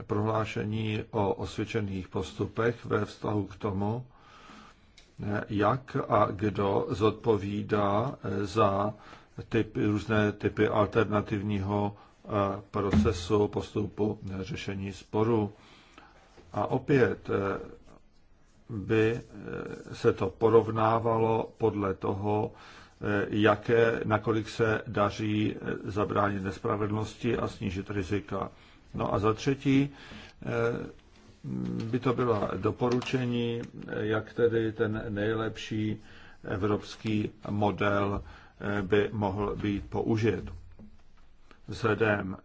prohlášení o osvědčených postupech ve vztahu k tomu, jak a kdo zodpovídá za typy, různé typy alternativního eh, procesu postupu řešení sporu. A opět eh, by eh, se to porovnávalo podle toho, jaké, nakolik se daří zabránit nespravedlnosti a snížit rizika. No a za třetí eh, by to byla doporučení, eh, jak tedy ten nejlepší evropský model eh, by mohl být použit vzhledem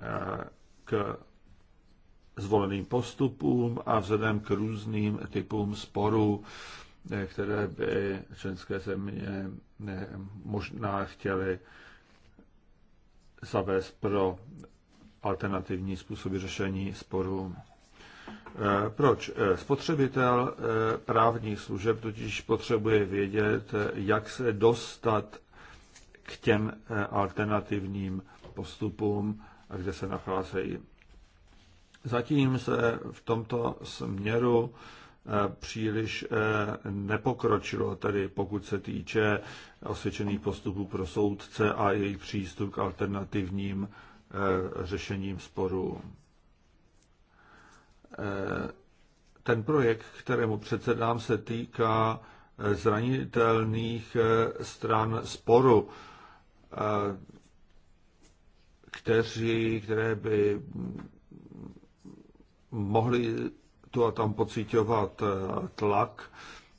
k zvoleným postupům a vzhledem k různým typům sporů, které by členské země možná chtěly zavést pro alternativní způsoby řešení sporů. Eh, proč? Eh, spotřebitel eh, právních služeb totiž potřebuje vědět, jak se dostat k těm alternativním postupům, kde se nacházejí. Zatím se v tomto směru příliš nepokročilo, tedy pokud se týče osvědčených postupů pro soudce a jejich přístup k alternativním Eh, řešením sporů. Eh, ten projekt, kterému předsedám, se týká eh, zranitelných stran sporu, kteří, které by mohli tu a tam pocitovat tlak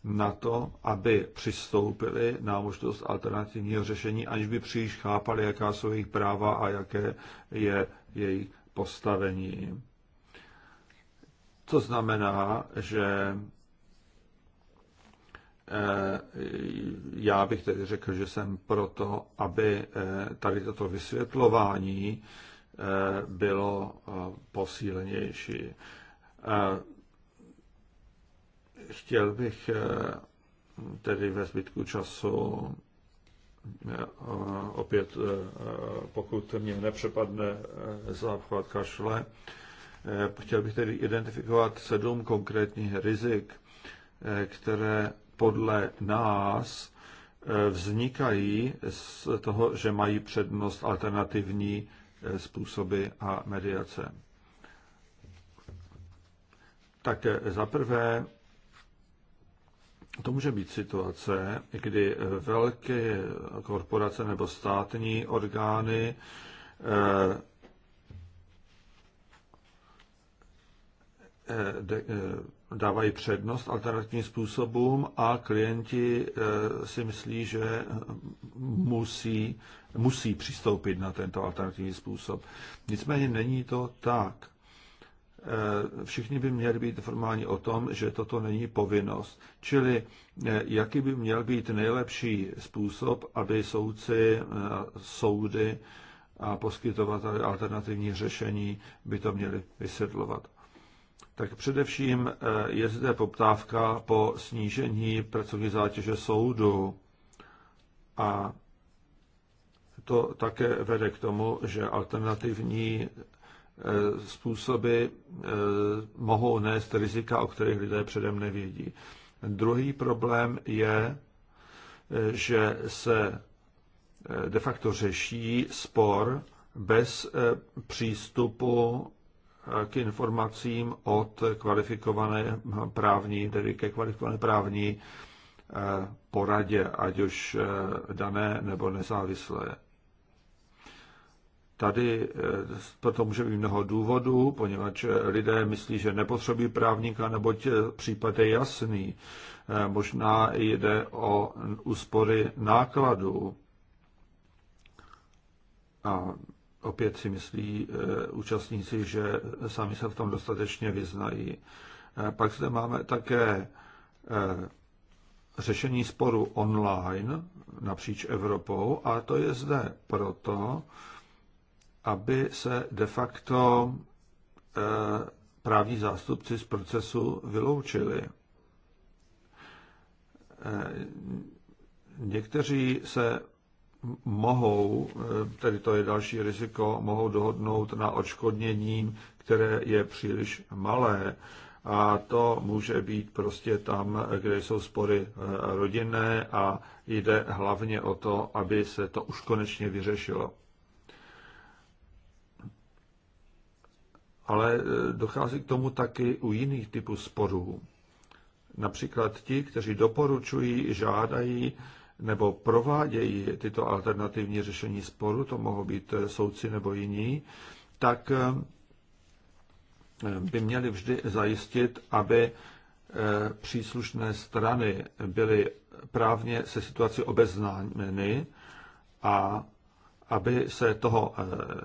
na to, aby přistoupili na možnost alternativního řešení, aniž by příliš chápali, jaká jsou jejich práva a jaké je jejich postavení. To znamená, že eh, já bych tedy řekl, že jsem proto, aby eh, tady toto vysvětlování eh, bylo posílenější chtěl bych eh, tedy ve zbytku času eh, opět, eh, pokud mě nepřepadne záchvat kašle, chtěl bych tedy identifikovat sedm konkrétních rizik, které podle nás vznikají z toho, že mají přednost alternativní způsoby a mediace. Tak za prvé to může být situace, kdy velké korporace nebo státní orgány eh, eh, dávají přednost alternativním způsobům a klienti eh, si myslí, že musí, musí přistoupit na tento alternativní způsob. Nicméně není to tak. Eh, všichni by měli být informováni o tom, že toto není povinnost. Čili eh, jaký by měl být nejlepší způsob, aby soudci, eh, soudy a poskytovat alternativní řešení by to měli vysvětlovat. Tak především je zde poptávka po snížení pracovní zátěže soudu a to také vede k tomu, že alternativní Eh, způsoby eh, mohou nést rizika, o kterých lidé předem nevědí. Druhý problém je, eh, že se de facto řeší spor bez přístupu k informacím od kvalifikované právní, tedy ke kvalifikované právní poradě, ať už dané nebo nezávislé. Tady eh, proto může být mnoho důvodů, poněvadž lidé myslí, že nepotřebují právníka, neboť eh, případ je jasný. Eh, možná jde o úspory nákladů. A opět si myslí účastníci, že sami se v tom dostatečně vyznají. Pak zde máme také řešení sporu online napříč Evropou a to je zde proto, aby se de facto eh, právní zástupci z procesu vyloučili. Eh, někteří se mohou, eh, tedy to je další riziko, mohou dohodnout na odškodnění, které je příliš malé. A to může být prostě tam, kde jsou spory rodinné a jde hlavně o to, aby se to už konečně vyřešilo. ale e, dochází k tomu taky u jiných typů sporů. Například ti, kteří doporučují, žádají nebo provádějí tyto alternativní řešení sporu, to mohou být e, soudci nebo jiní, tak e, by měli vždy zajistit, aby příslušné strany byly právně se situaci obeznámeny a aby se toho eh,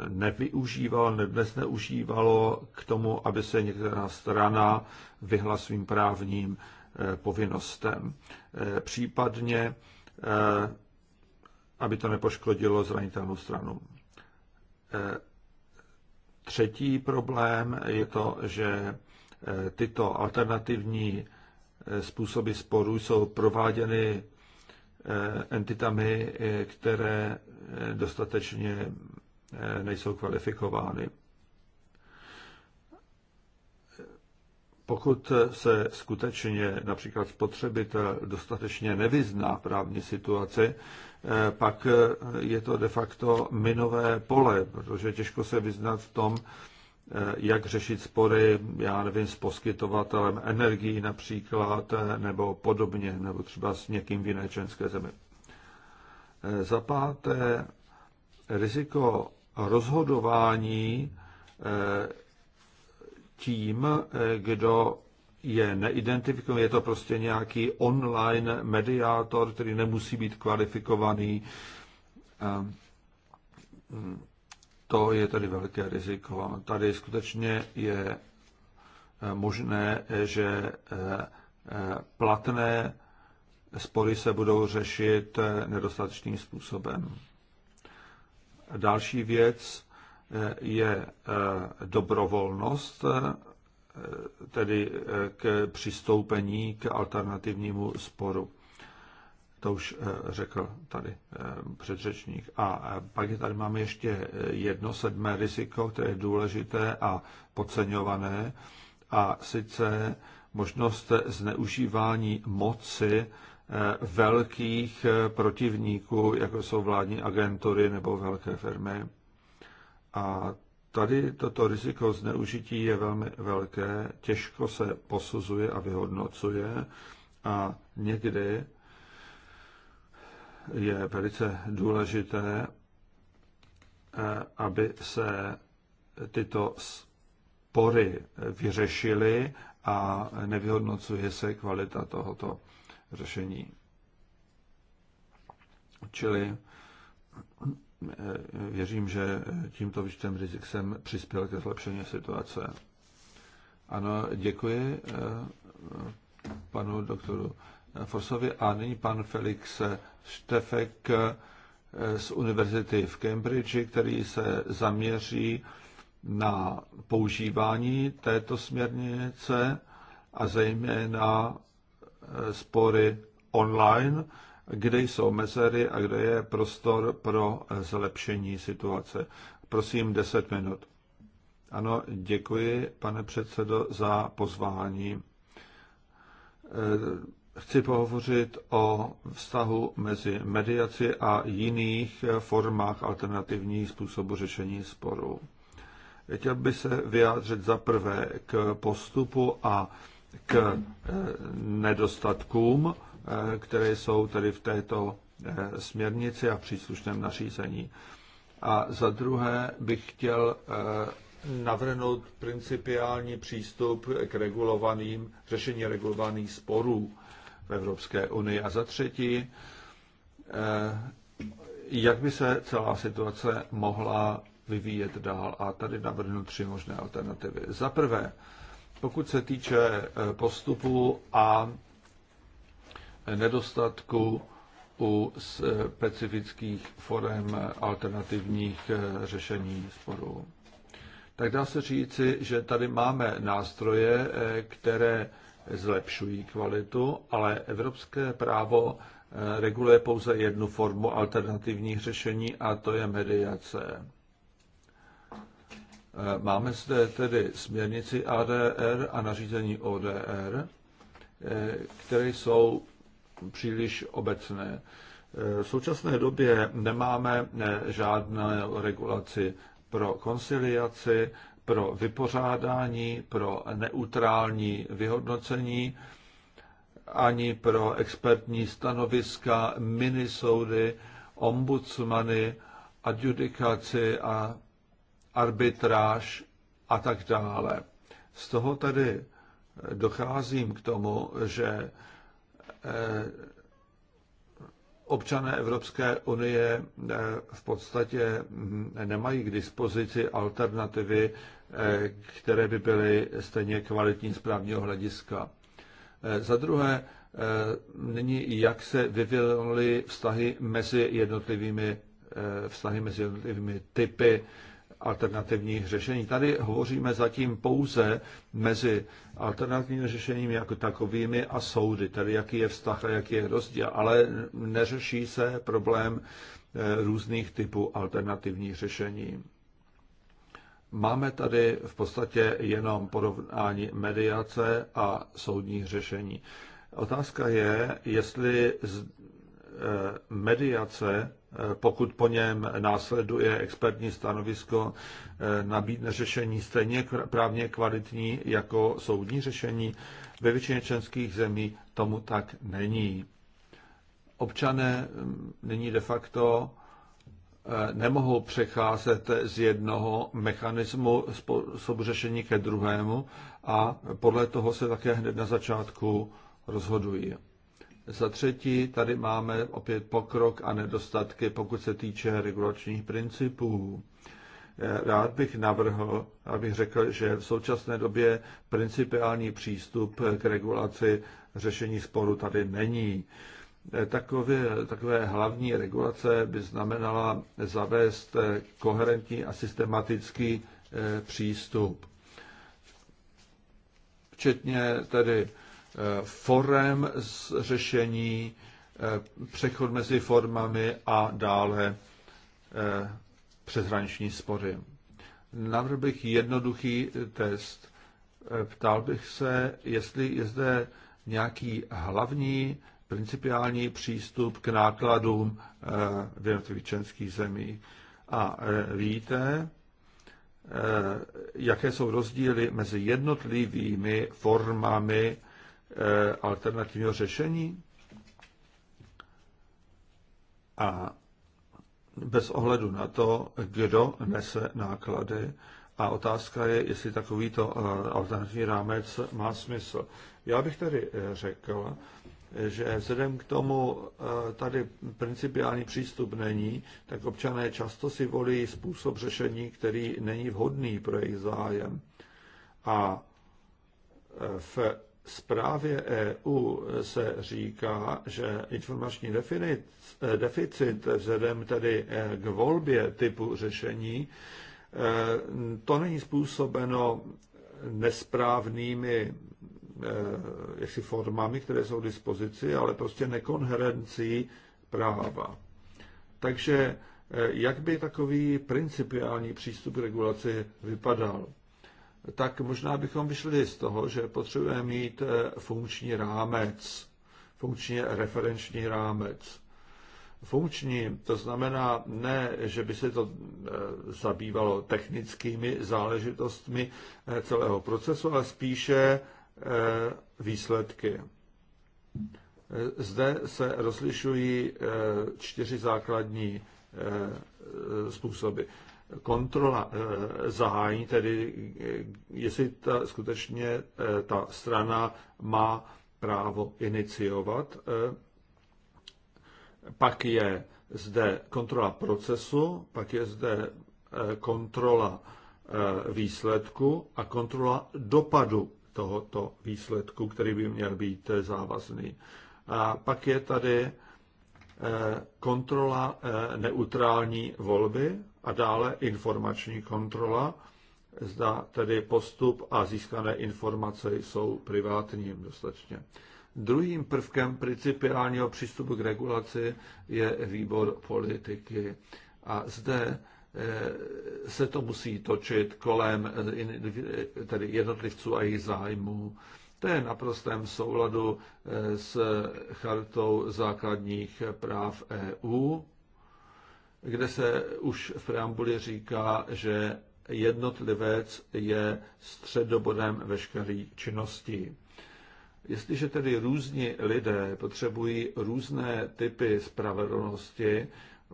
nevyužívalo, nezneužívalo k tomu, aby se některá strana vyhla svým právním eh, povinnostem. Eh, případně, aby to nepoškodilo zranitelnou stranu. Třetí problém je to, že tyto alternativní způsoby sporů jsou prováděny Eh, entitami, eh, které eh, dostatečně nejsou kvalifikovány. Pokud se skutečně například spotřebitel dostatečně nevyzná právní situaci, pak je to de facto minové pole, protože těžko se vyznat v tom, Eh, jak řešit spory, já nevím, s poskytovatelem energii například, eh, nebo podobně, nebo třeba s někým v jiné členské zemi. Eh, za páté, riziko rozhodování tím, kdo je neidentifikovaný, je to prostě nějaký online mediátor, který nemusí být kvalifikovaný to je tady velké riziko. Tady skutečně je eh, možné, eh, že eh, platné spory se budou řešit nedostatečným způsobem. Další věc je dobrovolnost, tedy k přistoupení k alternativnímu sporu to už eh, řekl tady eh, předřečník. A eh, pak je tady máme ještě jedno sedmé riziko, které je důležité a podceňované, a sice možnost zneužívání moci velkých protivníků, jako jsou vládní agentury nebo velké firmy. A tady toto riziko zneužití je velmi velké, těžko se posuzuje a vyhodnocuje a někdy je velice důležité, eh, aby se tyto spory vyřešily a nevyhodnocuje se kvalita tohoto řešení. Čili eh, věřím, že tímto výčtem rizik jsem přispěl ke zlepšení situace. Ano, děkuji eh, panu doktoru Forsovi a nyní pan Felix Štefek eh, z univerzity v Cambridge, který se zaměří na používání této směrnice a zejména eh, spory online, kde jsou mezery a kde je prostor pro eh, zlepšení situace. Prosím, 10 minut. Ano, děkuji, pane předsedo, za pozvání chci pohovořit o vztahu mezi mediaci a jiných formách alternativních způsobu řešení sporů. Chtěl bych se vyjádřit za prvé k postupu a k eh, nedostatkům, eh, které jsou tedy v této eh, směrnici a příslušném nařízení. A za druhé bych chtěl navrhnout principiální přístup k regulovaným, řešení regulovaných sporů v Evropské unii. A za třetí, eh, jak by se celá situace mohla vyvíjet dál. A tady navrhnu tři možné alternativy. Za prvé, pokud se týče eh, postupu a nedostatku u eh, specifických forem alternativních řešení sporů. Tak dá se říci, že tady máme nástroje, které zlepšují kvalitu, ale evropské právo eh, reguluje pouze jednu formu alternativních řešení a to je mediace. Eh, máme zde tedy směrnici ADR a nařízení ODR, eh, které jsou příliš obecné. V současné době nemáme žádné regulaci pro konciliaci, pro vypořádání, pro neutrální vyhodnocení, ani pro expertní stanoviska, minisoudy, ombudsmany, adjudikaci a arbitráž a tak dále. Z toho tedy docházím k tomu, že eh, občané Evropské unie eh, v podstatě hm, nemají k dispozici alternativy, eh, které by byly stejně kvalitní z právního hlediska. Eh, za druhé, nyní jak se vyvinuly vztahy mezi jednotlivými vztahy mezi jednotlivými typy alternativních řešení. Tady hovoříme zatím pouze mezi alternativními řešeními jako takovými a soudy, tedy jaký je vztah a jaký je rozdíl, ale neřeší se problém eh, různých typů alternativních řešení. Máme tady v podstatě jenom porovnání mediace a soudních řešení. Otázka je, jestli eh, mediace pokud po něm následuje expertní stanovisko, eh, nabídne řešení stejně právně kvalitní jako soudní řešení. Ve většině členských zemí tomu tak není. Občané mm, nyní de facto eh, nemohou přecházet z jednoho mechanismu způsobu řešení ke druhému a podle toho se také hned na začátku rozhodují. Za třetí, tady máme opět pokrok a nedostatky, pokud se týče regulačních principů. Eh, rád bych navrhl, abych řekl, že v současné době principiální přístup k regulaci řešení sporu tady není. Eh, takové, takové hlavní regulace by znamenala zavést eh, koherentní a systematický přístup. Včetně tedy forem řešení, eh, přechod mezi formami a dále eh, přeshraniční spory. Navrhl bych jednoduchý test. Eh, ptal bych se, jestli je zde nějaký hlavní principiální přístup k nákladům v jednotlivých členských zemí. A víte, jaké jsou rozdíly mezi jednotlivými formami Eh, alternativního řešení? A bez ohledu na to, kdo nese náklady. A otázka je, jestli takovýto eh, alternativní rámec má smysl. Já bych tady eh, řekl, že vzhledem k tomu tady principiální přístup není, tak občané často si volí způsob řešení, který není vhodný pro jejich zájem. A v zprávě EU se říká, že informační eh, deficit vzhledem tedy eh, k volbě typu řešení, eh, to není způsobeno nesprávnými jaksi formami, které jsou k dispozici, ale prostě nekonherencí práva. Takže jak by takový principiální přístup k regulaci vypadal? tak možná bychom vyšli z toho, že potřebujeme mít eh, funkční rámec, funkční referenční rámec. Funkční, to znamená ne, že by se to eh, zabývalo technickými záležitostmi eh, celého procesu, ale spíše výsledky. Zde se rozlišují čtyři základní způsoby kontrola eh, zahájení, tedy eh, jestli ta, skutečně eh, ta strana má právo iniciovat. Pak je zde kontrola procesu, pak je zde kontrola výsledku a kontrola dopadu tohoto výsledku, který by měl být závazný. A pak je tady Eh, kontrola eh, neutrální volby a dále informační kontrola, zda tedy postup a získané informace jsou privátním dostatečně. Druhým prvkem principiálního přístupu k regulaci je výbor politiky. A zde eh, se to musí točit kolem tedy jednotlivců a jejich zájmů. To je naprostém souladu eh, s chartou základních práv EU, kde se už v preambuli říká, že jednotlivec je středobodem veškeré činnosti. Jestliže tedy různí lidé potřebují různé typy spravedlnosti,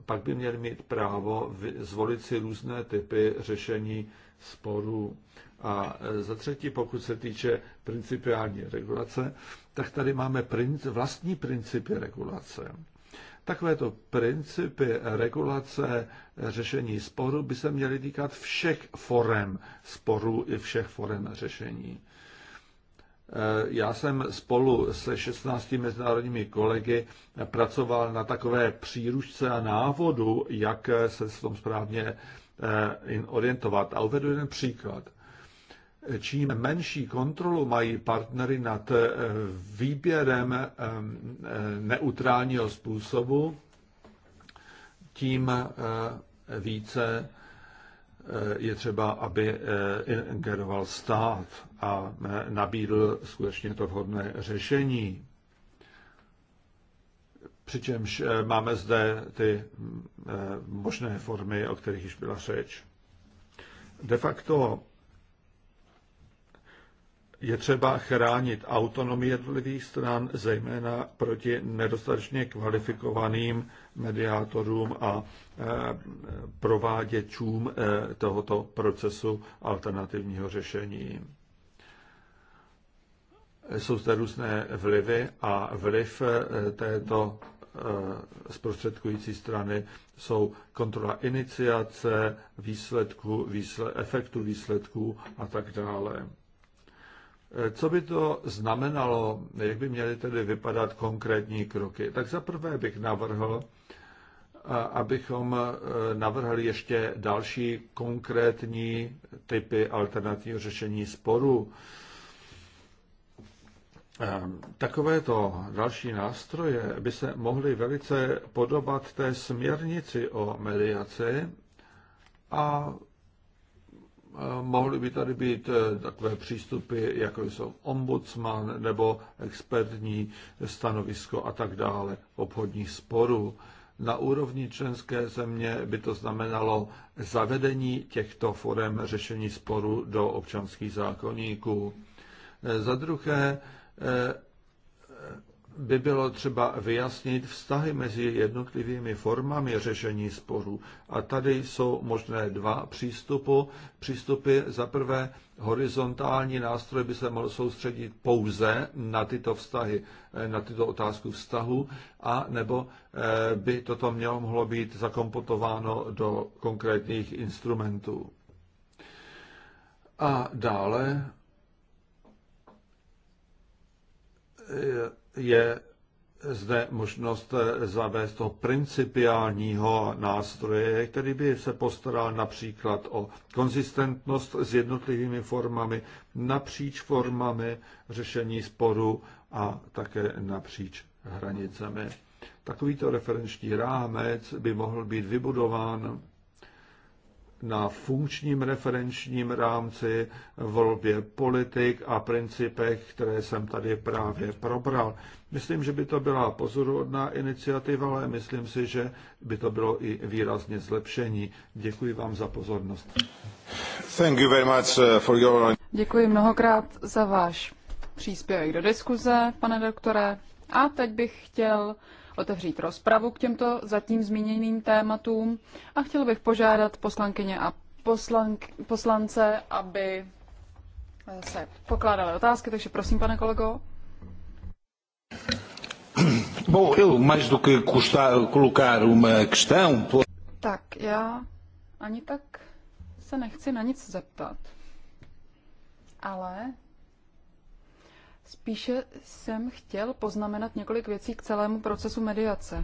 pak by měli mít právo zvolit si různé typy řešení sporů. A e, za třetí, pokud se týče principiální regulace, tak tady máme princ, vlastní principy regulace. Takovéto principy regulace e, řešení sporu by se měly týkat všech forem sporů i všech forem řešení. E, já jsem spolu se 16 mezinárodními kolegy pracoval na takové příručce a návodu, jak se s tom správně orientovat. A uvedu jeden příklad čím menší kontrolu mají partnery nad eh, výběrem eh, eh, neutrálního způsobu, tím více je třeba, aby ingeroval stát a nabídl skutečně to vhodné řešení. Přičemž máme zde ty možné formy, o kterých již byla řeč. De facto je třeba chránit autonomii jednotlivých stran, zejména proti nedostatečně kvalifikovaným mediátorům a e, prováděčům e, tohoto procesu alternativního řešení. Jsou zde různé vlivy a vliv e, této zprostředkující strany jsou kontrola iniciace, výsledku, výsled, efektu výsledků a tak dále. Co by to znamenalo, jak by měly tedy vypadat konkrétní kroky? Tak za prvé bych navrhl, abychom e, navrhli ještě další konkrétní typy alternativního řešení sporu. E, takovéto další nástroje by se mohly velice podobat té směrnici o mediaci a Eh, mohly by tady být eh, takové přístupy, jako jsou ombudsman nebo expertní stanovisko a tak dále obchodních sporů. Na úrovni členské země by to znamenalo zavedení těchto forem řešení sporů do občanských zákonníků. Eh, za druhé, by bylo třeba vyjasnit vztahy mezi jednotlivými formami řešení sporů. A tady jsou možné dva přístupy. Přístupy za prvé horizontální nástroj by se mohl soustředit pouze na tyto vztahy, eh, na tyto otázku vztahu, a nebo eh, by toto mělo mohlo být zakompotováno do konkrétních instrumentů. A dále eh, je zde možnost eh, zavést toho principiálního nástroje, který by se postaral například o konzistentnost s jednotlivými formami, napříč formami řešení sporu a také napříč hranicemi. Takovýto referenční rámec by mohl být vybudován na funkčním referenčním rámci, volbě politik a principech, které jsem tady právě probral. Myslím, že by to byla pozoruhodná iniciativa, ale myslím si, že by to bylo i výrazně zlepšení. Děkuji vám za pozornost. Thank you very much uh, for your... Děkuji mnohokrát za váš příspěvek do diskuze, pane doktore. A teď bych chtěl otevřít rozpravu k těmto zatím zmíněným tématům a chtěl bych požádat poslankyně a poslank, poslance, aby eh, se pokládaly otázky, takže prosím, pane kolego. Bom, eu mais do que custar, colocar uma questão... Tak, já ani tak se nechci na nic zeptat. Ale Spíše jsem chtěl poznamenat několik věcí k celému procesu mediace.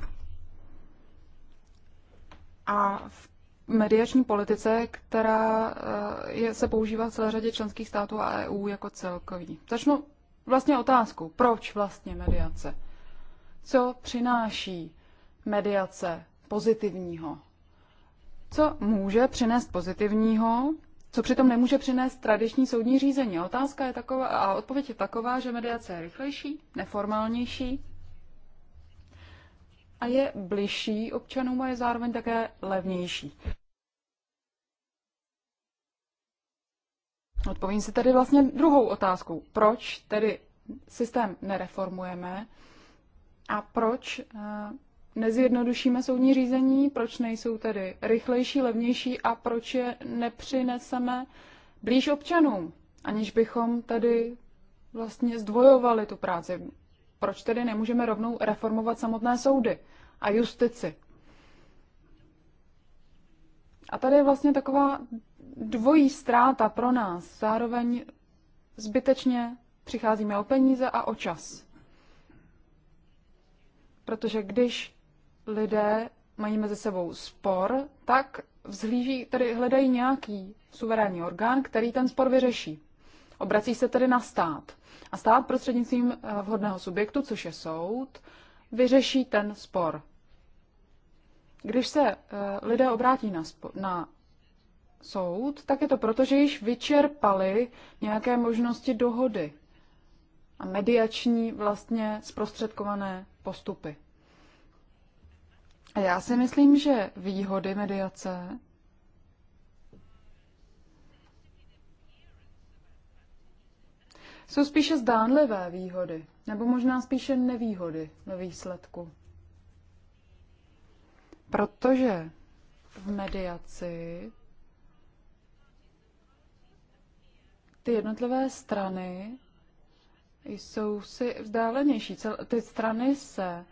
A v mediační politice, která eh, je, se používá v celé řadě členských států a EU jako celkový. Začnu vlastně otázku, proč vlastně mediace? Co přináší mediace pozitivního? Co může přinést pozitivního co přitom nemůže přinést tradiční soudní řízení. Otázka je taková, a odpověď je taková, že mediace je rychlejší, neformálnější a je bližší občanům a je zároveň také levnější. Odpovím si tedy vlastně druhou otázkou. Proč tedy systém nereformujeme a proč eh, nezjednodušíme soudní řízení, proč nejsou tedy rychlejší, levnější a proč je nepřineseme blíž občanům, aniž bychom tady vlastně zdvojovali tu práci. Proč tedy nemůžeme rovnou reformovat samotné soudy a justici? A tady je vlastně taková dvojí ztráta pro nás. Zároveň zbytečně přicházíme o peníze a o čas. Protože když lidé mají mezi sebou spor, tak vzhlíží, tedy hledají nějaký suverénní orgán, který ten spor vyřeší. Obrací se tedy na stát. A stát prostřednictvím eh, vhodného subjektu, což je soud, vyřeší ten spor. Když se eh, lidé obrátí na, na soud, tak je to proto, že již vyčerpali nějaké možnosti dohody a mediační vlastně zprostředkované postupy. A Já si myslím, že výhody mediace jsou spíše zdánlivé výhody, nebo možná spíše nevýhody ve výsledku. Protože v mediaci ty jednotlivé strany jsou si vzdálenější. Ty strany se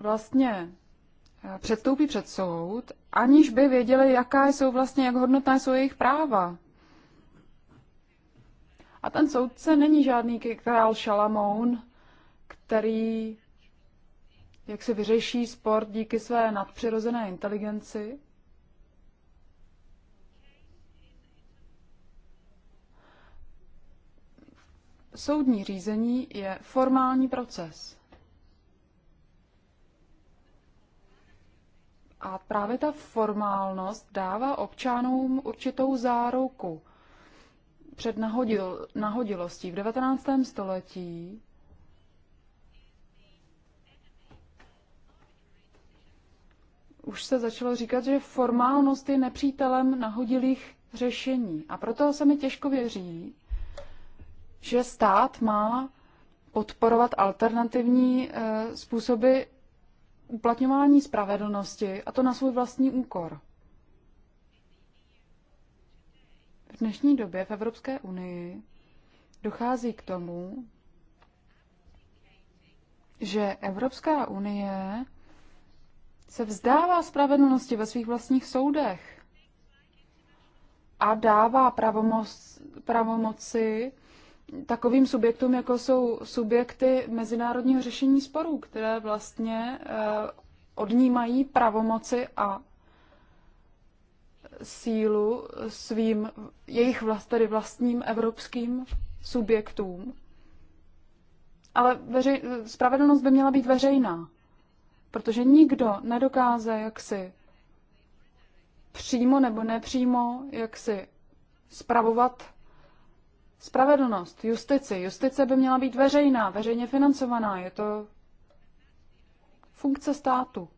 vlastně eh, předstoupí před soud, aniž by věděli, jaká jsou vlastně, jak hodnotná jsou jejich práva. A ten soudce není žádný král Šalamoun, který jak se vyřeší sport díky své nadpřirozené inteligenci. Soudní řízení je formální proces. A právě ta formálnost dává občanům určitou záruku před nahodil, nahodilostí. V 19. století už se začalo říkat, že formálnost je nepřítelem nahodilých řešení. A proto se mi těžko věří, že stát má podporovat alternativní e, způsoby uplatňování spravedlnosti, a to na svůj vlastní úkor. V dnešní době v Evropské unii dochází k tomu, že Evropská unie se vzdává spravedlnosti ve svých vlastních soudech a dává pravomoc, pravomoci takovým subjektům, jako jsou subjekty mezinárodního řešení sporů, které vlastně eh, odnímají pravomoci a sílu svým, jejich vlast, tedy vlastním evropským subjektům. Ale veřej, spravedlnost by měla být veřejná, protože nikdo nedokáže jaksi přímo nebo nepřímo jaksi spravovat Spravedlnost, justici. Justice by měla být veřejná, veřejně financovaná. Je to funkce státu.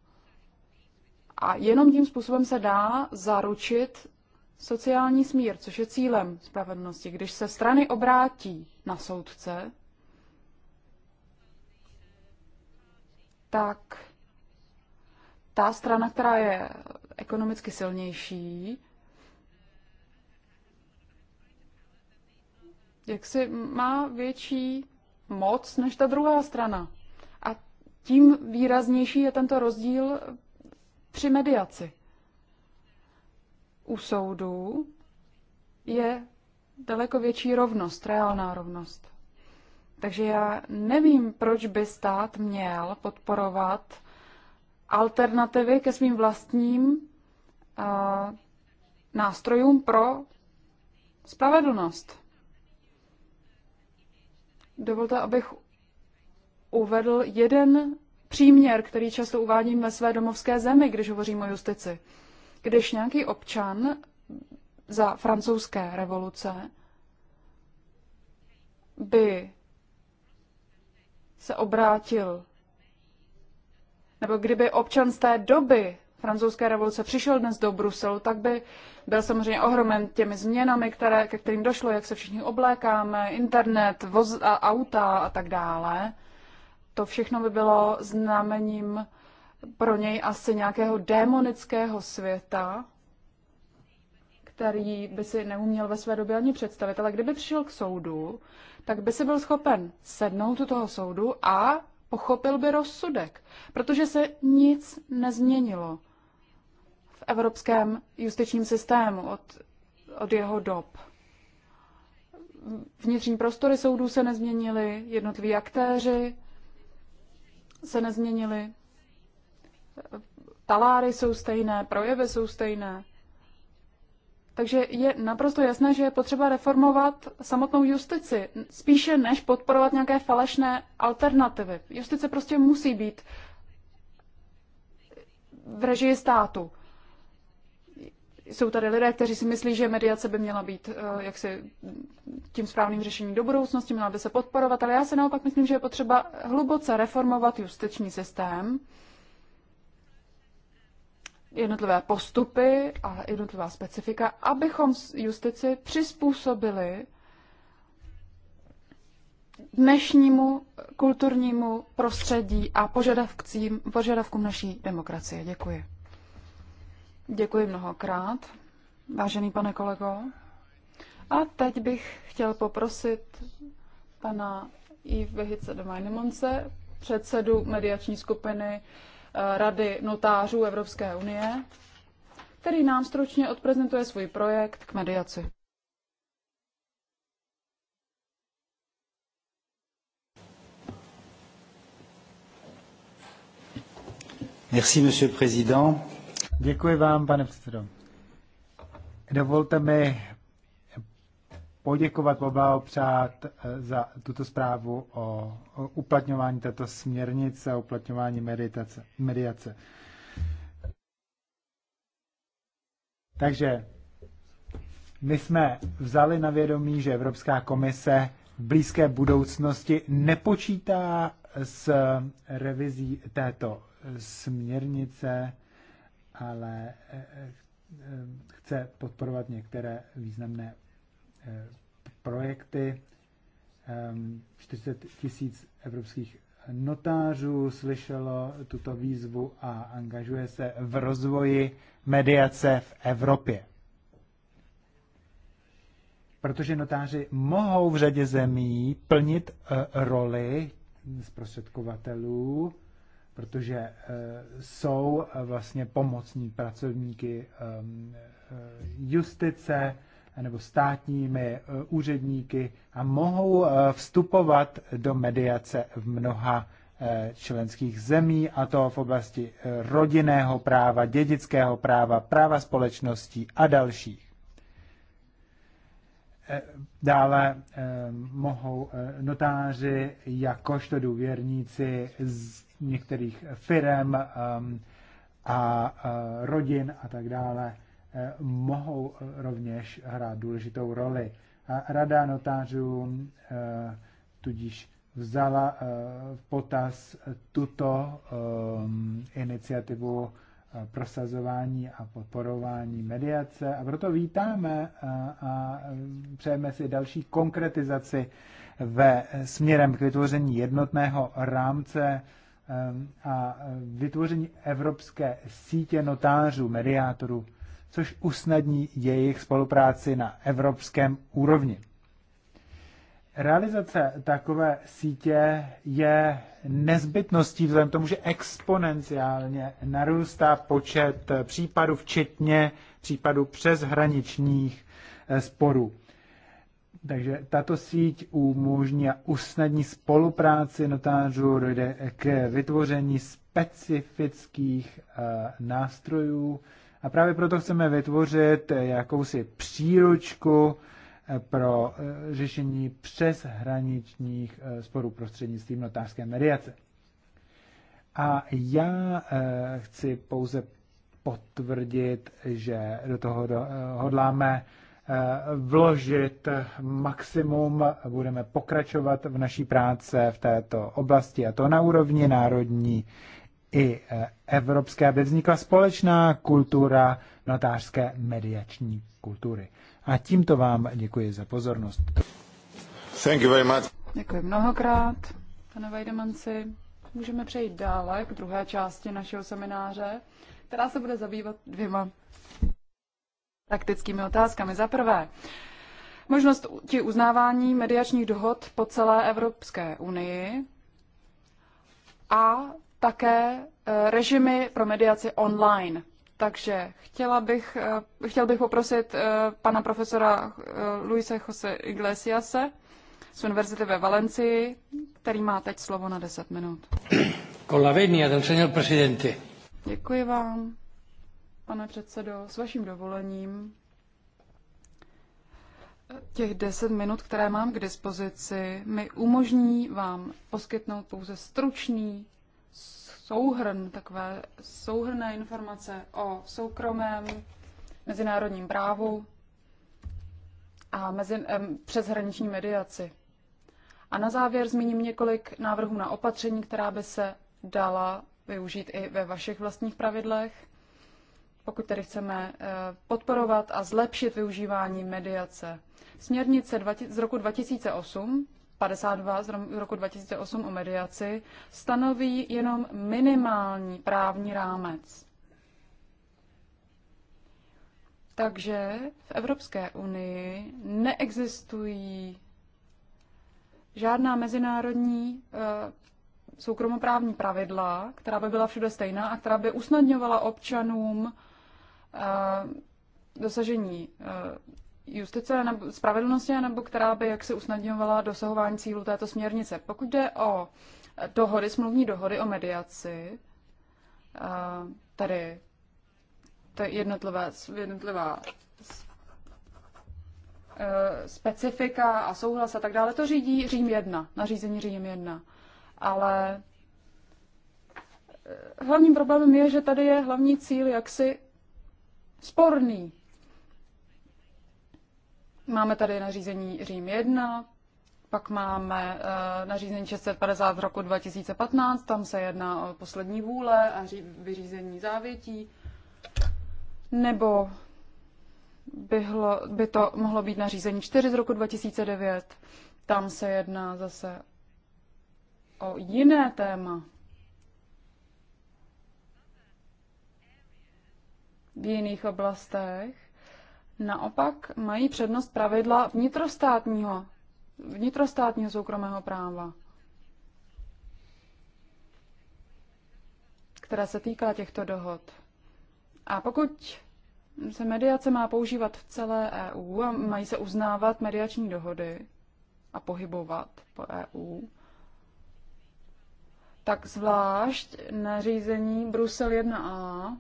A jenom tím způsobem se dá zaručit sociální smír, což je cílem spravedlnosti. Když se strany obrátí na soudce, tak ta strana, která je ekonomicky silnější, jaksi má větší moc než ta druhá strana. A tím výraznější je tento rozdíl při mediaci. U soudu je daleko větší rovnost, reálná rovnost. Takže já nevím, proč by stát měl podporovat alternativy ke svým vlastním uh, nástrojům pro spravedlnost. Dovolte, abych uvedl jeden příměr, který často uvádím ve své domovské zemi, když hovořím o justici. Když nějaký občan za francouzské revoluce by se obrátil, nebo kdyby občan z té doby francouzské revoluce přišel dnes do Bruselu, tak by byl samozřejmě ohromen těmi změnami, které, ke kterým došlo, jak se všichni oblékáme, internet, voz, auta a tak dále. To všechno by bylo znamením pro něj asi nějakého démonického světa, který by si neuměl ve své době ani představit, ale kdyby přišel k soudu, tak by si byl schopen sednout do toho soudu a pochopil by rozsudek, protože se nic nezměnilo evropském justičním systému od, od jeho dob. Vnitřní prostory soudů se nezměnily, jednotliví aktéři se nezměnili, taláry jsou stejné, projevy jsou stejné. Takže je naprosto jasné, že je potřeba reformovat samotnou justici, spíše než podporovat nějaké falešné alternativy. Justice prostě musí být v režii státu jsou tady lidé, kteří si myslí, že mediace by měla být eh, jaksi tím správným řešením do budoucnosti, měla by se podporovat, ale já se naopak myslím, že je potřeba hluboce reformovat justiční systém, jednotlivé postupy a jednotlivá specifika, abychom justici přizpůsobili dnešnímu kulturnímu prostředí a požadavkům naší demokracie. Děkuji. Děkuji mnohokrát, vážený pane kolego. A teď bych chtěl poprosit pana Ivehice de Majnemonce, předsedu mediační skupiny eh, Rady notářů Evropské unie, který nám stručně odprezentuje svůj projekt k mediaci. Merci, monsieur le président. Děkuji vám, pane předsedo. Dovolte mi poděkovat, poblahopřát eh, za tuto zprávu o uplatňování této směrnice a uplatňování meditace, mediace. Takže my jsme vzali na vědomí, že Evropská komise v blízké budoucnosti nepočítá s revizí této směrnice ale eh, eh, chce podporovat některé významné eh, projekty. 40 ehm, tisíc evropských notářů slyšelo tuto výzvu a angažuje se v rozvoji mediace v Evropě. Protože notáři mohou v řadě zemí plnit roli zprostředkovatelů protože eh, jsou eh, vlastně pomocní pracovníky ehm, eh, justice nebo státními úředníky a mohou vstupovat do mediace v mnoha členských zemí, a to v oblasti rodinného práva, dědického práva, práva společností a dalších. Dále mohou notáři jakožto důvěrníci některých firm um, a uh, rodin a tak dále uh, mohou rovněž hrát důležitou roli. A rada notářů uh, tudíž vzala v potaz tuto um, iniciativu prosazování a podporování mediace a proto vítáme a přejeme si další konkretizaci ve směrem k vytvoření jednotného rámce Ehm, a eh, vytvoření evropské sítě notářů, mediátorů, což usnadní jejich spolupráci na evropském úrovni. Realizace takové sítě je nezbytností vzhledem tomu, že exponenciálně narůstá počet případů, včetně případů přeshraničních eh, sporů. Takže tato síť umožní a usnadní spolupráci notářů, dojde k vytvoření specifických eh, nástrojů a právě proto chceme vytvořit eh, jakousi příručku eh, pro řešení přeshraničních sporů prostřednictvím notářské mediace. A já chci pouze potvrdit, že do toho hodláme Eh, vložit maximum. Budeme pokračovat v naší práce v této oblasti a to na úrovni národní i eh, evropské, aby vznikla společná kultura notářské mediační kultury. A tímto vám děkuji za pozornost. Thank you very much. Děkuji mnohokrát, pane Vajdemanci. Můžeme přejít dále k druhé části našeho semináře, která se bude zabývat dvěma taktickými otázkami. Za prvé, možnost ti uznávání mediačních dohod po celé Evropské unii a také eh, režimy pro mediaci online. Takže chtěla bych, eh, chtěl bych poprosit eh, pana profesora Luise Jose Iglesiase z Univerzity ve Valencii, který má teď slovo na 10 minut. Con la venia del señor presidente. Děkuji vám pane předsedo, s vaším dovolením. Těch deset minut, které mám k dispozici, mi umožní vám poskytnout pouze stručný souhrn, takové souhrné informace o soukromém mezinárodním právu a mezi, em, přeshraniční mediaci. A na závěr zmíním několik návrhů na opatření, která by se dala využít i ve vašich vlastních pravidlech pokud tedy chceme eh, podporovat a zlepšit využívání mediace. Směrnice z roku 2008, 52 z roku 2008 o mediaci, stanoví jenom minimální právní rámec. Takže v Evropské unii neexistují žádná mezinárodní eh, soukromoprávní pravidla, která by byla všude stejná a která by usnadňovala občanům Eh, dosažení eh, justice nebo spravedlnosti, nebo která by jaksi usnadňovala dosahování cílu této směrnice. Pokud jde o dohody, smluvní dohody o mediaci, eh, tady to jednotlivé, jednotlivá specifika a souhlas a tak dále, to řídí Řím 1, nařízení Řím 1. Ale hlavním problémem je, že tady je hlavní cíl jaksi sporný. Máme tady nařízení Řím 1, pak máme uh, nařízení 650 roku 2015, tam se jedná o poslední vůle a vyřízení závětí. Nebo byhlo, by to mohlo být nařízení 4 z roku 2009, tam se jedná zase o jiné téma. v jiných oblastech. Naopak mají přednost pravidla vnitrostátního, vnitrostátního soukromého práva, která se týká těchto dohod. A pokud se mediace má používat v celé EU a mají se uznávat mediační dohody a pohybovat po EU, tak zvlášť nařízení Brusel 1a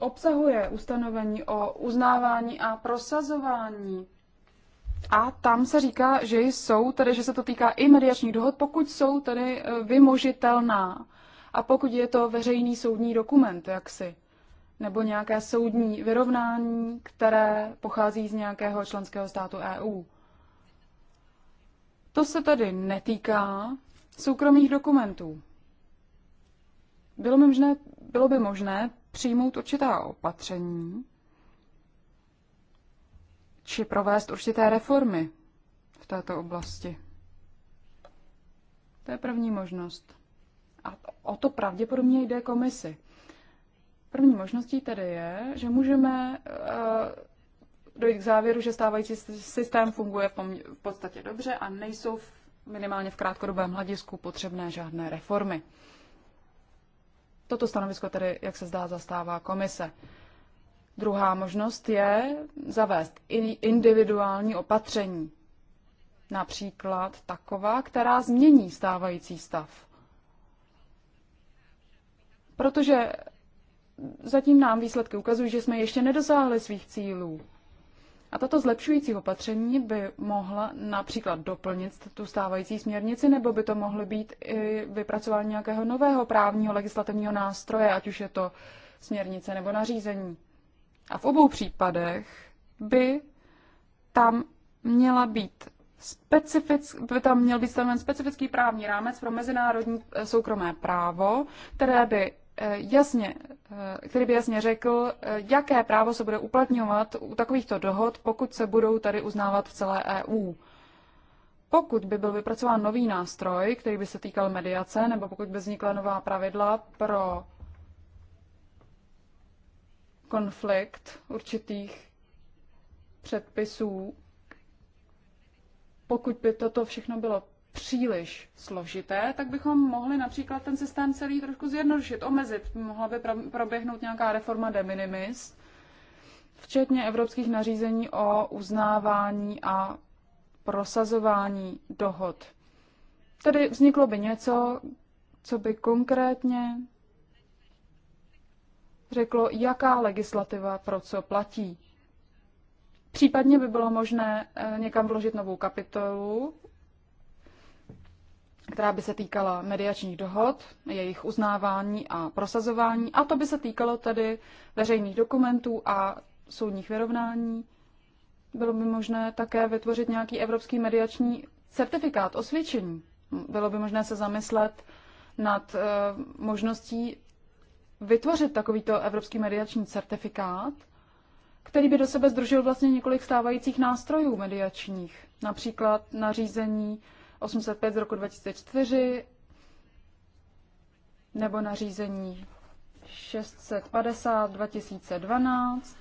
obsahuje ustanovení o uznávání a prosazování. A tam se říká, že jsou, tedy že se to týká i mediačních dohod, pokud jsou tedy e, vymožitelná a pokud je to veřejný soudní dokument, jaksi, nebo nějaké soudní vyrovnání, které pochází z nějakého členského státu EU. To se tedy netýká soukromých dokumentů. Bylo by možné, bylo by možné přijmout určitá opatření či provést určité reformy v této oblasti. To je první možnost. A o to pravděpodobně jde komisi. První možností tedy je, že můžeme uh, dojít k závěru, že stávající systém funguje v, podstatě dobře a nejsou v, minimálně v krátkodobém hledisku potřebné žádné reformy. Toto stanovisko tedy, jak se zdá, zastává komise. Druhá možnost je zavést individuální opatření. Například taková, která změní stávající stav. Protože zatím nám výsledky ukazují, že jsme ještě nedosáhli svých cílů. A tato zlepšující opatření by mohla například doplnit tu stávající směrnici, nebo by to mohly být i vypracování nějakého nového právního legislativního nástroje, ať už je to směrnice nebo nařízení. A v obou případech by tam měla být specific, by tam měl být stanoven specifický právní rámec pro mezinárodní eh, soukromé právo, které by Eh, jasně, eh, který by jasně řekl, eh, jaké právo se bude uplatňovat u takovýchto dohod, pokud se budou tady uznávat v celé EU. Pokud by byl vypracován nový nástroj, který by se týkal mediace, nebo pokud by vznikla nová pravidla pro konflikt určitých předpisů, pokud by toto všechno bylo příliš složité, tak bychom mohli například ten systém celý trošku zjednodušit, omezit. Mohla by proběhnout nějaká reforma de minimis, včetně evropských nařízení o uznávání a prosazování dohod. Tedy vzniklo by něco, co by konkrétně řeklo, jaká legislativa pro co platí. Případně by bylo možné eh, někam vložit novou kapitolu, která by se týkala mediačních dohod, jejich uznávání a prosazování, a to by se týkalo tedy veřejných dokumentů a soudních vyrovnání. Bylo by možné také vytvořit nějaký evropský mediační certifikát, osvědčení. Bylo by možné se zamyslet nad eh, možností vytvořit takovýto evropský mediační certifikát, který by do sebe združil vlastně několik stávajících nástrojů mediačních, například nařízení 805 z roku 2004 nebo nařízení 650 2012,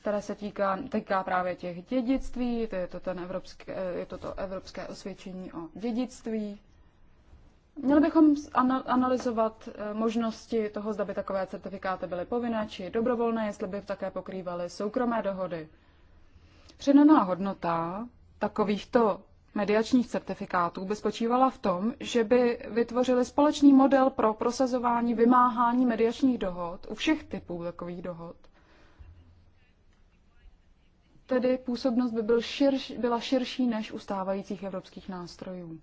které se týká, týká právě těch dědictví, to je to, ten evropské, eh, je to to evropské osvědčení o dědictví. Měli bychom analyzovat eh, možnosti toho, zda by takové certifikáty byly povinné či dobrovolné, jestli by také pokrývaly soukromé dohody. Přidaná hodnota takovýchto mediačních certifikátů by spočívala v tom, že by vytvořili společný model pro prosazování vymáhání mediačních dohod u všech typů takových dohod. Tedy působnost by byl širš, byla širší než u stávajících evropských nástrojů.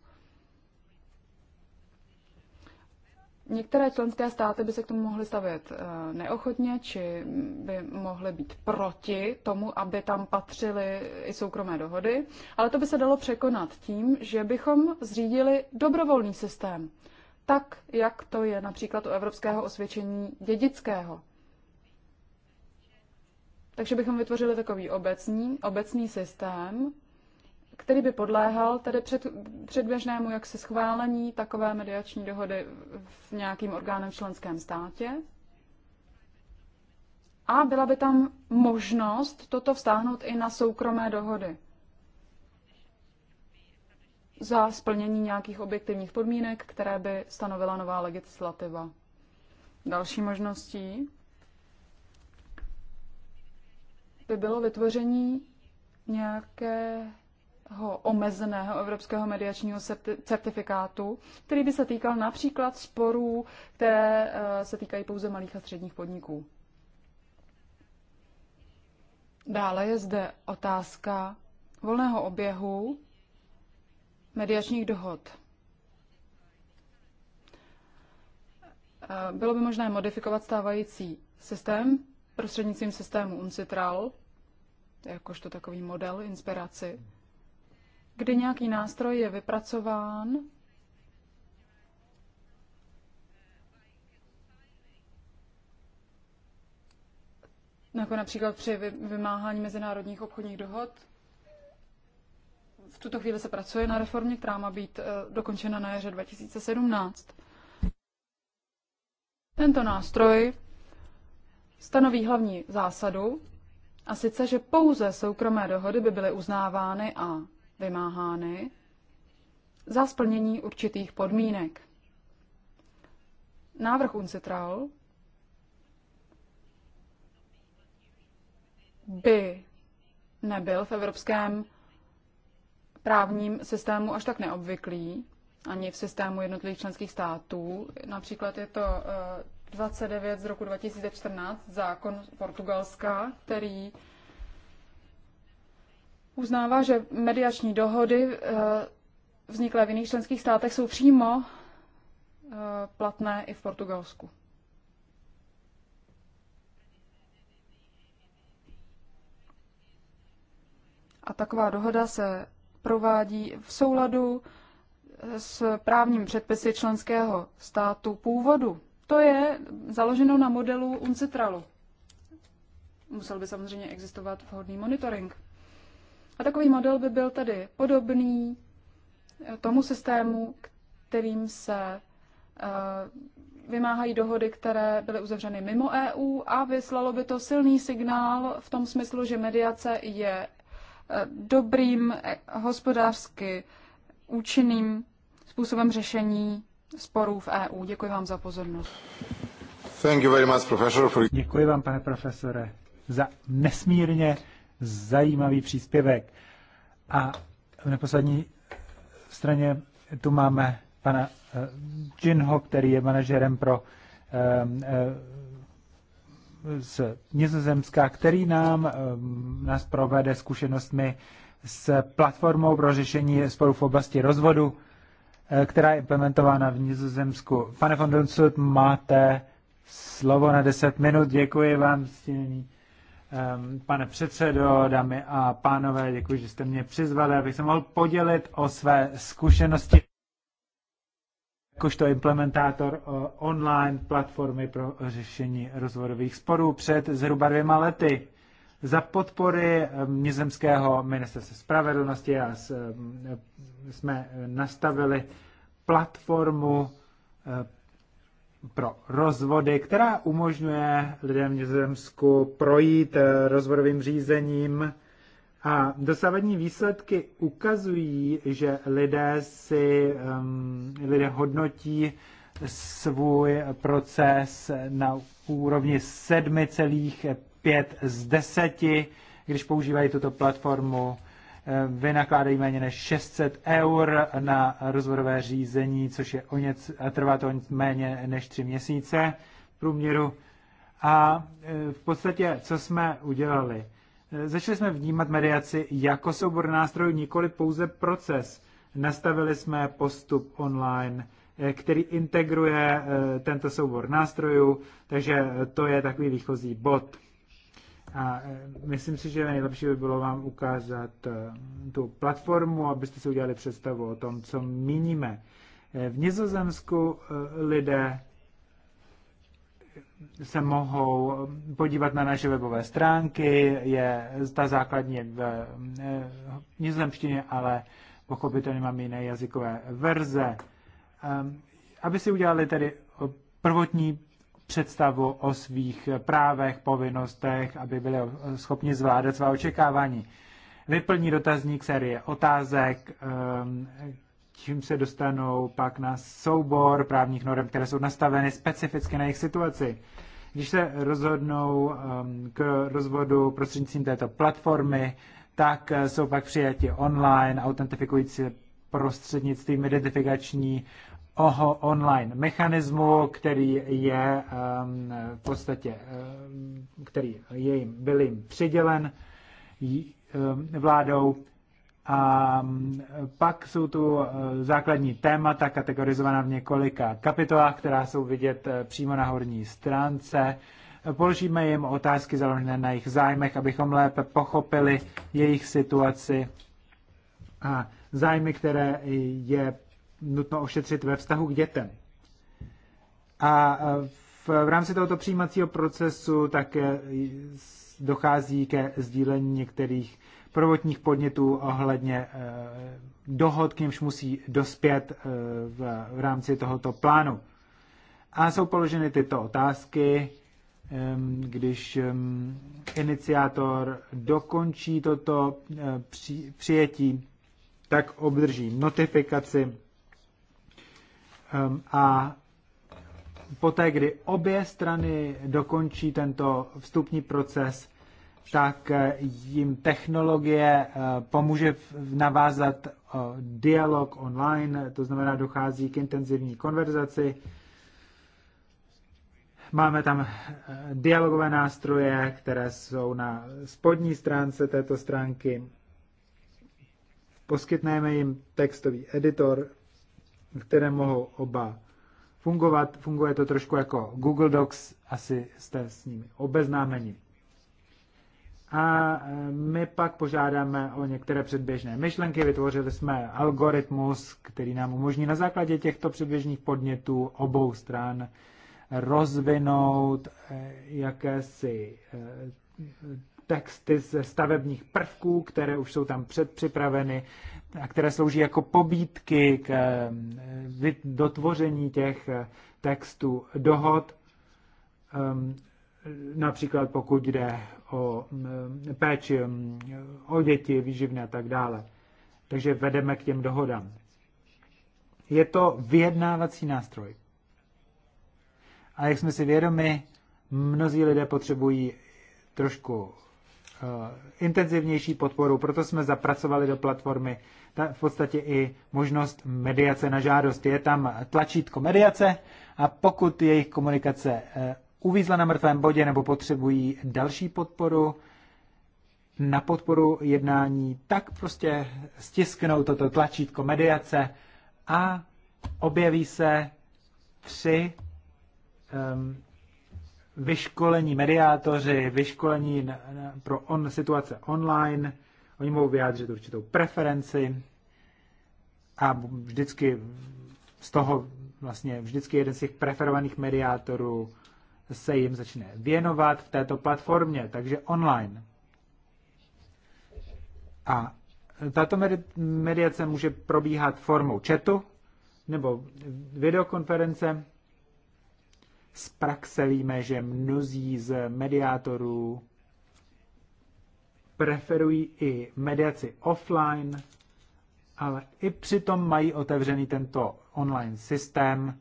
Některé členské státy by se k tomu mohly stavět eh, neochotně, či by mohly být proti tomu, aby tam patřily i soukromé dohody, ale to by se dalo překonat tím, že bychom zřídili dobrovolný systém, tak jak to je například u Evropského osvědčení dědického. Takže bychom vytvořili takový obecný, obecný systém, který by podléhal tedy před, předběžnému jak se schválení takové mediační dohody v nějakým orgánem v členském státě. A byla by tam možnost toto vztáhnout i na soukromé dohody za splnění nějakých objektivních podmínek, které by stanovila nová legislativa. Další možností by bylo vytvoření nějaké omezeného evropského mediačního certifikátu, který by se týkal například sporů, které eh, se týkají pouze malých a středních podniků. Dále je zde otázka volného oběhu mediačních dohod. Eh, bylo by možné modifikovat stávající systém prostřednictvím systému UNCITRAL, jakožto takový model, inspiraci kdy nějaký nástroj je vypracován jako například při vymáhání mezinárodních obchodních dohod. V tuto chvíli se pracuje na reformě, která má být eh, dokončena na jaře 2017. Tento nástroj stanoví hlavní zásadu, a sice, že pouze soukromé dohody by byly uznávány a vymáhány za splnění určitých podmínek. Návrh UNCITRAL by nebyl v evropském právním systému až tak neobvyklý, ani v systému jednotlivých členských států. Například je to 29 eh, z roku 2014 zákon Portugalska, který uznává, že mediační dohody eh, vzniklé v jiných členských státech jsou přímo eh, platné i v Portugalsku. A taková dohoda se provádí v souladu eh, s právním předpisy členského státu původu. To je založeno na modelu UNCITRALu. Musel by samozřejmě existovat vhodný monitoring. A takový model by byl tedy podobný eh, tomu systému, kterým se eh, vymáhají dohody, které byly uzavřeny mimo EU a vyslalo by to silný signál v tom smyslu, že mediace je eh, dobrým hospodářsky účinným způsobem řešení sporů v EU. Děkuji vám za pozornost. Thank you very much, for... Děkuji vám, pane profesore, za nesmírně zajímavý příspěvek. A na poslední straně tu máme pana eh, Jinho, který je manažerem pro eh, eh, z Nizozemska, který nám nás provede zkušenostmi s platformou pro řešení sporů v oblasti rozvodu, která je implementována v Nizozemsku. Pane von máte slovo na 10 minut. Děkuji vám, stěný Ehm, pane předsedo, dámy a pánové, děkuji, že jste mě přizvali, abych se mohl podělit o své zkušenosti jakožto implementátor eh, online platformy pro řešení rozvodových sporů před zhruba dvěma lety. Za podpory ehm, nizemského ministerstva spravedlnosti a ehm, jsme nastavili platformu eh, pro rozvody, která umožňuje lidem v Nizozemsku projít eh, rozvodovým řízením. A dosavadní výsledky ukazují, že lidé si um, lidé hodnotí svůj proces na úrovni 7,5 z 10, když používají tuto platformu Eh, vynakládají méně než 600 eur na rozvodové řízení, což je o něco, trvá to o něco méně než 3 měsíce v průměru. A eh, v podstatě, co jsme udělali? Eh, začali jsme vnímat mediaci jako soubor nástrojů, nikoli pouze proces. Nastavili jsme postup online, který integruje tento soubor nástrojů, takže to je takový výchozí bod. A e, myslím si, že nejlepší by bylo vám ukázat e, tu platformu, abyste si udělali představu o tom, co míníme. E, v Nizozemsku lidé se mohou podívat na naše webové stránky, je ta základní v nizozemštině, ale pochopitelně mám jiné jazykové verze. Aby si udělali tedy prvotní představu o svých právech, povinnostech, aby byli schopni zvládat svá očekávání. Vyplní dotazník série otázek, ehm, čím se dostanou pak na soubor právních norm, které jsou nastaveny specificky na jejich situaci. Když se rozhodnou ehm, k rozvodu prostřednictvím této platformy, tak eh, jsou pak přijati online, autentifikující prostřednictvím identifikační oho online mechanismu, který je v podstatě, který je jim, byl jim přidělen vládou. A pak jsou tu eh, základní témata kategorizovaná v několika kapitolách, která jsou vidět eh, přímo na horní stránce. Položíme jim otázky založené na jejich zájmech, abychom lépe pochopili jejich situaci a zájmy, které je nutno ošetřit ve vztahu k dětem. A v, v rámci tohoto přijímacího procesu také dochází ke sdílení některých prvotních podnětů ohledně e, dohod, k nímž musí dospět e, v, v rámci tohoto plánu. A jsou položeny tyto otázky, když iniciátor dokončí toto e, přijetí, tak obdrží notifikaci Ehm, a poté, kdy obě strany dokončí tento vstupní proces, tak eh, jim technologie eh, pomůže navázat eh, dialog online, to znamená, dochází k intenzivní konverzaci. Máme tam dialogové nástroje, které jsou na spodní stránce této stránky. Poskytneme jim textový editor, které mohou oba fungovat. Funguje to trošku jako Google Docs, asi jste s nimi obeznámeni. A e, my pak požádáme o některé předběžné myšlenky. Vytvořili jsme algoritmus, který nám umožní na základě těchto předběžných podnětů obou stran rozvinout e, jakési e, texty ze stavebních prvků, které už jsou tam předpřipraveny a které slouží jako pobídky k eh, dotvoření těch eh, textů dohod, ehm, například pokud jde o mm, péči mm, o děti, výživné a tak dále. Takže vedeme k těm dohodám. Je to vyjednávací nástroj. A jak jsme si vědomi, mnozí lidé potřebují trošku Eh, intenzivnější podporu, proto jsme zapracovali do platformy v podstatě i možnost mediace na žádost. Je tam tlačítko mediace a pokud jejich komunikace eh, uvízla na mrtvém bodě nebo potřebují další podporu na podporu jednání, tak prostě stisknou toto tlačítko mediace a objeví se tři um, vyškolení mediátoři, vyškolení pro on, situace online, oni mohou vyjádřit určitou preferenci a vždycky z toho vlastně vždycky jeden z těch preferovaných mediátorů se jim začne věnovat v této platformě, takže online. A tato mediace může probíhat formou chatu nebo videokonference, z praxe víme, že mnozí z mediátorů preferují i mediaci offline, ale i přitom mají otevřený tento online systém,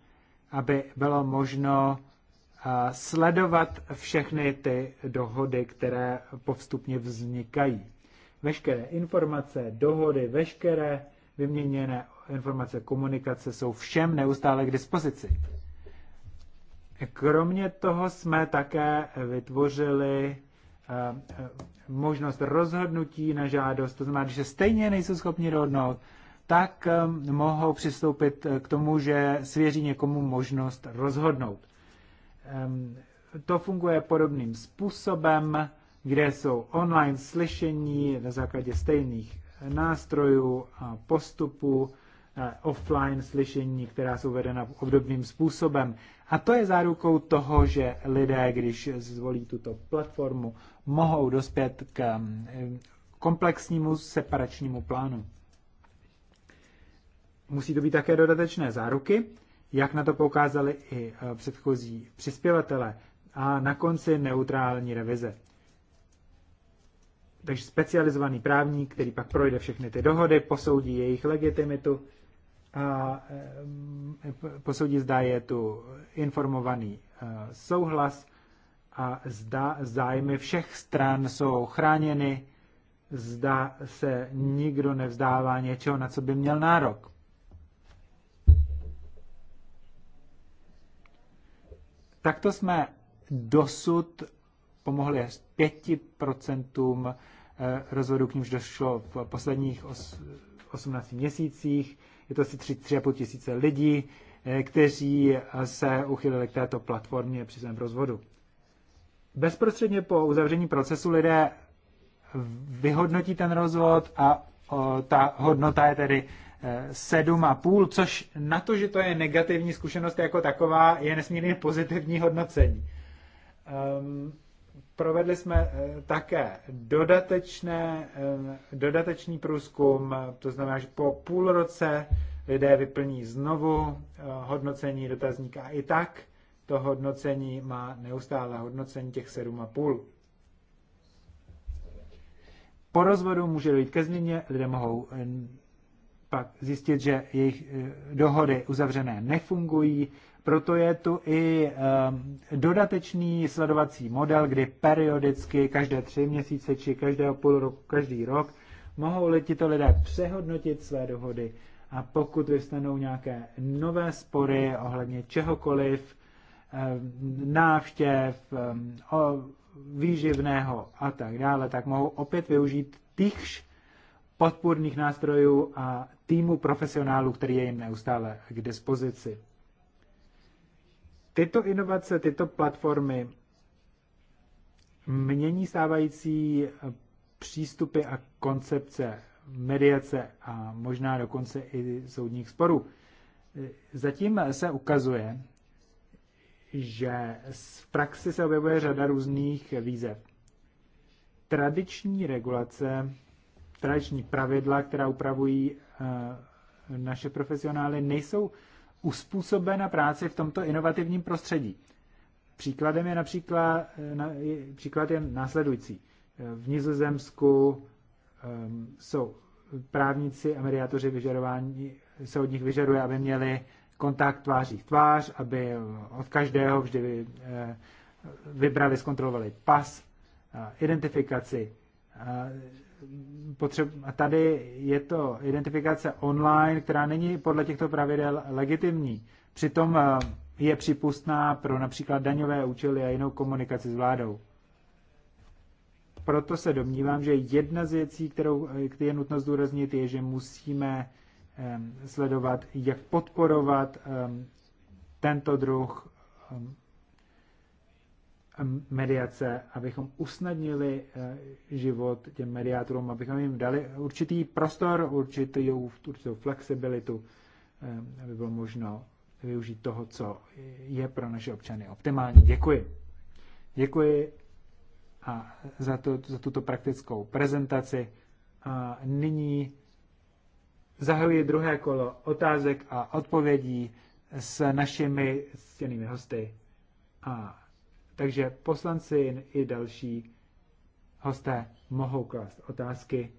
aby bylo možno eh, sledovat všechny ty dohody, které postupně vznikají. Veškeré informace, dohody, veškeré vyměněné informace, komunikace jsou všem neustále k dispozici. Kromě toho jsme také vytvořili eh, eh, možnost rozhodnutí na žádost, to znamená, že stejně nejsou schopni rozhodnout, tak eh, mohou přistoupit k tomu, že svěří někomu možnost rozhodnout. Ehm, to funguje podobným způsobem, kde jsou online slyšení na základě stejných nástrojů a postupů Eh, offline slyšení, která jsou vedena obdobným způsobem. A to je zárukou toho, že lidé, když zvolí tuto platformu, mohou dospět k mm, komplexnímu separačnímu plánu. Musí to být také dodatečné záruky, jak na to poukázali i eh, předchozí přispěvatele, a na konci neutrální revize. Takže specializovaný právník, který pak projde všechny ty dohody, posoudí jejich legitimitu a posoudí, zda je tu informovaný e, souhlas a zda zájmy všech stran jsou chráněny, zda se nikdo nevzdává něčeho, na co by měl nárok. Takto jsme dosud pomohli až 5% e, rozvodu, k nímž došlo v posledních 18 měsících je to asi 3,5 tisíce lidí, eh, kteří se uchylili k této platformě při svém rozvodu. Bezprostředně po uzavření procesu lidé vyhodnotí ten rozvod a o, ta hodnota je tedy 7,5, eh, což na to, že to je negativní zkušenost jako taková, je nesmírně pozitivní hodnocení. Um, provedli jsme eh, také dodatečné, eh, dodatečný průzkum, to znamená, že po půl roce lidé vyplní znovu eh, hodnocení dotazníka. A i tak to hodnocení má neustále hodnocení těch 7,5. Po rozvodu může dojít ke změně, lidé mohou pak zjistit, že jejich dohody uzavřené nefungují, proto je tu i ehm, dodatečný sledovací model, kdy periodicky, každé tři měsíce či každého půl roku, každý rok, mohou tito lidé přehodnotit své dohody a pokud vystanou nějaké nové spory ohledně čehokoliv, ehm, návštěv, ehm, výživného a tak dále, tak mohou opět využít týchž podpůrných nástrojů a týmu profesionálů, který je jim neustále k dispozici. Tyto inovace, tyto platformy mění stávající přístupy a koncepce mediace a možná dokonce i soudních sporů. Zatím se ukazuje, že z praxi se objevuje řada různých výzev. Tradiční regulace, tradiční pravidla, která upravují eh, naše profesionály, nejsou uspůsobena práci v tomto inovativním prostředí. Příkladem je například eh, na, je, příklad je následující. Eh, v Nizozemsku um, jsou právníci a mediátoři vyžadování, se od nich vyžaduje, aby měli kontakt tváří v tvář, aby eh, od každého vždy vy, vybrali, zkontrolovali pas, identifikaci, potřeb, tady je to identifikace online, která není podle těchto pravidel legitimní. Přitom eh, je připustná pro například daňové účely a jinou komunikaci s vládou. Proto se domnívám, že jedna z věcí, kterou eh, je nutno zdůraznit, je, že musíme ehm, sledovat, jak podporovat ehm, tento druh ehm, mediace, abychom usnadnili eh, život těm mediátorům, abychom jim dali určitý prostor, určitou, určitou flexibilitu, eh, aby bylo možno využít toho, co je pro naše občany optimální. Děkuji. Děkuji a za, to, za tuto praktickou prezentaci. A nyní zahajuji druhé kolo otázek a odpovědí s našimi ctěnými hosty. A takže poslanci i další hosté mohou klást otázky.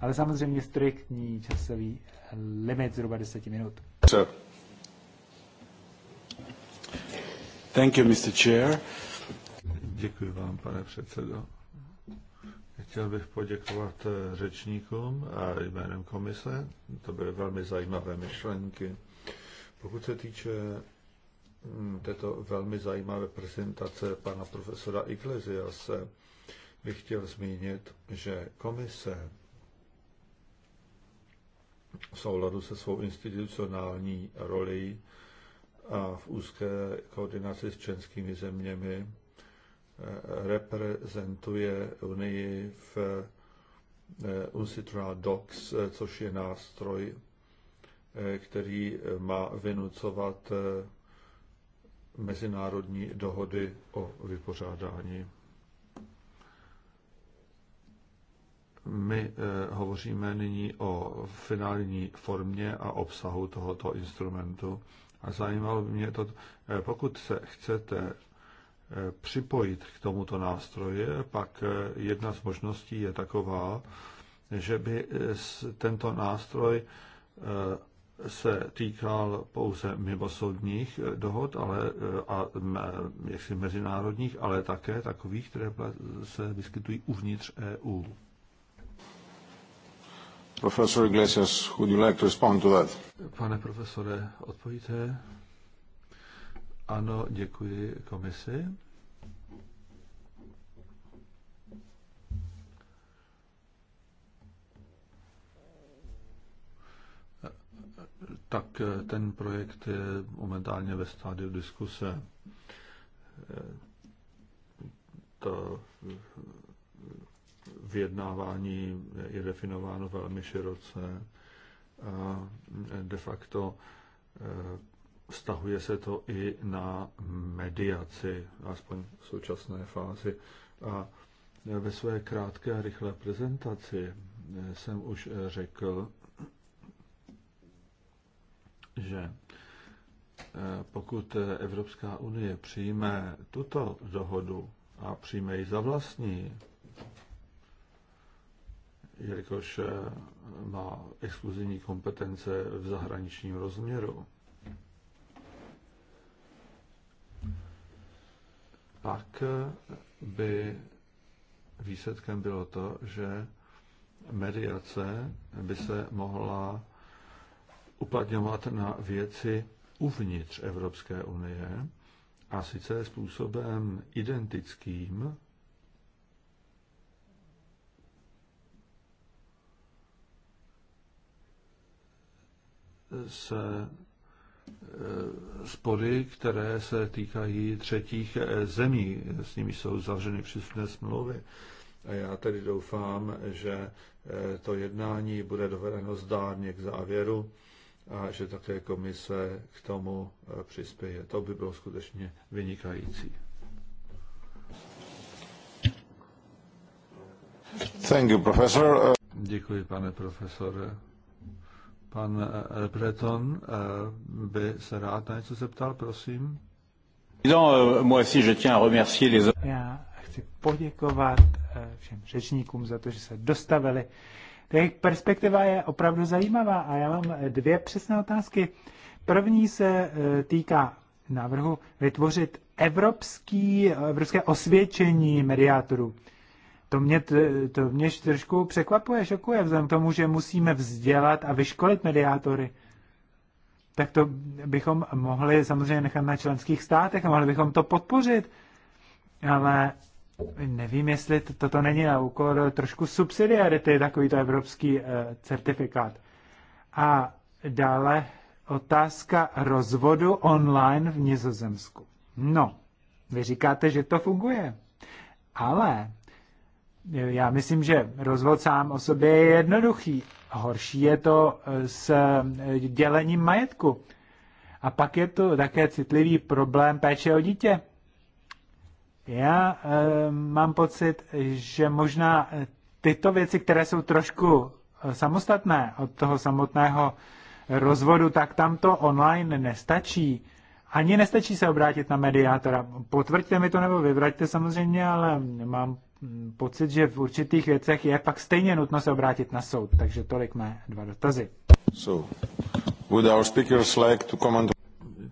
Ale samozřejmě striktní časový limit zhruba 10 minut. So. Thank you, Mr. Chair. Děkuji vám, pane předsedo. Chtěl bych poděkovat eh, řečníkům a jménem komise. To byly velmi zajímavé myšlenky. Pokud se týče mm, této velmi zajímavé prezentace pana profesora Iglesiase, bych chtěl zmínit, že komise v souladu se svou institucionální roli a v úzké koordinaci s členskými zeměmi eh, reprezentuje Unii v eh, UNCITRA DOCS, eh, což je nástroj který má vynucovat eh, mezinárodní dohody o vypořádání. My eh, hovoříme nyní o finální formě a obsahu tohoto instrumentu. A zajímalo by mě to, eh, pokud se chcete připojit k tomuto nástroji, pak jedna z možností je taková, že by tento nástroj se týkal pouze mimosoudních eh, dohod ale, eh, a eh, jaksi mezinárodních, ale také takových, které se vyskytují uvnitř EU. Profesor Iglesias, would you like to respond to that? Pane profesore, odpovíte? Ano, děkuji komisi. tak eh, ten projekt je momentálně ve stádiu diskuse. Eh, to eh, vyjednávání je definováno velmi široce. A de facto vztahuje se to i na mediaci, aspoň v současné fázi. A ve své krátké a rychlé prezentaci jsem už řekl, že eh, pokud Evropská unie přijme tuto dohodu a přijme ji za vlastní, jelikož eh, má exkluzivní kompetence v zahraničním rozměru, pak eh, by výsledkem bylo to, že mediace by se mohla uplatňovat na věci uvnitř Evropské unie, a sice způsobem identickým se eh, spory, které se týkají třetích eh, zemí, s nimi jsou zavřeny příslušné smlouvy. A já tedy doufám, že eh, to jednání bude dovedeno zdárně k závěru a že také komise k tomu eh, přispěje. To by bylo skutečně vynikající. Thank you, professor. Děkuji, pane profesore. Pan eh, Breton eh, by se rád na něco zeptal, prosím. Euh, Já chci poděkovat všem řečníkům za to, že se dostavili jejich perspektiva je opravdu zajímavá a já mám dvě přesné otázky. První se e, týká návrhu vytvořit evropský, evropské osvědčení mediátorů. To mě, to mě trošku překvapuje, šokuje, vzhledem k tomu, že musíme vzdělat a vyškolit mediátory. Tak to bychom mohli samozřejmě nechat na členských státech a mohli bychom to podpořit. Ale Nevím, jestli toto není na úkor trošku subsidiarity, to evropský eh, certifikát. A dále otázka rozvodu online v Nizozemsku. No, vy říkáte, že to funguje, ale já myslím, že rozvod sám o sobě je jednoduchý. Horší je to eh, s eh, dělením majetku. A pak je tu také citlivý problém péče o dítě. Já e, mám pocit, že možná eh, tyto věci, které jsou trošku eh, samostatné od toho samotného rozvodu, tak tam to online nestačí. Ani nestačí se obrátit na mediátora. Potvrďte mi to nebo vyvraťte samozřejmě, ale mám hm, pocit, že v určitých věcech je pak stejně nutno se obrátit na soud. Takže tolik mé dva dotazy. So, would our speakers like to comment?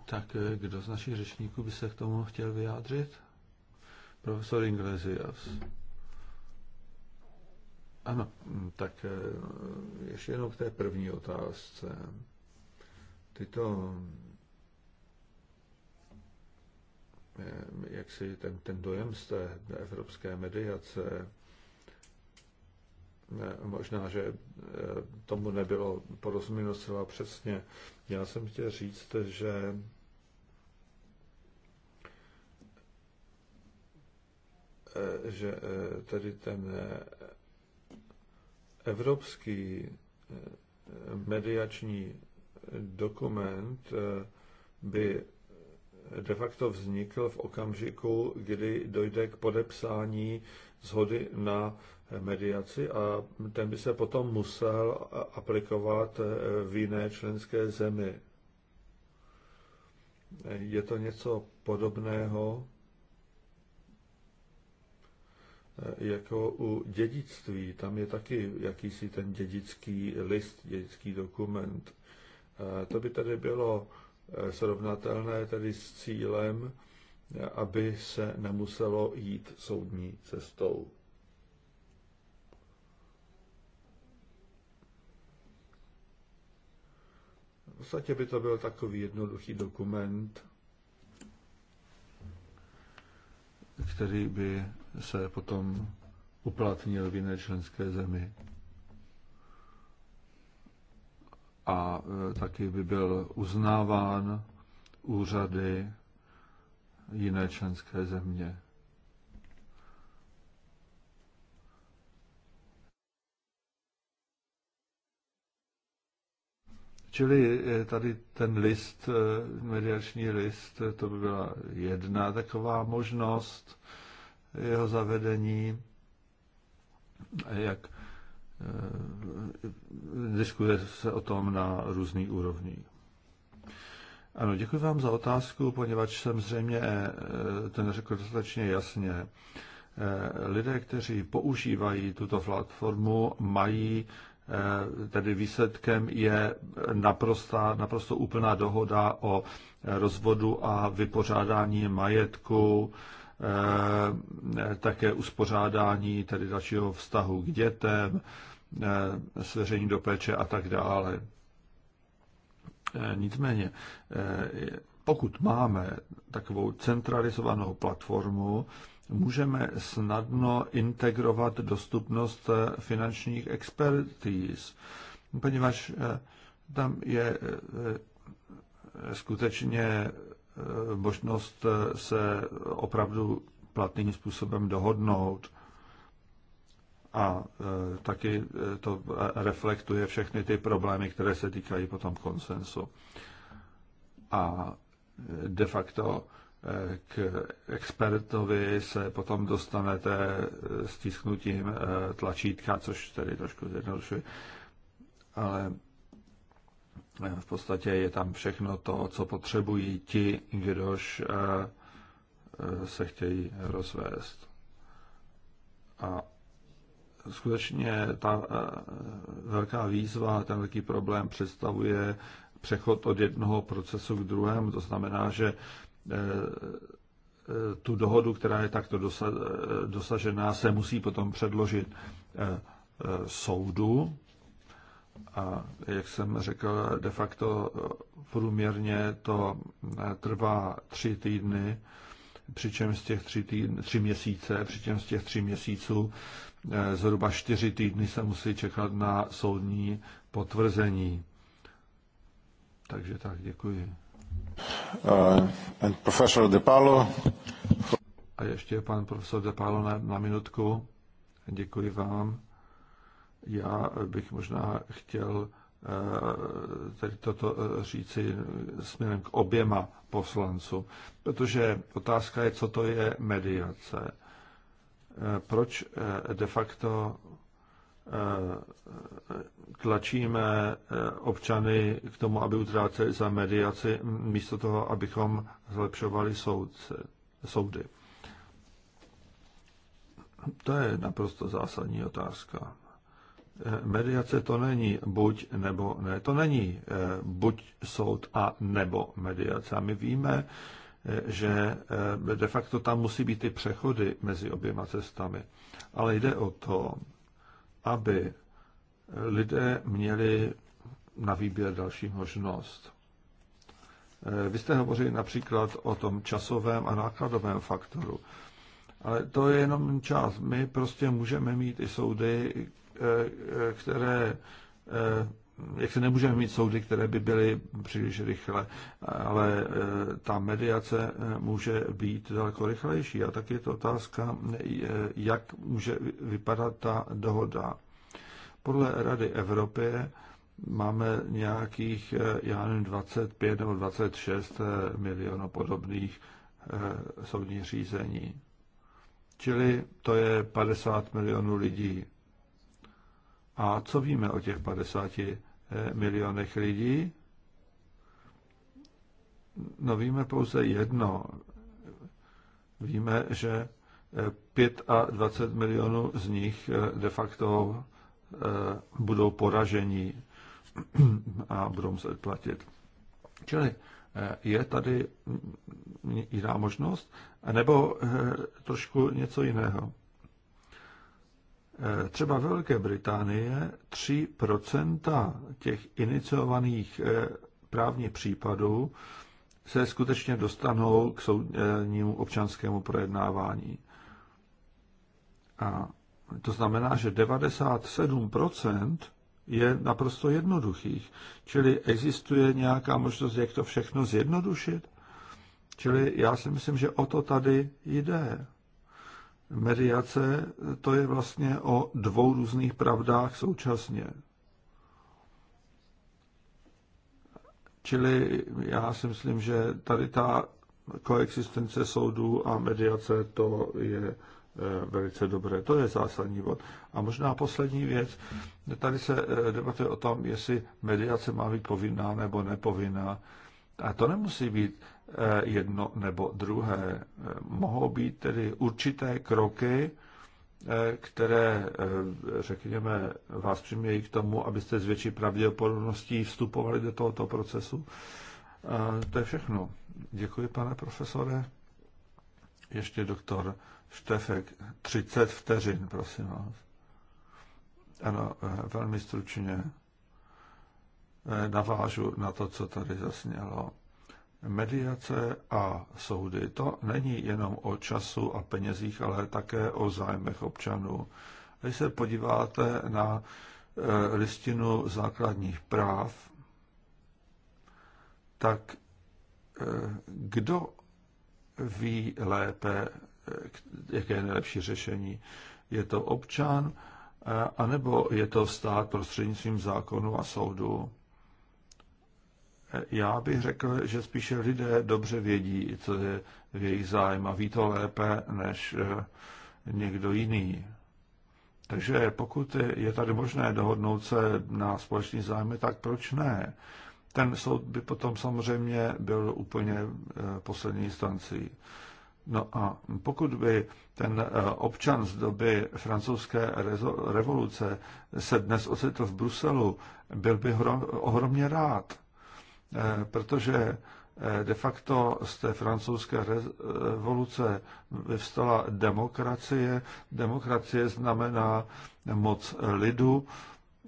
Tak kdo z našich řečníků by se k tomu chtěl vyjádřit? Profesor Inglesias. Ano, mm, tak eh, ještě jenom k té první otázce. Tyto eh, jak si ten, ten dojem z té evropské mediace, eh, možná, že tomu nebylo porozuměno zcela přesně. Já jsem chtěl říct, že Eh, že eh, tedy ten eh, evropský mediační dokument by de facto vznikl v okamžiku, kdy dojde k podepsání zhody na mediaci a ten by se potom musel aplikovat v jiné členské zemi. Je to něco podobného, Eh, jako u dědictví. Tam je taky jakýsi ten dědický list, dědický dokument. Eh, to by tedy bylo eh, srovnatelné tedy s cílem, aby se nemuselo jít soudní cestou. V podstatě by to byl takový jednoduchý dokument, který by se potom uplatnil v jiné členské zemi. A e, taky by byl uznáván úřady jiné členské země. Čili eh, tady ten list, eh, mediační list, eh, to by byla jedna taková možnost jeho zavedení, jak diskuje se o tom na různých úrovních. Ano, děkuji vám za otázku, poněvadž jsem zřejmě ten řekl dostatečně jasně. Lidé, kteří používají tuto platformu, mají Eh, tedy výsledkem je naprosta, naprosto úplná dohoda o eh, rozvodu a vypořádání majetku, eh, také uspořádání tedy dalšího vztahu k dětem, svěření do péče a tak dále. Nicméně, pokud máme takovou centralizovanou platformu, můžeme snadno integrovat dostupnost eh, finančních expertíz, poněvadž eh, tam je eh, skutečně možnost se opravdu platným způsobem dohodnout. A taky to reflektuje všechny ty problémy, které se týkají potom konsensu. A de facto k expertovi se potom dostanete stisknutím eh, tlačítka, což tedy trošku zjednodušuje, ale eh, v podstatě je tam všechno to, co potřebují ti, kdož eh, se chtějí rozvést. A skutečně ta velká výzva, ten velký problém představuje přechod od jednoho procesu k druhému. To znamená, že Eh, tu dohodu, která je takto eh, dosažená, se musí potom předložit eh, soudu. A jak jsem řekl, de facto průměrně to trvá tři týdny, přičem z těch tři, týdny, tři měsíce, přičem z těch tři měsíců zhruba čtyři týdny se musí čekat na soudní potvrzení. Takže tak, děkuji. Uh, de Palo. A ještě pan profesor De Palo na, na minutku. Děkuji vám. Já bych možná chtěl uh, tady toto uh, říci směrem k oběma poslancům, protože otázka je, co to je mediace. Proč de facto Eh, tlačíme eh, občany k tomu, aby utráceli za mediaci, místo toho, abychom zlepšovali soudce, soudy. To je naprosto zásadní otázka. Eh, mediace to není buď nebo ne. To není buď soud a nebo mediace. A my víme, že de facto tam musí být ty přechody mezi oběma cestami. Ale jde o to, aby lidé měli na výběr další možnost. Eh, vy jste hovořili například o tom časovém a nákladovém faktoru, ale to je jenom čas. My prostě můžeme mít i soudy, eh, eh, které jak se nemůžeme mít soudy, které by byly příliš rychle, ale e, ta mediace e, může být daleko rychlejší. A tak je to otázka, e, jak může vypadat ta dohoda. Podle Rady Evropy máme nějakých, já nevím, 25 nebo 26 milionů podobných soudních řízení. Čili to je 50 milionů lidí. A co víme o těch 50 Eh, milionech lidí. No víme pouze jedno. Víme, že 25 eh, milionů z nich eh, de facto budou poražení [CLEARS THROAT] a budou muset platit. Čili je tady jiná možnost, nebo trošku něco jiného. Eh, třeba ve Velké Británie 3% těch iniciovaných eh, právních případů se skutečně dostanou k soudnímu občanskému projednávání. A to znamená, že 97% je naprosto jednoduchých. Čili existuje nějaká možnost, jak to všechno zjednodušit? Čili já si myslím, že o to tady jde mediace, to je vlastně o dvou různých pravdách současně. Čili já si myslím, že tady ta koexistence soudů a mediace, to je eh, velice dobré. To je zásadní bod. A možná poslední věc. Tady se eh, debatuje o tom, jestli mediace má být povinná nebo nepovinná. A to nemusí být. Eh, jedno nebo druhé. Eh, mohou být tedy určité kroky, eh, které, řekněme, vás přimějí k tomu, abyste s větší pravděpodobností vstupovali do tohoto procesu. To je všechno. Děkuji, pane profesore. Ještě doktor Štefek, 30 vteřin, prosím vás. Ano, velmi stručně navážu na to, co tady zasnělo. Mediace a soudy, to není jenom o času a penězích, ale také o zájmech občanů. Když se podíváte na e, listinu základních práv, tak e, kdo ví lépe, e, jaké je nejlepší řešení? Je to občan, anebo je to stát prostřednictvím zákonu a soudu? Já bych řekl, že spíše lidé dobře vědí, co je v jejich zájem a ví to lépe než eh, někdo jiný. Takže pokud je tady možné dohodnout se na společný zájmy, tak proč ne? Ten soud by potom samozřejmě byl úplně eh, poslední instancí. No a pokud by ten eh, občan z doby francouzské revoluce se dnes ocitl v Bruselu, byl by ohromně rád. Eh, protože eh, de facto z té francouzské eh, revoluce vyvstala demokracie. Demokracie znamená moc lidu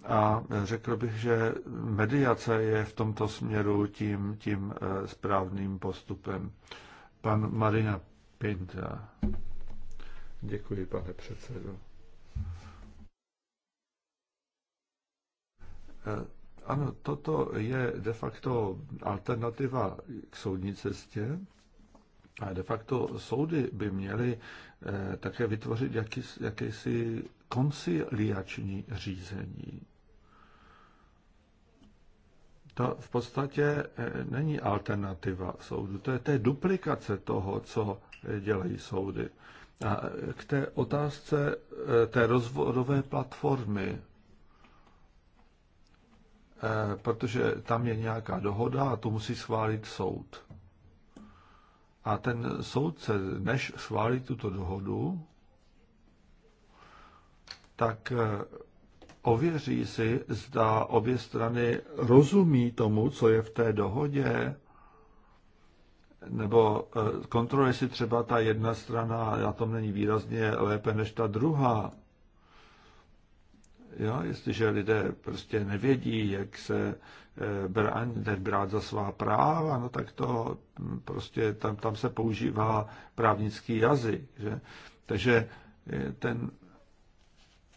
a řekl bych, že mediace je v tomto směru tím, tím správným postupem. Pan Marina Pinta. Děkuji, pane předsedo. Ano, toto je de facto alternativa k soudní cestě. A de facto soudy by měly eh, také vytvořit jakýsi, konciliační řízení. To v podstatě eh, není alternativa soudu, to je, to je duplikace toho, co dělají soudy. A k té otázce eh, té rozvodové platformy, Eh, protože tam je nějaká dohoda a tu musí schválit soud. A ten soudce, než schválí tuto dohodu, tak eh, ověří si, zda obě strany rozumí tomu, co je v té dohodě, nebo eh, kontroluje si třeba ta jedna strana já tom není výrazně lépe než ta druhá. Jo, jestliže lidé prostě nevědí, jak se eh, bránit, brát za svá práva, no tak to hm, prostě tam, tam se používá právnický jazyk. Že? Takže eh, ten,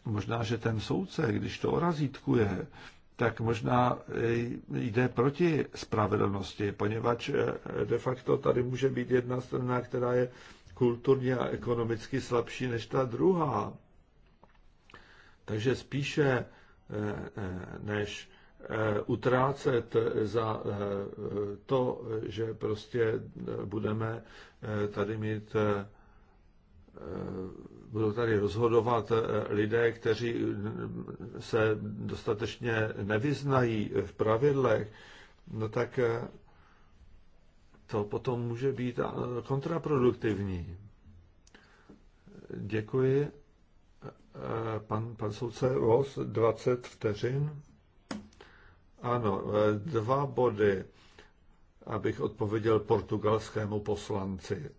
možná, že ten soudce, když to orazítkuje, tak možná eh, jde proti spravedlnosti, poněvadž de facto tady může být jedna strana, která je kulturně a ekonomicky slabší než ta druhá. Takže spíše eh, eh, než eh, utrácet za to, že prostě budeme tady mít budou tady rozhodovat lidé, kteří mm, se dostatečně nevyznají v pravidlech, no tak to potom může být kontraproduktivní. Děkuji Eh, pan, pan soudce Ross, 20 vteřin. Ano, eh, dva body, abych odpověděl portugalskému poslanci.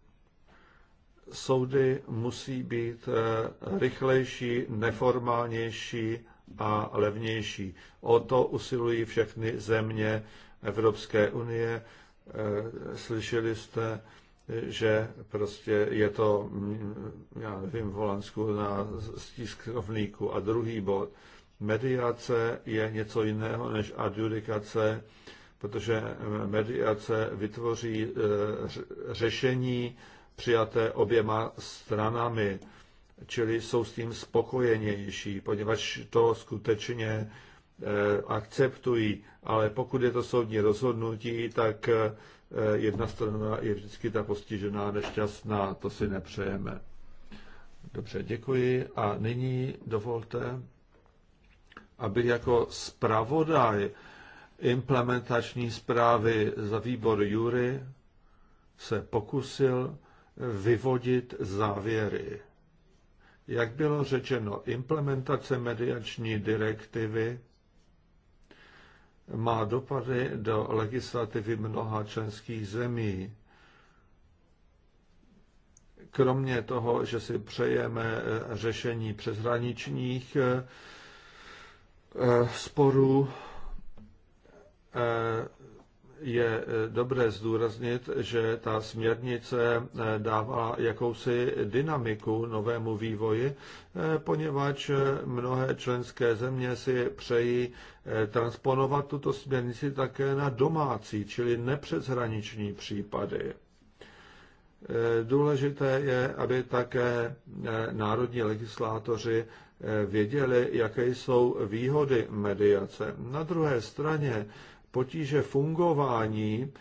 Soudy musí být eh, rychlejší, neformálnější a levnější. O to usilují všechny země Evropské unie. Slyšeli jste, že prostě je to, já nevím, v Holandsku na stiskovníku. A druhý bod, mediace je něco jiného než adjudikace, protože mediace vytvoří eh, řešení přijaté oběma stranami, čili jsou s tím spokojenější, poněvadž to skutečně eh, akceptují. Ale pokud je to soudní rozhodnutí, tak eh, Eh, jedna strana je vždycky ta postižená, nešťastná, to si nepřejeme. Dobře, děkuji. A nyní dovolte, abych jako zpravodaj implementační zprávy za výbor Jury se pokusil vyvodit závěry. Jak bylo řečeno, implementace mediační direktivy má dopady do legislativy mnoha členských zemí. Kromě toho, že si přejeme eh, řešení přeshraničních eh, eh, sporů, je eh, dobré zdůraznit, že ta směrnice eh, dává jakousi dynamiku novému vývoji, eh, poněvadž mnohé členské země si přejí transponovat tuto směrnici také na domácí, čili nepřeshraniční případy. Důležité je, aby také národní legislátoři věděli, jaké jsou výhody mediace. Na druhé straně potíže fungování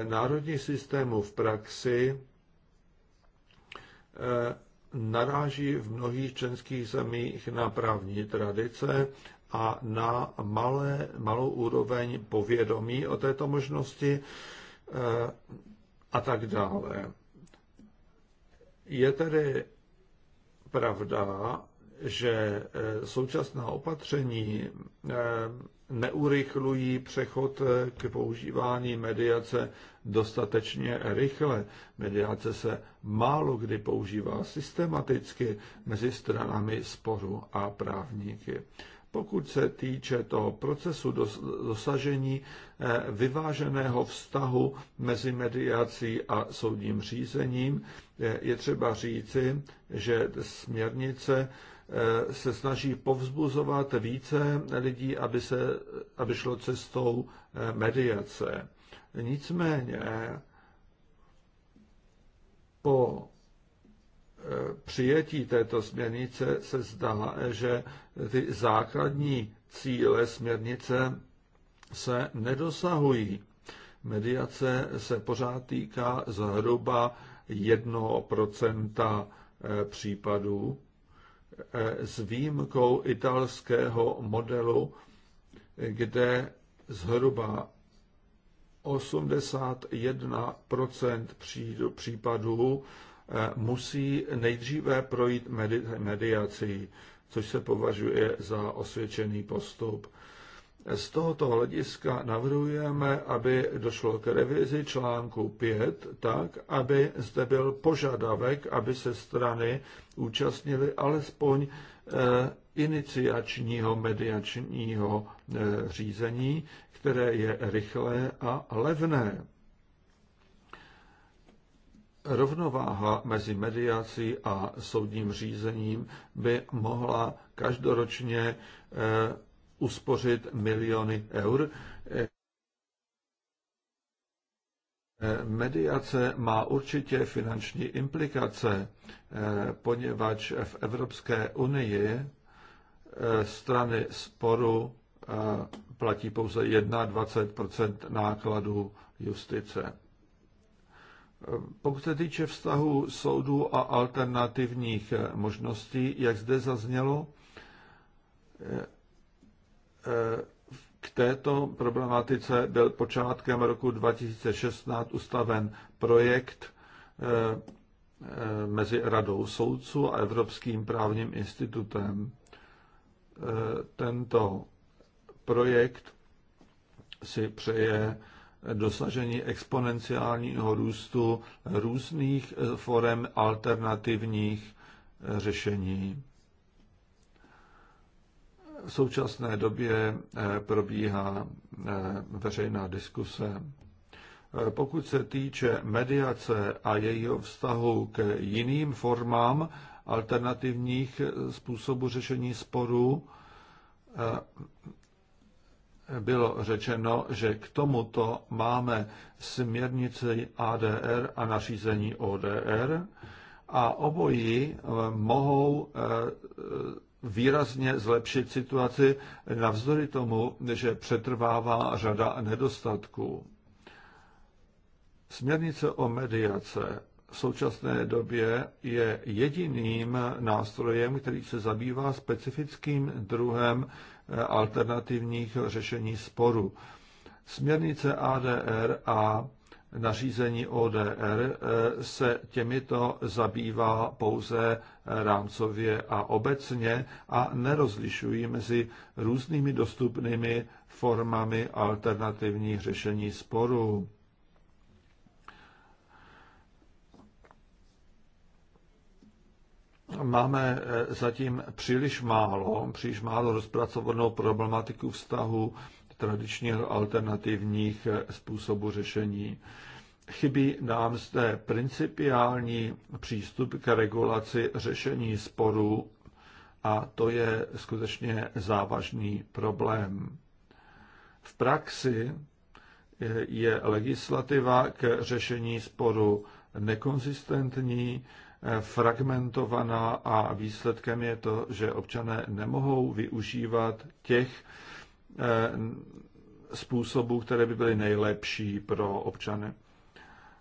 eh, národní systému v praxi eh, naráží v mnohých členských zemích na právní tradice a na malé, malou úroveň povědomí o této možnosti eh, a tak dále. Je tedy pravda, že současná opatření neurychlují přechod eh, k používání mediace dostatečně rychle. Mediace se málo kdy používá systematicky mezi stranami sporu a právníky. Pokud se týče toho procesu dosažení eh, vyváženého vztahu mezi mediací a soudním řízením, eh, je třeba říci, že směrnice Eh, se snaží povzbuzovat více lidí, aby, se, aby šlo cestou eh, mediace. Nicméně po eh, přijetí této směrnice se zdá, že ty základní cíle směrnice se nedosahují. Mediace se pořád týká zhruba 1% případů s výjimkou italského modelu, kde zhruba 81 případů eh, musí nejdříve projít mediací, což se považuje za osvědčený postup. Z tohoto hlediska navrhujeme, aby došlo k revizi článku 5 tak, aby zde byl požadavek, aby se strany účastnily alespoň eh, iniciačního mediačního eh, řízení, které je rychlé a levné. Rovnováha mezi mediací a soudním řízením by mohla každoročně eh, uspořit miliony eur. Eh, mediace má určitě finanční implikace, eh, poněvadž v Evropské unii eh, strany sporu platí pouze 21 nákladů justice. Pokud se týče vztahu soudů a alternativních možností, jak zde zaznělo, k této problematice byl počátkem roku 2016 ustaven projekt eh, eh, mezi Radou soudců a Evropským právním institutem. Eh, tento projekt si přeje dosažení exponenciálního růstu různých forem alternativních řešení. V současné době eh, probíhá eh, veřejná diskuse. Eh, pokud se týče mediace a jejího vztahu k jiným formám alternativních způsobů řešení sporů, bylo řečeno, že k tomuto máme směrnici ADR a nařízení ODR a obojí mohou výrazně zlepšit situaci navzdory tomu, že přetrvává řada nedostatků. Směrnice o mediace v současné době je jediným nástrojem, který se zabývá specifickým druhem alternativních řešení sporu. Směrnice ADR a nařízení ODR eh, se těmito zabývá pouze rámcově a obecně a nerozlišují mezi různými dostupnými formami alternativních řešení sporů. Máme eh, zatím příliš málo, příliš málo rozpracovanou problematiku vztahu tradičních alternativních eh, způsobů řešení. Chybí nám zde principiální přístup k regulaci řešení sporů a to je skutečně závažný problém. V praxi eh, je legislativa k řešení sporu nekonzistentní, eh, fragmentovaná a výsledkem je to, že občané nemohou využívat těch Eh, způsobů, které by byly nejlepší pro občany.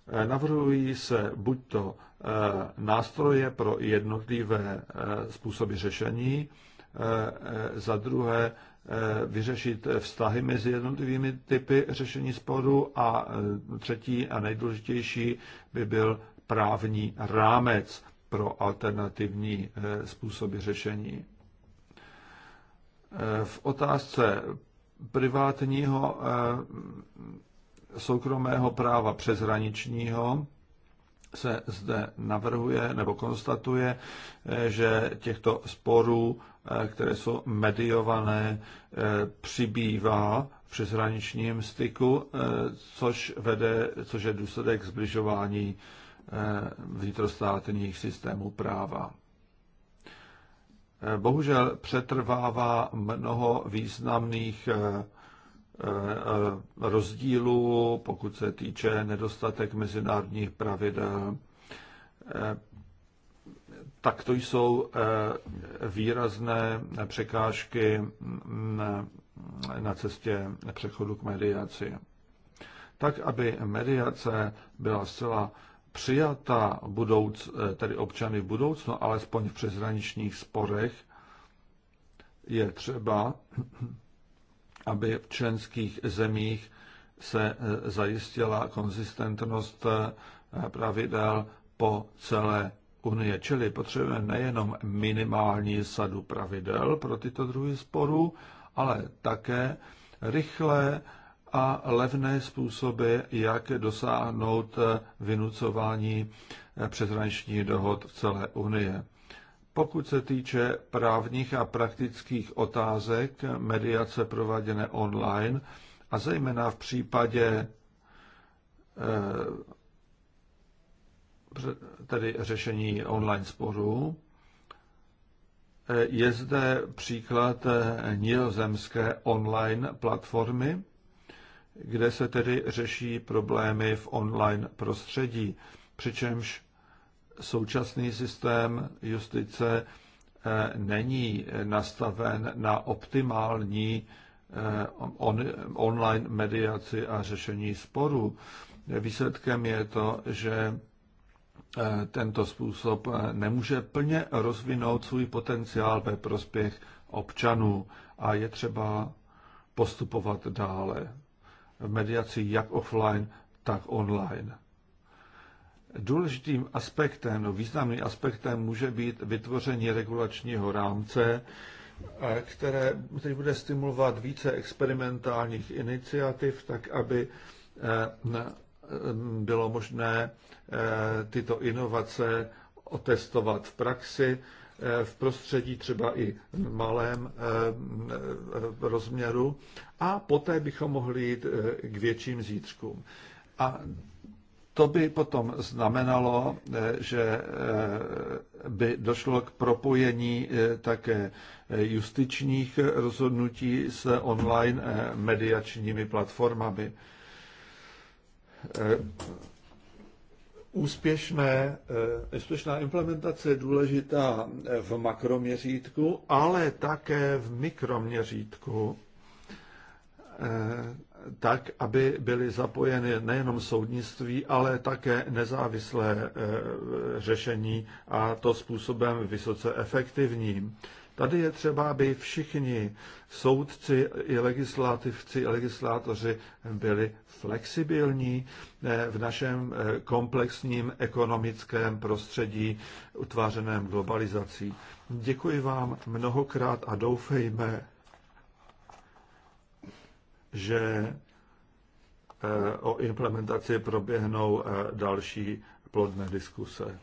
Eh, navrhují se buď to eh, nástroje pro jednotlivé způsoby řešení, za druhé vyřešit vztahy mezi jednotlivými typy řešení sporu a třetí a nejdůležitější by byl právní rámec pro alternativní způsoby řešení. V otázce privátního eh, soukromého práva přeshraničního se zde navrhuje nebo konstatuje, eh, že těchto sporů, eh, které jsou mediované, přibývá v přeshraničním styku, což, vede, což je důsledek zbližování vnitrostátních systémů práva. Bohužel přetrvává mnoho významných eh, eh, rozdílů, pokud se týče nedostatek mezinárodních pravidel. Eh, tak to jsou výrazné překážky mm, na cestě přechodu k mediaci. Tak, aby mediace byla zcela přijata budouc, eh, tedy občany v budoucnu, alespoň v přeshraničních sporech, je třeba, [CLEARS THROAT] aby v členských zemích se eh, zajistila konzistentnost eh, pravidel po celé Unie. Čili potřebujeme nejenom minimální sadu pravidel pro tyto druhy sporů, ale také rychlé a levné způsoby, jak dosáhnout eh, vynucování eh, přeshraničních dohod v celé Unie. Pokud se týče právních a praktických otázek mediace prováděné online, a zejména v případě eh, tedy řešení online sporů, je zde příklad nizozemské online platformy, kde se tedy řeší problémy v online prostředí. Přičemž současný systém justice eh, není nastaven na optimální eh, on, online mediaci a řešení sporů. Výsledkem je to, že eh, tento způsob nemůže plně rozvinout svůj potenciál ve prospěch občanů a je třeba postupovat dále mediaci jak offline, tak online. Důležitým aspektem, no významným aspektem může být vytvoření regulačního rámce, eh, které, který bude stimulovat více experimentálních iniciativ, tak aby eh, mm, bylo možné eh, tyto inovace otestovat v praxi, v prostředí třeba i malém eh, rozměru a poté bychom mohli jít eh, k větším zítřkům. A to by potom znamenalo, eh, že by došlo k propojení také justičních rozhodnutí s online mediačními platformami Úspěšné, eh, úspěšná implementace je důležitá eh, v makroměřítku, ale také v mikroměřítku, eh, tak, aby byly zapojeny nejenom soudnictví, ale také nezávislé řešení a to způsobem vysoce efektivním. Tady je třeba, aby všichni soudci i legislativci, i legislátoři byli flexibilní eh, v našem eh, komplexním ekonomickém prostředí utvářeném globalizací. Děkuji vám mnohokrát a doufejme, že eh, o implementaci proběhnou další plodné diskuse.